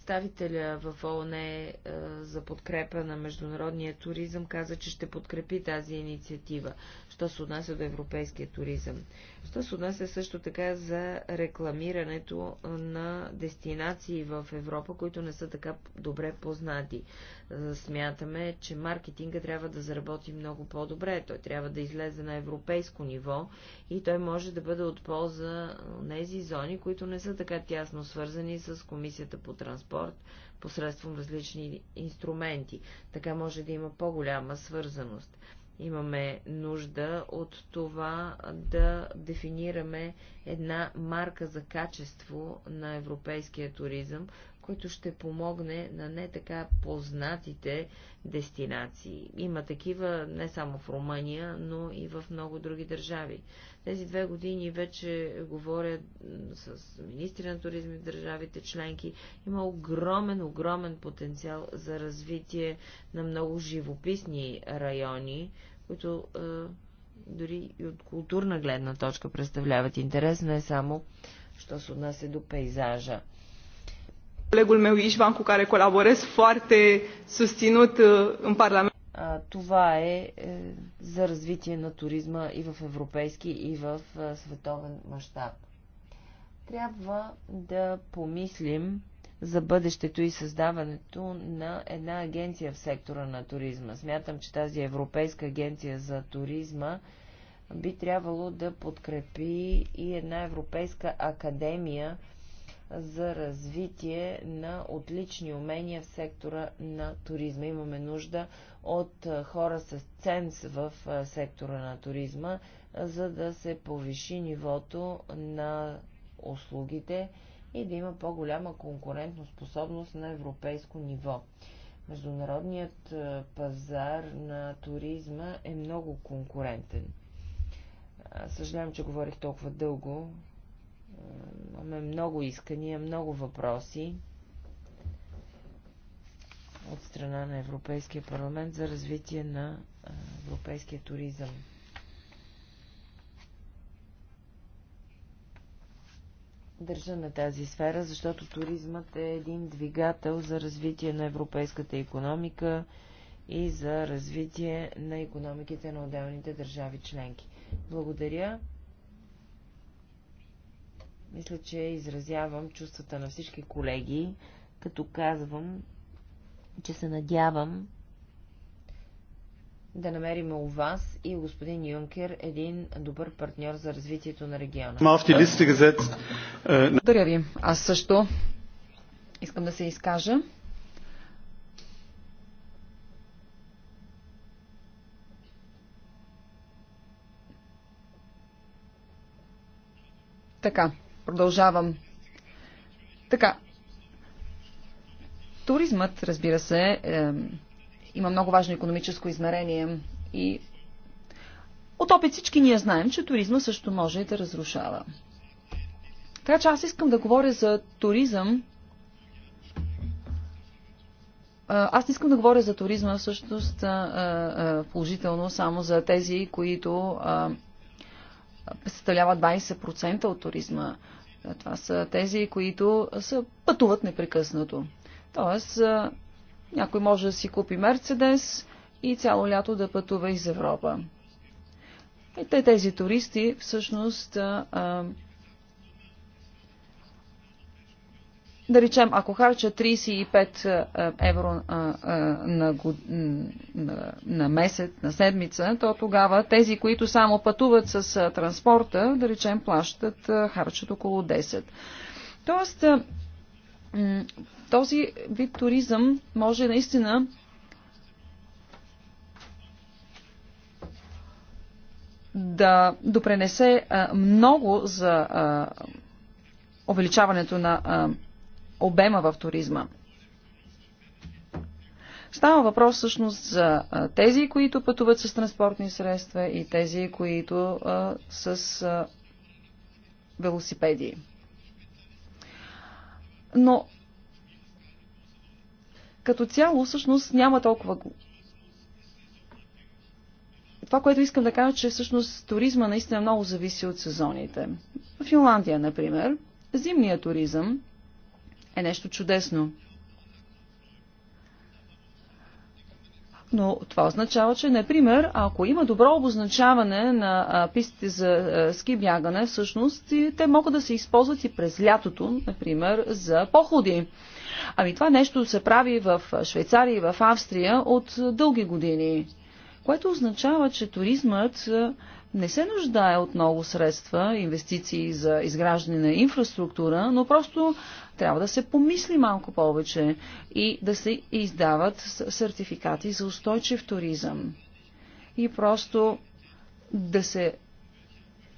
представителя в ООН е, за подкрепа на международния туризъм каза, че ще подкрепи тази инициатива, що се отнася до европейския туризъм. Що се отнася също така за рекламирането на дестинации в Европа, които не са така добре познати. Е, смятаме, че маркетинга трябва да заработи много по-добре. Той трябва да излезе на европейско ниво и той може да бъде от полза тези зони, които не са така тясно свързани с Комисията по транспорт посредством различни инструменти. Така може да има по-голяма свързаност имаме нужда от това да дефинираме една марка за качество на европейския туризъм, който ще помогне на не така познатите дестинации. Има такива не само в Румъния, но и в много други държави. Тези две години вече говоря с министри на туризми в държавите членки. Има огромен, огромен потенциал за развитие на много живописни райони, които е, дори и от културна гледна точка представляват интерес, не само що се отнася до пейзажа. Colegul meu Ișvan, cu care colaborez foarte susținut uh, în Parlament. Това е, е за развитие на туризма и в европейски, и в е, световен мащаб. Трябва да помислим за бъдещето и създаването на една агенция в сектора на туризма. Смятам, че тази Европейска агенция за туризма би трябвало да подкрепи и една Европейска академия за развитие на отлични умения в сектора на туризма. Имаме нужда от хора с ценз в сектора на туризма, за да се повиши нивото на услугите и да има по-голяма конкурентоспособност на европейско ниво. Международният пазар на туризма е много конкурентен. Съжалявам, че говорих толкова дълго. Имаме много искания, много въпроси от страна на Европейския парламент за развитие на европейския туризъм. държа на тази сфера, защото туризмът е един двигател за развитие на европейската економика и за развитие на економиките на отделните държави членки. Благодаря. Мисля, че изразявам чувствата на всички колеги, като казвам, че се надявам да намерим у вас и у господин Юнкер един добър партньор за развитието на региона. Е,
Благодаря ви. Аз също искам да се изкажа. Така. Продължавам. Така. Туризмът, разбира се, е, има много важно економическо измерение и от опит всички ние знаем, че туризма също може и да разрушава. Така че аз искам да говоря за туризъм. Аз не искам да говоря за туризма всъщност положително само за тези, които представлява 20% от туризма. Това са тези, които са, пътуват непрекъснато. Тоест, някой може да си купи Мерцедес и цяло лято да пътува из Европа. И те, тези туристи всъщност да речем, ако харча 35 е, е, евро е, на, год... на, на месец, на седмица, то тогава тези, които само пътуват с транспорта, да речем, плащат, харчат около 10. Тоест, този вид туризъм може наистина да допренесе много за увеличаването на обема в туризма. Става въпрос всъщност за тези, които пътуват с транспортни средства и тези, които а, с а, велосипеди. Но като цяло всъщност няма толкова. Това, което искам да кажа, че всъщност туризма наистина много зависи от сезоните. В Финландия, например, зимният туризъм е нещо чудесно. Но това означава, че, например, ако има добро обозначаване на пистите за ски бягане, всъщност те могат да се използват и през лятото, например, за походи. Ами това нещо се прави в Швейцария и в Австрия от дълги години, което означава, че туризмът не се нуждае от много средства, инвестиции за изграждане на инфраструктура, но просто трябва да се помисли малко повече и да се издават сертификати за устойчив туризъм. И просто да се.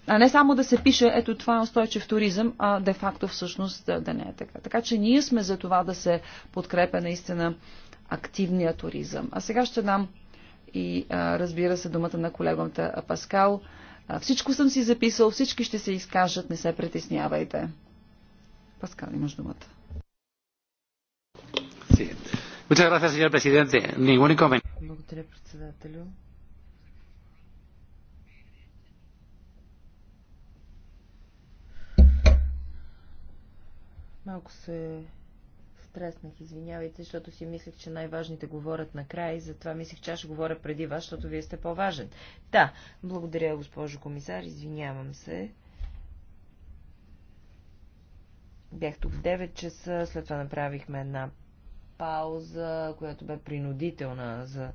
А не само да се пише, ето това е устойчив туризъм, а де-факто всъщност да, да не е така. Така че ние сме за това да се подкрепя наистина активния туризъм. А сега ще дам и а, разбира се думата на колегата Паскал. А, всичко съм си записал, всички ще се изкажат, не се притеснявайте. Паскал, имаш думата.
Благодаря,
председателю. Малко се стреснах, извинявайте, защото си мислех, че най-важните говорят накрая и затова мислех, че аз ще говоря преди вас, защото вие сте по-важен. Да, благодаря, госпожо комисар, извинявам се. Бях тук в 9 часа, след това направихме една пауза, която бе принудителна, за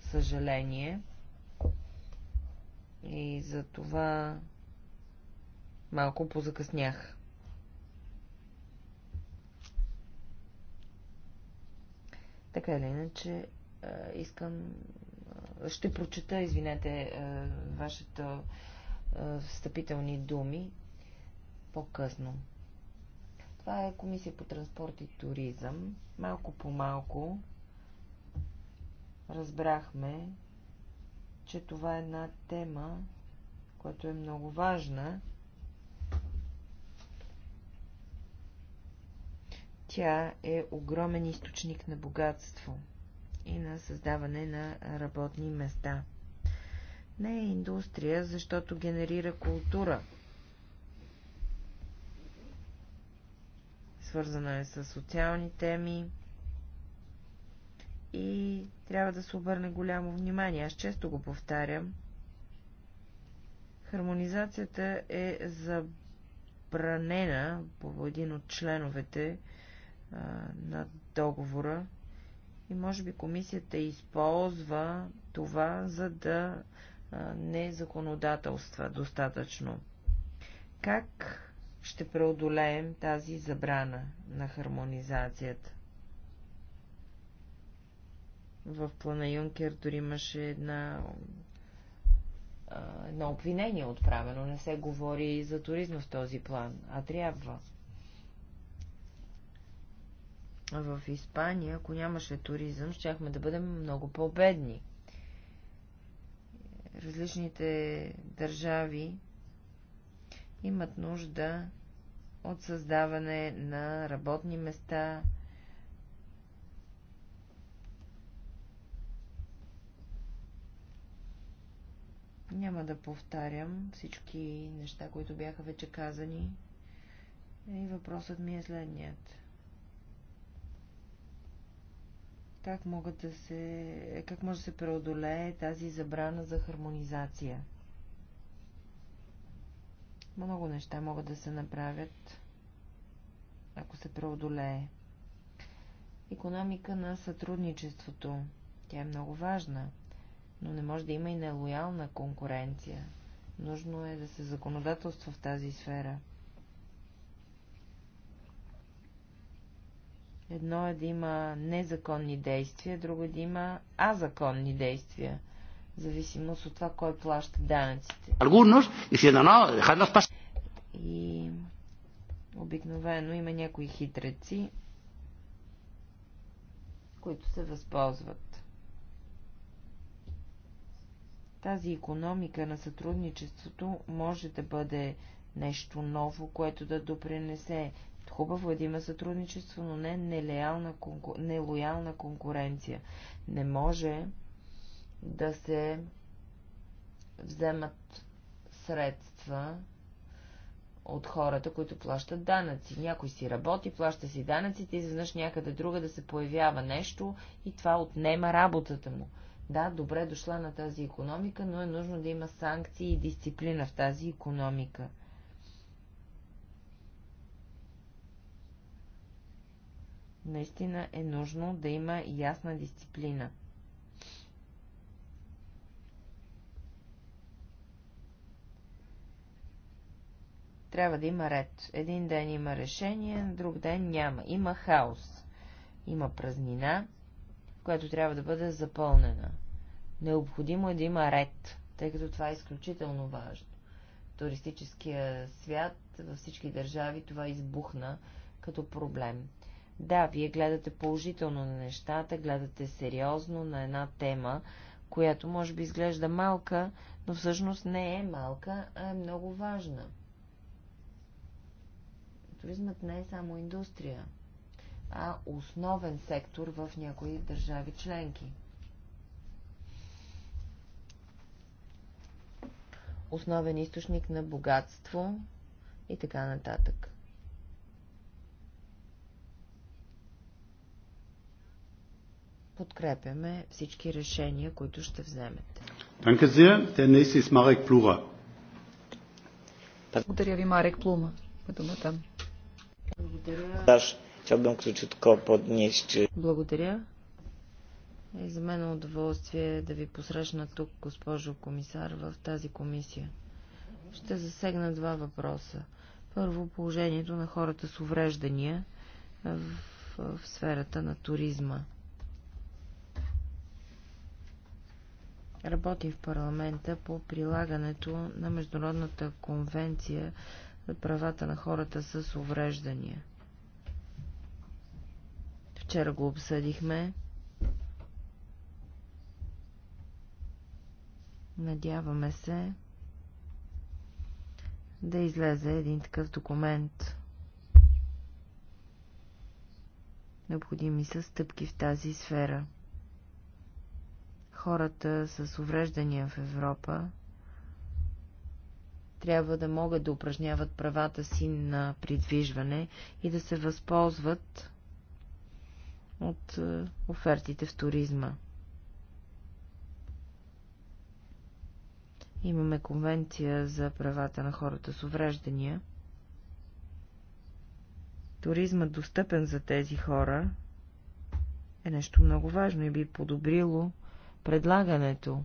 съжаление. И за това малко позакъснях. Така или иначе, е, искам. Е, ще прочета, извинете, е, вашите встъпителни думи по-късно. Това е Комисия по транспорт и туризъм. Малко по малко разбрахме, че това е една тема, която е много важна Тя е огромен източник на богатство и на създаване на работни места. Не е индустрия, защото генерира култура. Свързана е с социални теми и трябва да се обърне голямо внимание. Аз често го повтарям. Хармонизацията е забранена по един от членовете на договора и може би комисията използва това, за да не законодателства достатъчно. Как ще преодолеем тази забрана на хармонизацията? В плана Юнкер дори имаше една, едно обвинение отправено. Не се говори и за туризма в този план, а трябва – в Испания, ако нямаше туризъм, щяхме да бъдем много по-бедни. Различните държави имат нужда от създаване на работни места, Няма да повтарям всички неща, които бяха вече казани. И въпросът ми е следният. Как, могат да се, как може да се преодолее тази забрана за хармонизация? Много неща могат да се направят, ако се преодолее. Економика на сътрудничеството. Тя е много важна, но не може да има и нелоялна конкуренция. Нужно е да се законодателства в тази сфера – Едно е да има незаконни действия, друго е да има азаконни действия, в зависимост от това, кой плаща данъците. И обикновено има някои хитреци, които се възползват. Тази економика на сътрудничеството може да бъде нещо ново, което да допринесе Хубаво е да има сътрудничество, но не нелоялна, конкур... нелоялна конкуренция. Не може да се вземат средства от хората, които плащат данъци. Някой си работи, плаща си данъците, изведнъж някъде друга да се появява нещо и това отнема работата му. Да, добре е дошла на тази економика, но е нужно да има санкции и дисциплина в тази економика. наистина е нужно да има ясна дисциплина. Трябва да има ред. Един ден има решение, друг ден няма. Има хаос. Има празнина, която трябва да бъде запълнена. Необходимо е да има ред, тъй като това е изключително важно. Туристическия свят във всички държави това избухна като проблем. Да, вие гледате положително на нещата, гледате сериозно на една тема, която може би изглежда малка, но всъщност не е малка, а е много важна. Туризмът не е само индустрия, а основен сектор в някои държави членки. Основен източник на богатство и така нататък. подкрепяме всички решения, които ще вземете. Благодаря ви, Марек Плума. Благодаря. И за мен е удоволствие да ви посрещна тук, госпожо комисар, в тази комисия. Ще засегна два въпроса. Първо, положението на хората с увреждания в, в сферата на туризма. работи в парламента по прилагането на Международната конвенция за правата на хората с увреждания. Вчера го обсъдихме. Надяваме се да излезе един такъв документ. Необходими са стъпки в тази сфера хората с увреждания в Европа трябва да могат да упражняват правата си на придвижване и да се възползват от е, офертите в туризма. Имаме конвенция за правата на хората с увреждания. Туризмът достъпен за тези хора е нещо много важно и би подобрило предлагането,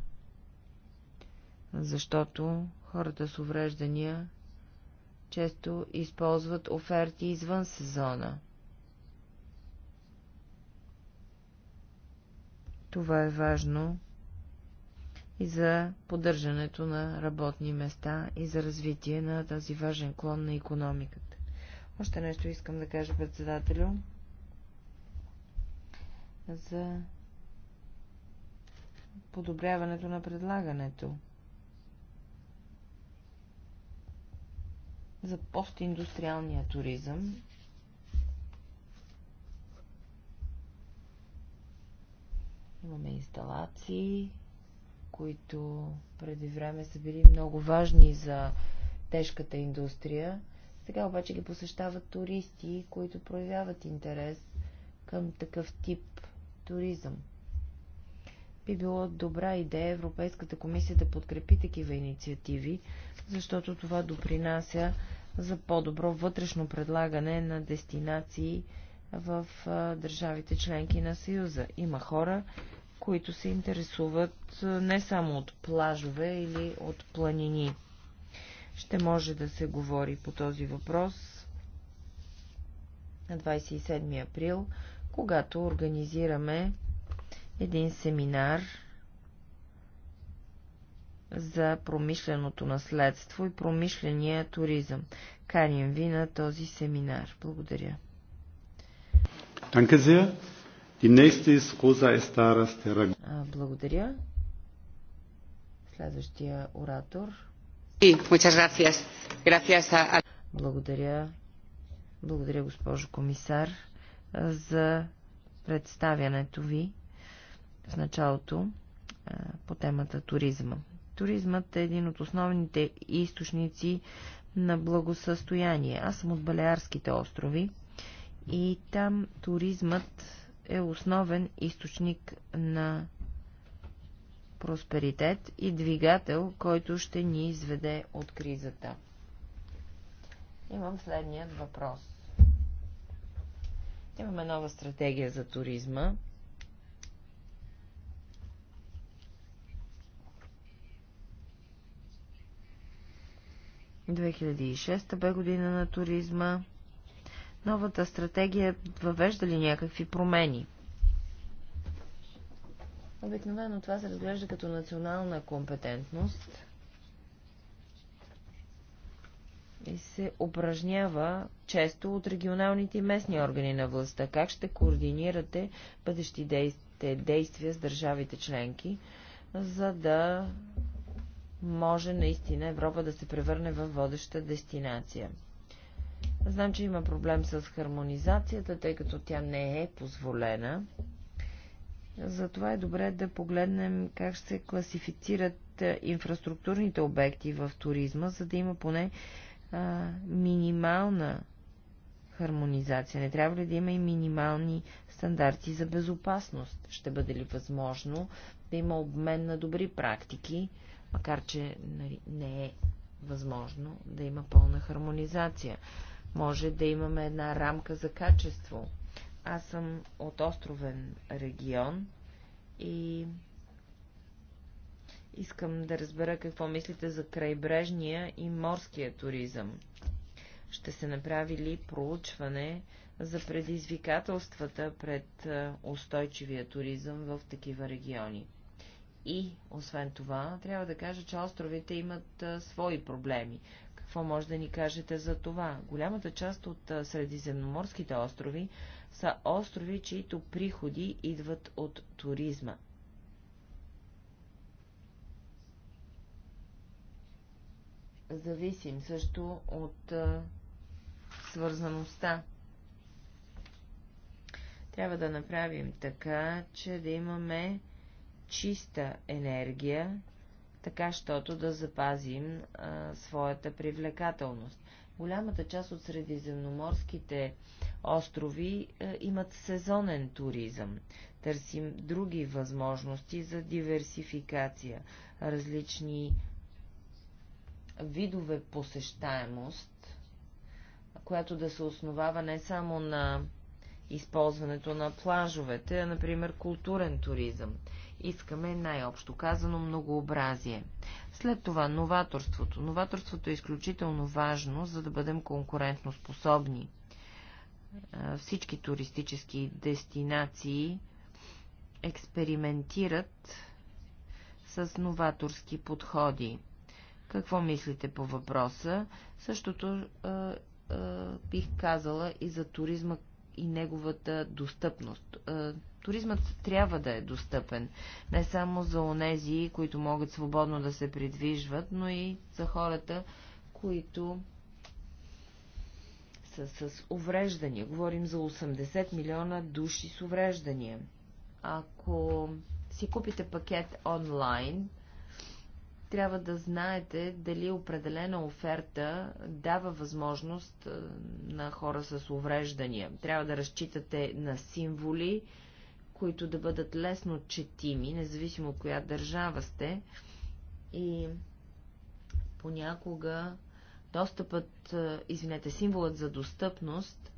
защото хората с увреждания често използват оферти извън сезона. Това е важно и за поддържането на работни места и за развитие на този важен клон на економиката. Още нещо искам да кажа председателю за подобряването на предлагането. За постиндустриалния туризъм имаме инсталации, които преди време са били много важни за тежката индустрия. Сега обаче ги посещават туристи, които проявяват интерес към такъв тип туризъм би било добра идея Европейската комисия да подкрепи такива инициативи, защото това допринася за по-добро вътрешно предлагане на дестинации в държавите членки на Съюза. Има хора, които се интересуват не само от плажове или от планини. Ще може да се говори по този въпрос на 27 април, когато организираме един семинар за промишленото наследство и промишления туризъм. Каним ви на този семинар. Благодаря. Благодаря. Следващия оратор. Благодаря. Благодаря, госпожо комисар, за представянето ви в началото е, по темата туризма. Туризмът е един от основните източници на благосъстояние. Аз съм от Балеарските острови и там туризмът е основен източник на просперитет и двигател, който ще ни изведе от кризата. Имам следният въпрос. Имаме нова стратегия за туризма, 2006 бе година на туризма. Новата стратегия въвежда ли някакви промени? Обикновено това се разглежда като национална компетентност и се упражнява често от регионалните и местни органи на властта. Как ще координирате бъдещи действия с държавите членки, за да може наистина Европа да се превърне в водеща дестинация. Знам, че има проблем с хармонизацията, тъй като тя не е позволена. Затова е добре да погледнем как ще се класифицират е, инфраструктурните обекти в туризма, за да има поне а, минимална хармонизация. Не трябва ли да има и минимални стандарти за безопасност? Ще бъде ли възможно да има обмен на добри практики? макар че нали, не е възможно да има пълна хармонизация. Може да имаме една рамка за качество. Аз съм от островен регион и искам да разбера какво мислите за крайбрежния и морския туризъм. Ще се направи ли проучване за предизвикателствата пред устойчивия туризъм в такива региони? И, освен това, трябва да кажа, че островите имат а, свои проблеми. Какво може да ни кажете за това? Голямата част от а, средиземноморските острови са острови, чието приходи идват от туризма. Зависим също от а, свързаността трябва да направим така, че да имаме чиста енергия, така, щото да запазим а, своята привлекателност. Голямата част от средиземноморските острови а, имат сезонен туризъм. Търсим други възможности за диверсификация, различни видове посещаемост, която да се основава не само на използването на плажовете, а, например, културен туризъм. Искаме, най-общо казано, многообразие. След това новаторството. Новаторството е изключително важно, за да бъдем конкурентно способни. Всички туристически дестинации експериментират с новаторски подходи. Какво мислите по въпроса? Същото бих казала и за туризма и неговата достъпност. Туризмът трябва да е достъпен, не само за онези, които могат свободно да се придвижват, но и за хората, които са с увреждания. Говорим за 80 милиона души с увреждания. Ако си купите пакет онлайн, трябва да знаете дали определена оферта дава възможност на хора с увреждания. Трябва да разчитате на символи които да бъдат лесно четими, независимо от коя държава сте. И понякога достъпът, извинете, символът за достъпност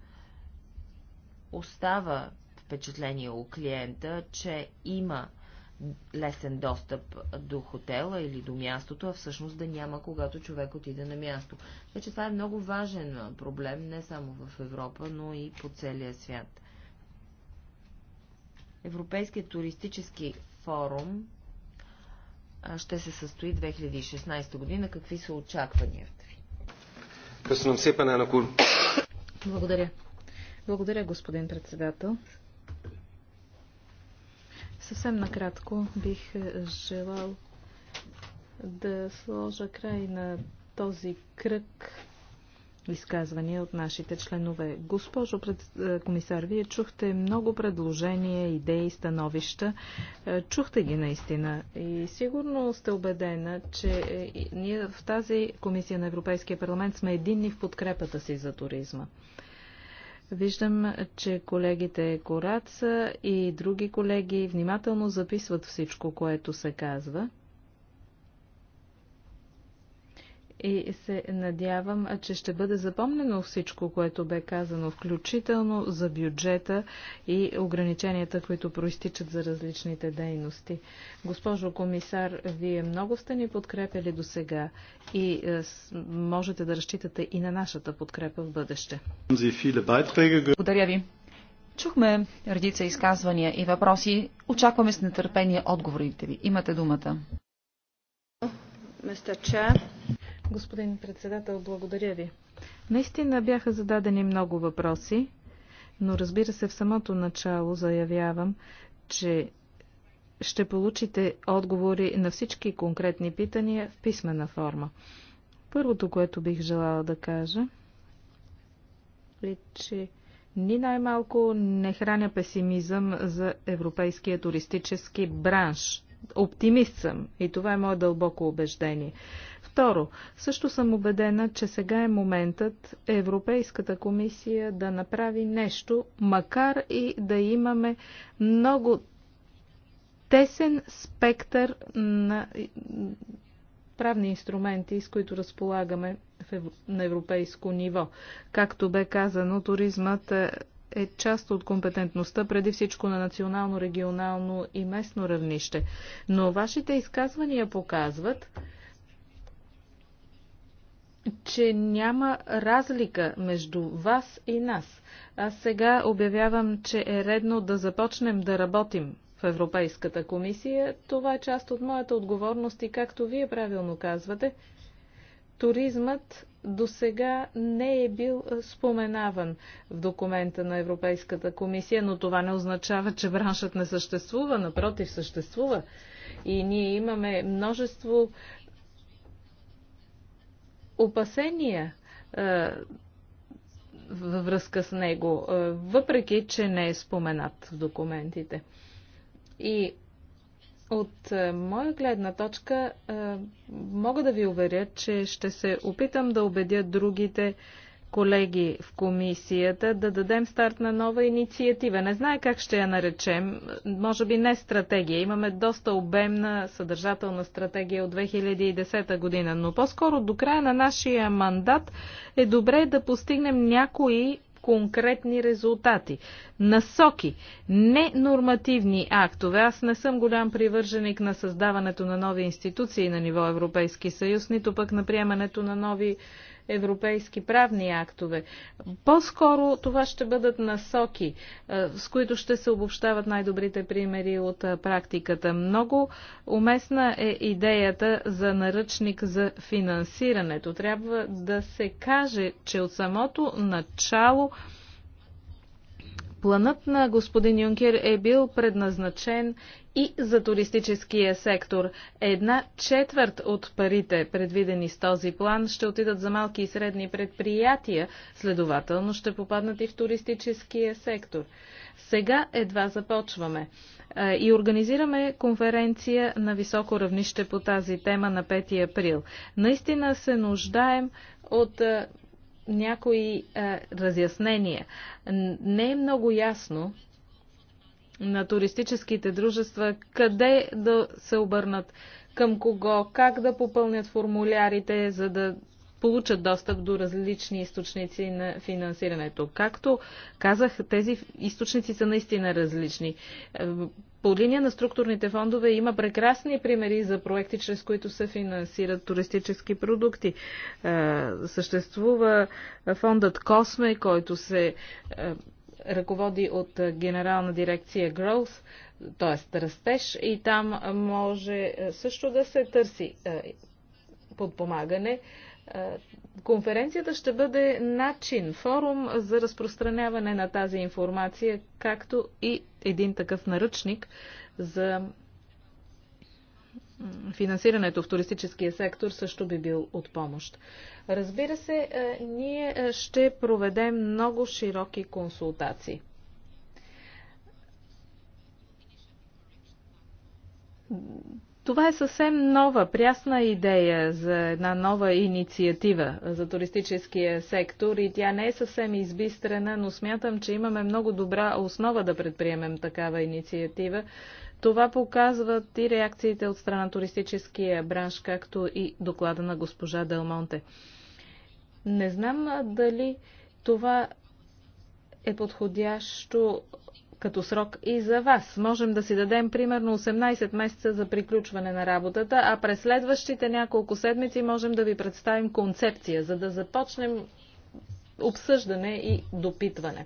остава впечатление у клиента, че има лесен достъп до хотела или до мястото, а всъщност да няма, когато човек отиде на място. Вече значи това е много важен проблем, не само в Европа, но и по целия свят. Европейският туристически форум ще се състои 2016 година. Какви са очакванията ви?
Благодаря. Благодаря, господин председател. Съвсем накратко бих е, желал да сложа край на този кръг изказвания от нашите членове. Госпожо пред, е, комисар, вие чухте много предложения, идеи, становища. Е, чухте ги наистина. И сигурно сте убедена, че е, ние в тази комисия на Европейския парламент сме единни в подкрепата си за туризма. Виждам, че колегите Кораца и други колеги внимателно записват всичко, което се казва. и се надявам, че ще бъде запомнено всичко, което бе казано, включително за бюджета и ограниченията, които проистичат за различните дейности. Госпожо комисар, вие много сте ни подкрепили до сега и можете да разчитате и на нашата подкрепа в бъдеще. Благодаря ви. Чухме редица изказвания и въпроси.
Очакваме с нетърпение отговорите ви. Имате думата.
Господин председател, благодаря ви. Наистина бяха зададени много въпроси, но разбира се в самото начало заявявам, че ще получите отговори на всички конкретни питания в писмена форма. Първото, което бих желала да кажа, е, че ни най-малко не храня песимизъм за европейския туристически бранш. Оптимист съм и това е мое дълбоко убеждение. Второ, също съм убедена, че сега е моментът Европейската комисия да направи нещо, макар и да имаме много тесен спектър на правни инструменти, с които разполагаме на европейско ниво. Както бе казано, туризмът е част от компетентността преди всичко на национално, регионално и местно равнище. Но вашите изказвания показват, че няма разлика между вас и нас. Аз сега обявявам, че е редно да започнем да работим в Европейската комисия. Това е част от моята отговорност и както вие правилно казвате, туризмът до сега не е бил споменаван в документа на Европейската комисия, но това не означава, че браншът не съществува, напротив, съществува. И ние имаме множество опасения е, във връзка с него, е, въпреки че не е споменат в документите. И от е, моя гледна точка мога да ви уверя, че ще се опитам да убедя другите колеги в комисията да дадем старт на нова инициатива. Не знае как ще я наречем. Може би не стратегия. Имаме доста обемна съдържателна стратегия от 2010 година, но по-скоро до края на нашия мандат е добре да постигнем някои конкретни резултати, насоки, не нормативни актове. Аз не съм голям привърженик на създаването на нови институции на ниво Европейски съюз, нито пък на приемането на нови европейски правни актове. По-скоро това ще бъдат насоки, е, с които ще се обобщават най-добрите примери от е, практиката. Много уместна е идеята за наръчник за финансирането. Трябва да се каже, че от самото начало Планът на господин Юнкер е бил предназначен и за туристическия сектор. Една четвърт от парите, предвидени с този план, ще отидат за малки и средни предприятия, следователно ще попаднат и в туристическия сектор. Сега едва започваме и организираме конференция на високо равнище по тази тема на 5 април. Наистина се нуждаем от някои а, е, разяснения. Не е много ясно на туристическите дружества къде да се обърнат, към кого, как да попълнят формулярите, за да получат достъп до различни източници на финансирането. Както казах, тези източници са наистина различни. Е, по линия на структурните фондове има прекрасни примери за проекти, чрез които се финансират туристически продукти. Е, съществува фондът Косме, който се е, ръководи от генерална дирекция Growth, т.е. растеж, и там може също да се търси е, подпомагане. Конференцията ще бъде начин, форум за разпространяване на тази информация, както и един такъв наръчник за финансирането в туристическия сектор също би бил от помощ. Разбира се, е, ние е, ще проведем много широки консултации. Това е съвсем нова, прясна идея за една нова инициатива за туристическия сектор и тя не е съвсем избистрена, но смятам, че имаме много добра основа да предприемем такава инициатива. Това показват и реакциите от страна на туристическия бранш, както и доклада на госпожа Делмонте. Не знам дали това е подходящо като срок и за вас. Можем да си дадем примерно 18 месеца за приключване на работата, а през следващите няколко седмици можем да ви представим концепция, за да започнем обсъждане и допитване.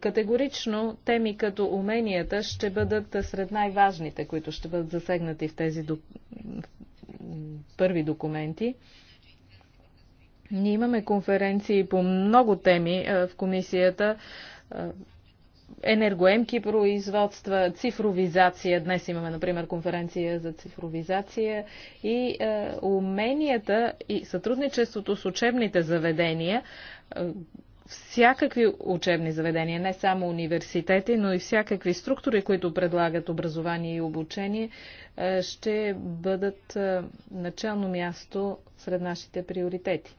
Категорично теми като уменията ще бъдат сред най-важните, които ще бъдат засегнати в тези до... първи документи. Ние имаме конференции по много теми в комисията енергоемки производства, цифровизация. Днес имаме, например, конференция за цифровизация и е, уменията и сътрудничеството с учебните заведения. Е, всякакви учебни заведения, не само университети, но и всякакви структури, които предлагат образование и обучение, е, ще бъдат е, начално място сред нашите приоритети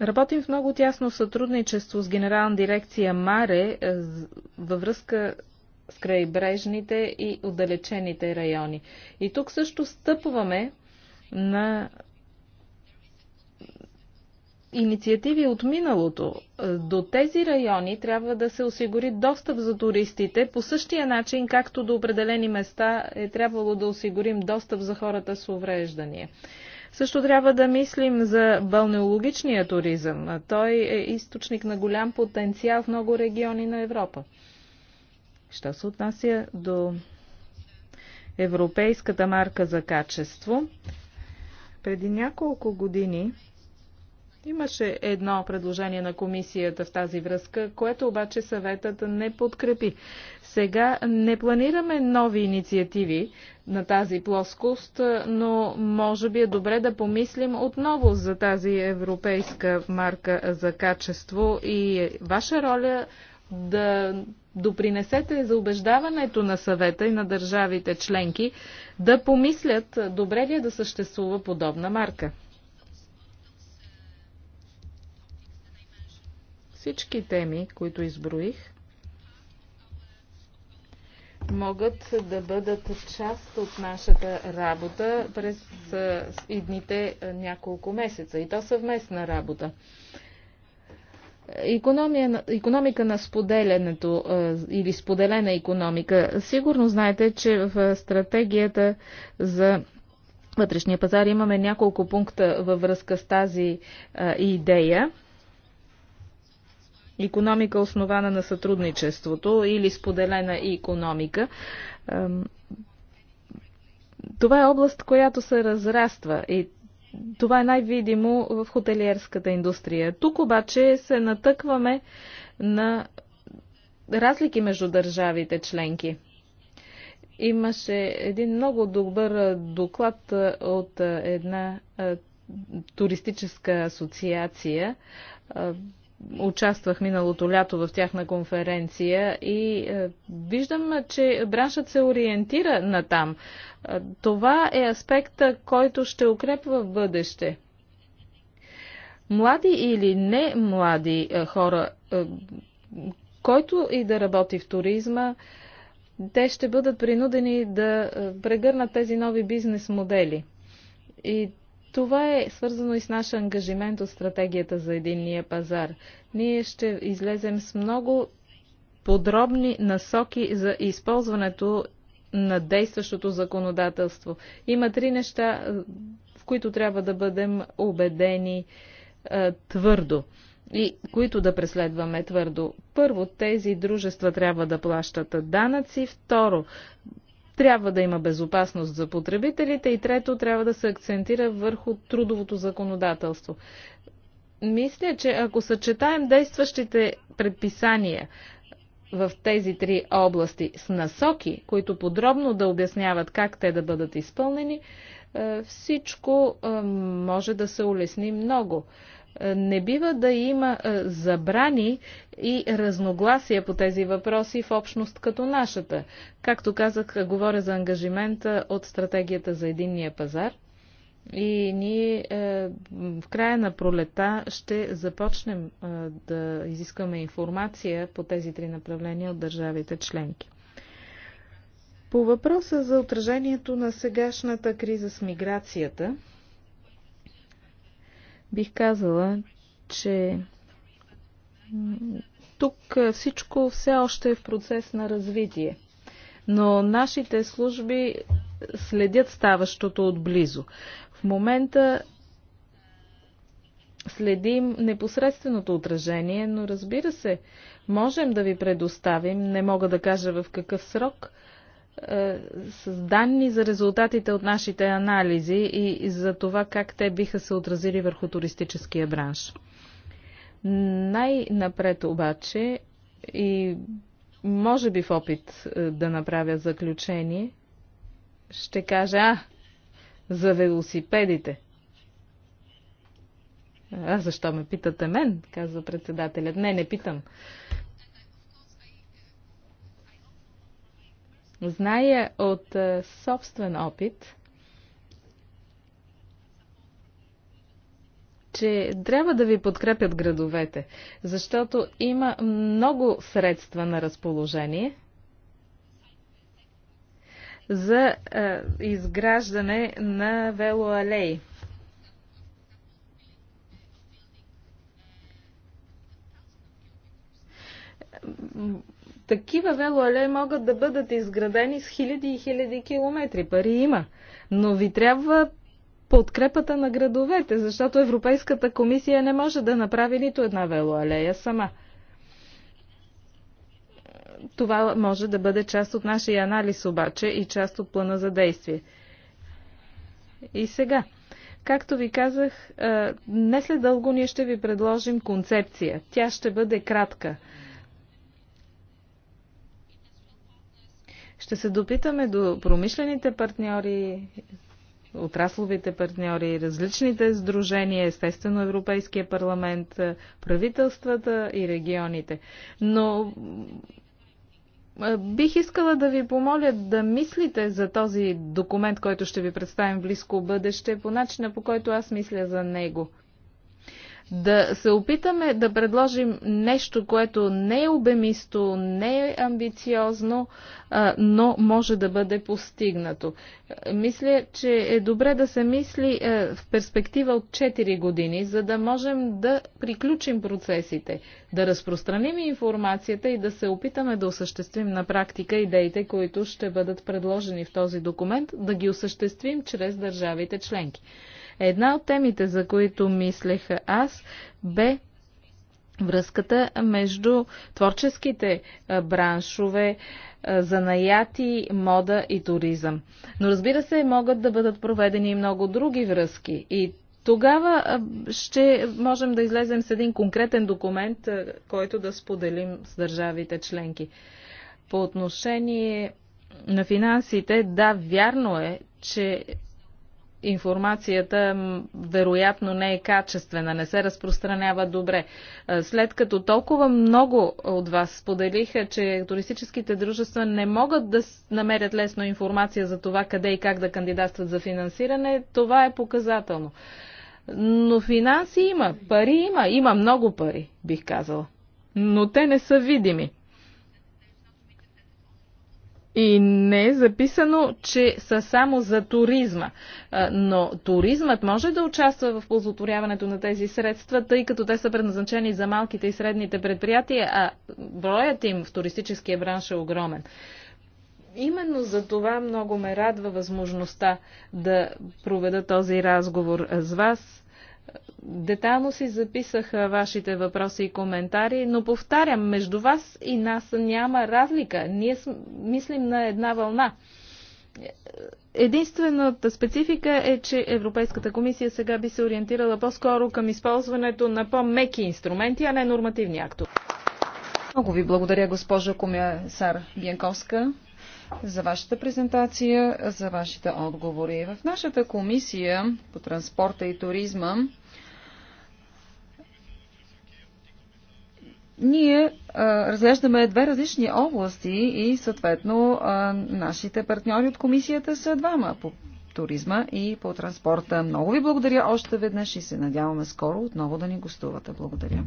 Работим в много тясно сътрудничество с Генерална дирекция Маре е, във връзка с крайбрежните и отдалечените райони. И тук също стъпваме на инициативи от миналото. Е, до тези райони трябва да се осигури достъп за туристите по същия начин, както до определени места е трябвало да осигурим достъп за хората с увреждания. Също трябва да мислим за балнеологичния туризъм. Той е източник на голям потенциал в много региони на Европа. Що се отнася до европейската марка за качество, преди няколко години Имаше едно предложение на комисията в тази връзка, което обаче съветът не подкрепи. Сега не планираме нови инициативи на тази плоскост, но може би е добре да помислим отново за тази европейска марка за качество и ваша роля да допринесете за убеждаването на съвета и на държавите членки да помислят добре ли е да съществува подобна марка. Всички теми, които изброих, могат да бъдат част от нашата работа през идните няколко месеца. И то съвместна работа. Економия, економика на споделянето или споделена економика. Сигурно знаете, че в стратегията за вътрешния пазар имаме няколко пункта във връзка с тази идея економика основана на сътрудничеството или споделена економика. Това е област, която се разраства и това е най-видимо в хотелиерската индустрия. Тук обаче се натъкваме на разлики между държавите членки. Имаше един много добър доклад от една туристическа асоциация участвах миналото лято в тяхна конференция и е, виждам, че браншът се ориентира на там. Е, това е аспекта, който ще укрепва в бъдеще. Млади или не млади е, хора, който и да работи в туризма, те ще бъдат принудени да прегърнат тези нови бизнес модели. И това е свързано и с наш ангажимент от стратегията за единния пазар. Ние ще излезем с много подробни насоки за използването на действащото законодателство. Има три неща, в които трябва да бъдем убедени е, твърдо и които да преследваме твърдо. Първо, тези дружества трябва да плащат данъци. Второ, трябва да има безопасност за потребителите и трето, трябва да се акцентира върху трудовото законодателство. Мисля, че ако съчетаем действащите предписания в тези три области с насоки, които подробно да обясняват как те да бъдат изпълнени, е, всичко е, може да се улесни много. Е, не бива да има е, забрани и разногласия по тези въпроси в общност като нашата. Както казах, е, говоря за ангажимента от стратегията за единния пазар. И ние в края на пролета ще започнем да изискаме информация по тези три направления от държавите членки. По въпроса за отражението на сегашната криза с миграцията, Бих казала, че тук всичко все още е в процес на развитие. Но нашите служби следят ставащото отблизо. В момента следим непосредственото отражение, но разбира се, можем да ви предоставим, не мога да кажа в какъв срок, е, с данни за резултатите от нашите анализи и за това как те биха се отразили върху туристическия бранш. Най-напред обаче и може би в опит е, да направя заключение, ще кажа, а, за велосипедите. А, защо ме питате мен? Казва председателят. Не, не питам. Зная от е, собствен опит, че трябва да ви подкрепят градовете, защото има много средства на разположение за е, изграждане на велоалеи. Такива велоалеи могат да бъдат изградени с хиляди и хиляди километри. Пари има. Но ви трябва подкрепата на градовете, защото Европейската комисия не може да направи нито една велоалея сама. Това може да бъде част от нашия анализ обаче и част от плана за действие. И сега, както ви казах, не след дълго ние ще ви предложим концепция. Тя ще бъде кратка. Ще се допитаме до промишлените партньори, отрасловите партньори, различните сдружения, естествено Европейския парламент, правителствата и регионите. Но бих искала да ви помоля да мислите за този документ, който ще ви представим близко бъдеще, по начина по който аз мисля за него – да се опитаме да предложим нещо, което не е обемисто, не е амбициозно, но може да бъде постигнато. Мисля, че е добре да се мисли в перспектива от 4 години, за да можем да приключим процесите, да разпространим информацията и да се опитаме да осъществим на практика идеите, които ще бъдат предложени в този документ, да ги осъществим чрез държавите членки. Една от темите, за които мислех аз, бе връзката между творческите браншове, занаяти, мода и туризъм. Но разбира се, могат да бъдат проведени и много други връзки. И тогава ще можем да излезем с един конкретен документ, който да споделим с държавите членки. По отношение на финансите, да, вярно е, че информацията вероятно не е качествена, не се разпространява добре. След като толкова много от вас споделиха, че туристическите дружества не могат да намерят лесно информация за това къде и как да кандидатстват за финансиране, това е показателно. Но финанси има, пари има, има много пари, бих казала. Но те не са видими и не е записано, че са само за туризма. Но туризмът може да участва в ползотворяването на тези средства, тъй като те са предназначени за малките и средните предприятия, а броят им в туристическия бранш е огромен. Именно за това много ме радва възможността да проведа този разговор с вас Детално си записах вашите въпроси и коментари, но повтарям, между вас и нас няма разлика. Ние мислим на една вълна. Единствената специфика е, че Европейската комисия сега би се ориентирала по-скоро към използването на по-меки инструменти, а не нормативни актове.
Много ви благодаря, госпожа комисар Бянковска за вашата презентация, за вашите отговори. В нашата комисия по транспорта и туризма ние а, разглеждаме две различни области и съответно а, нашите партньори от комисията са двама по туризма и по транспорта. Много ви благодаря още веднъж и се надяваме скоро отново да ни гостувате. Благодаря.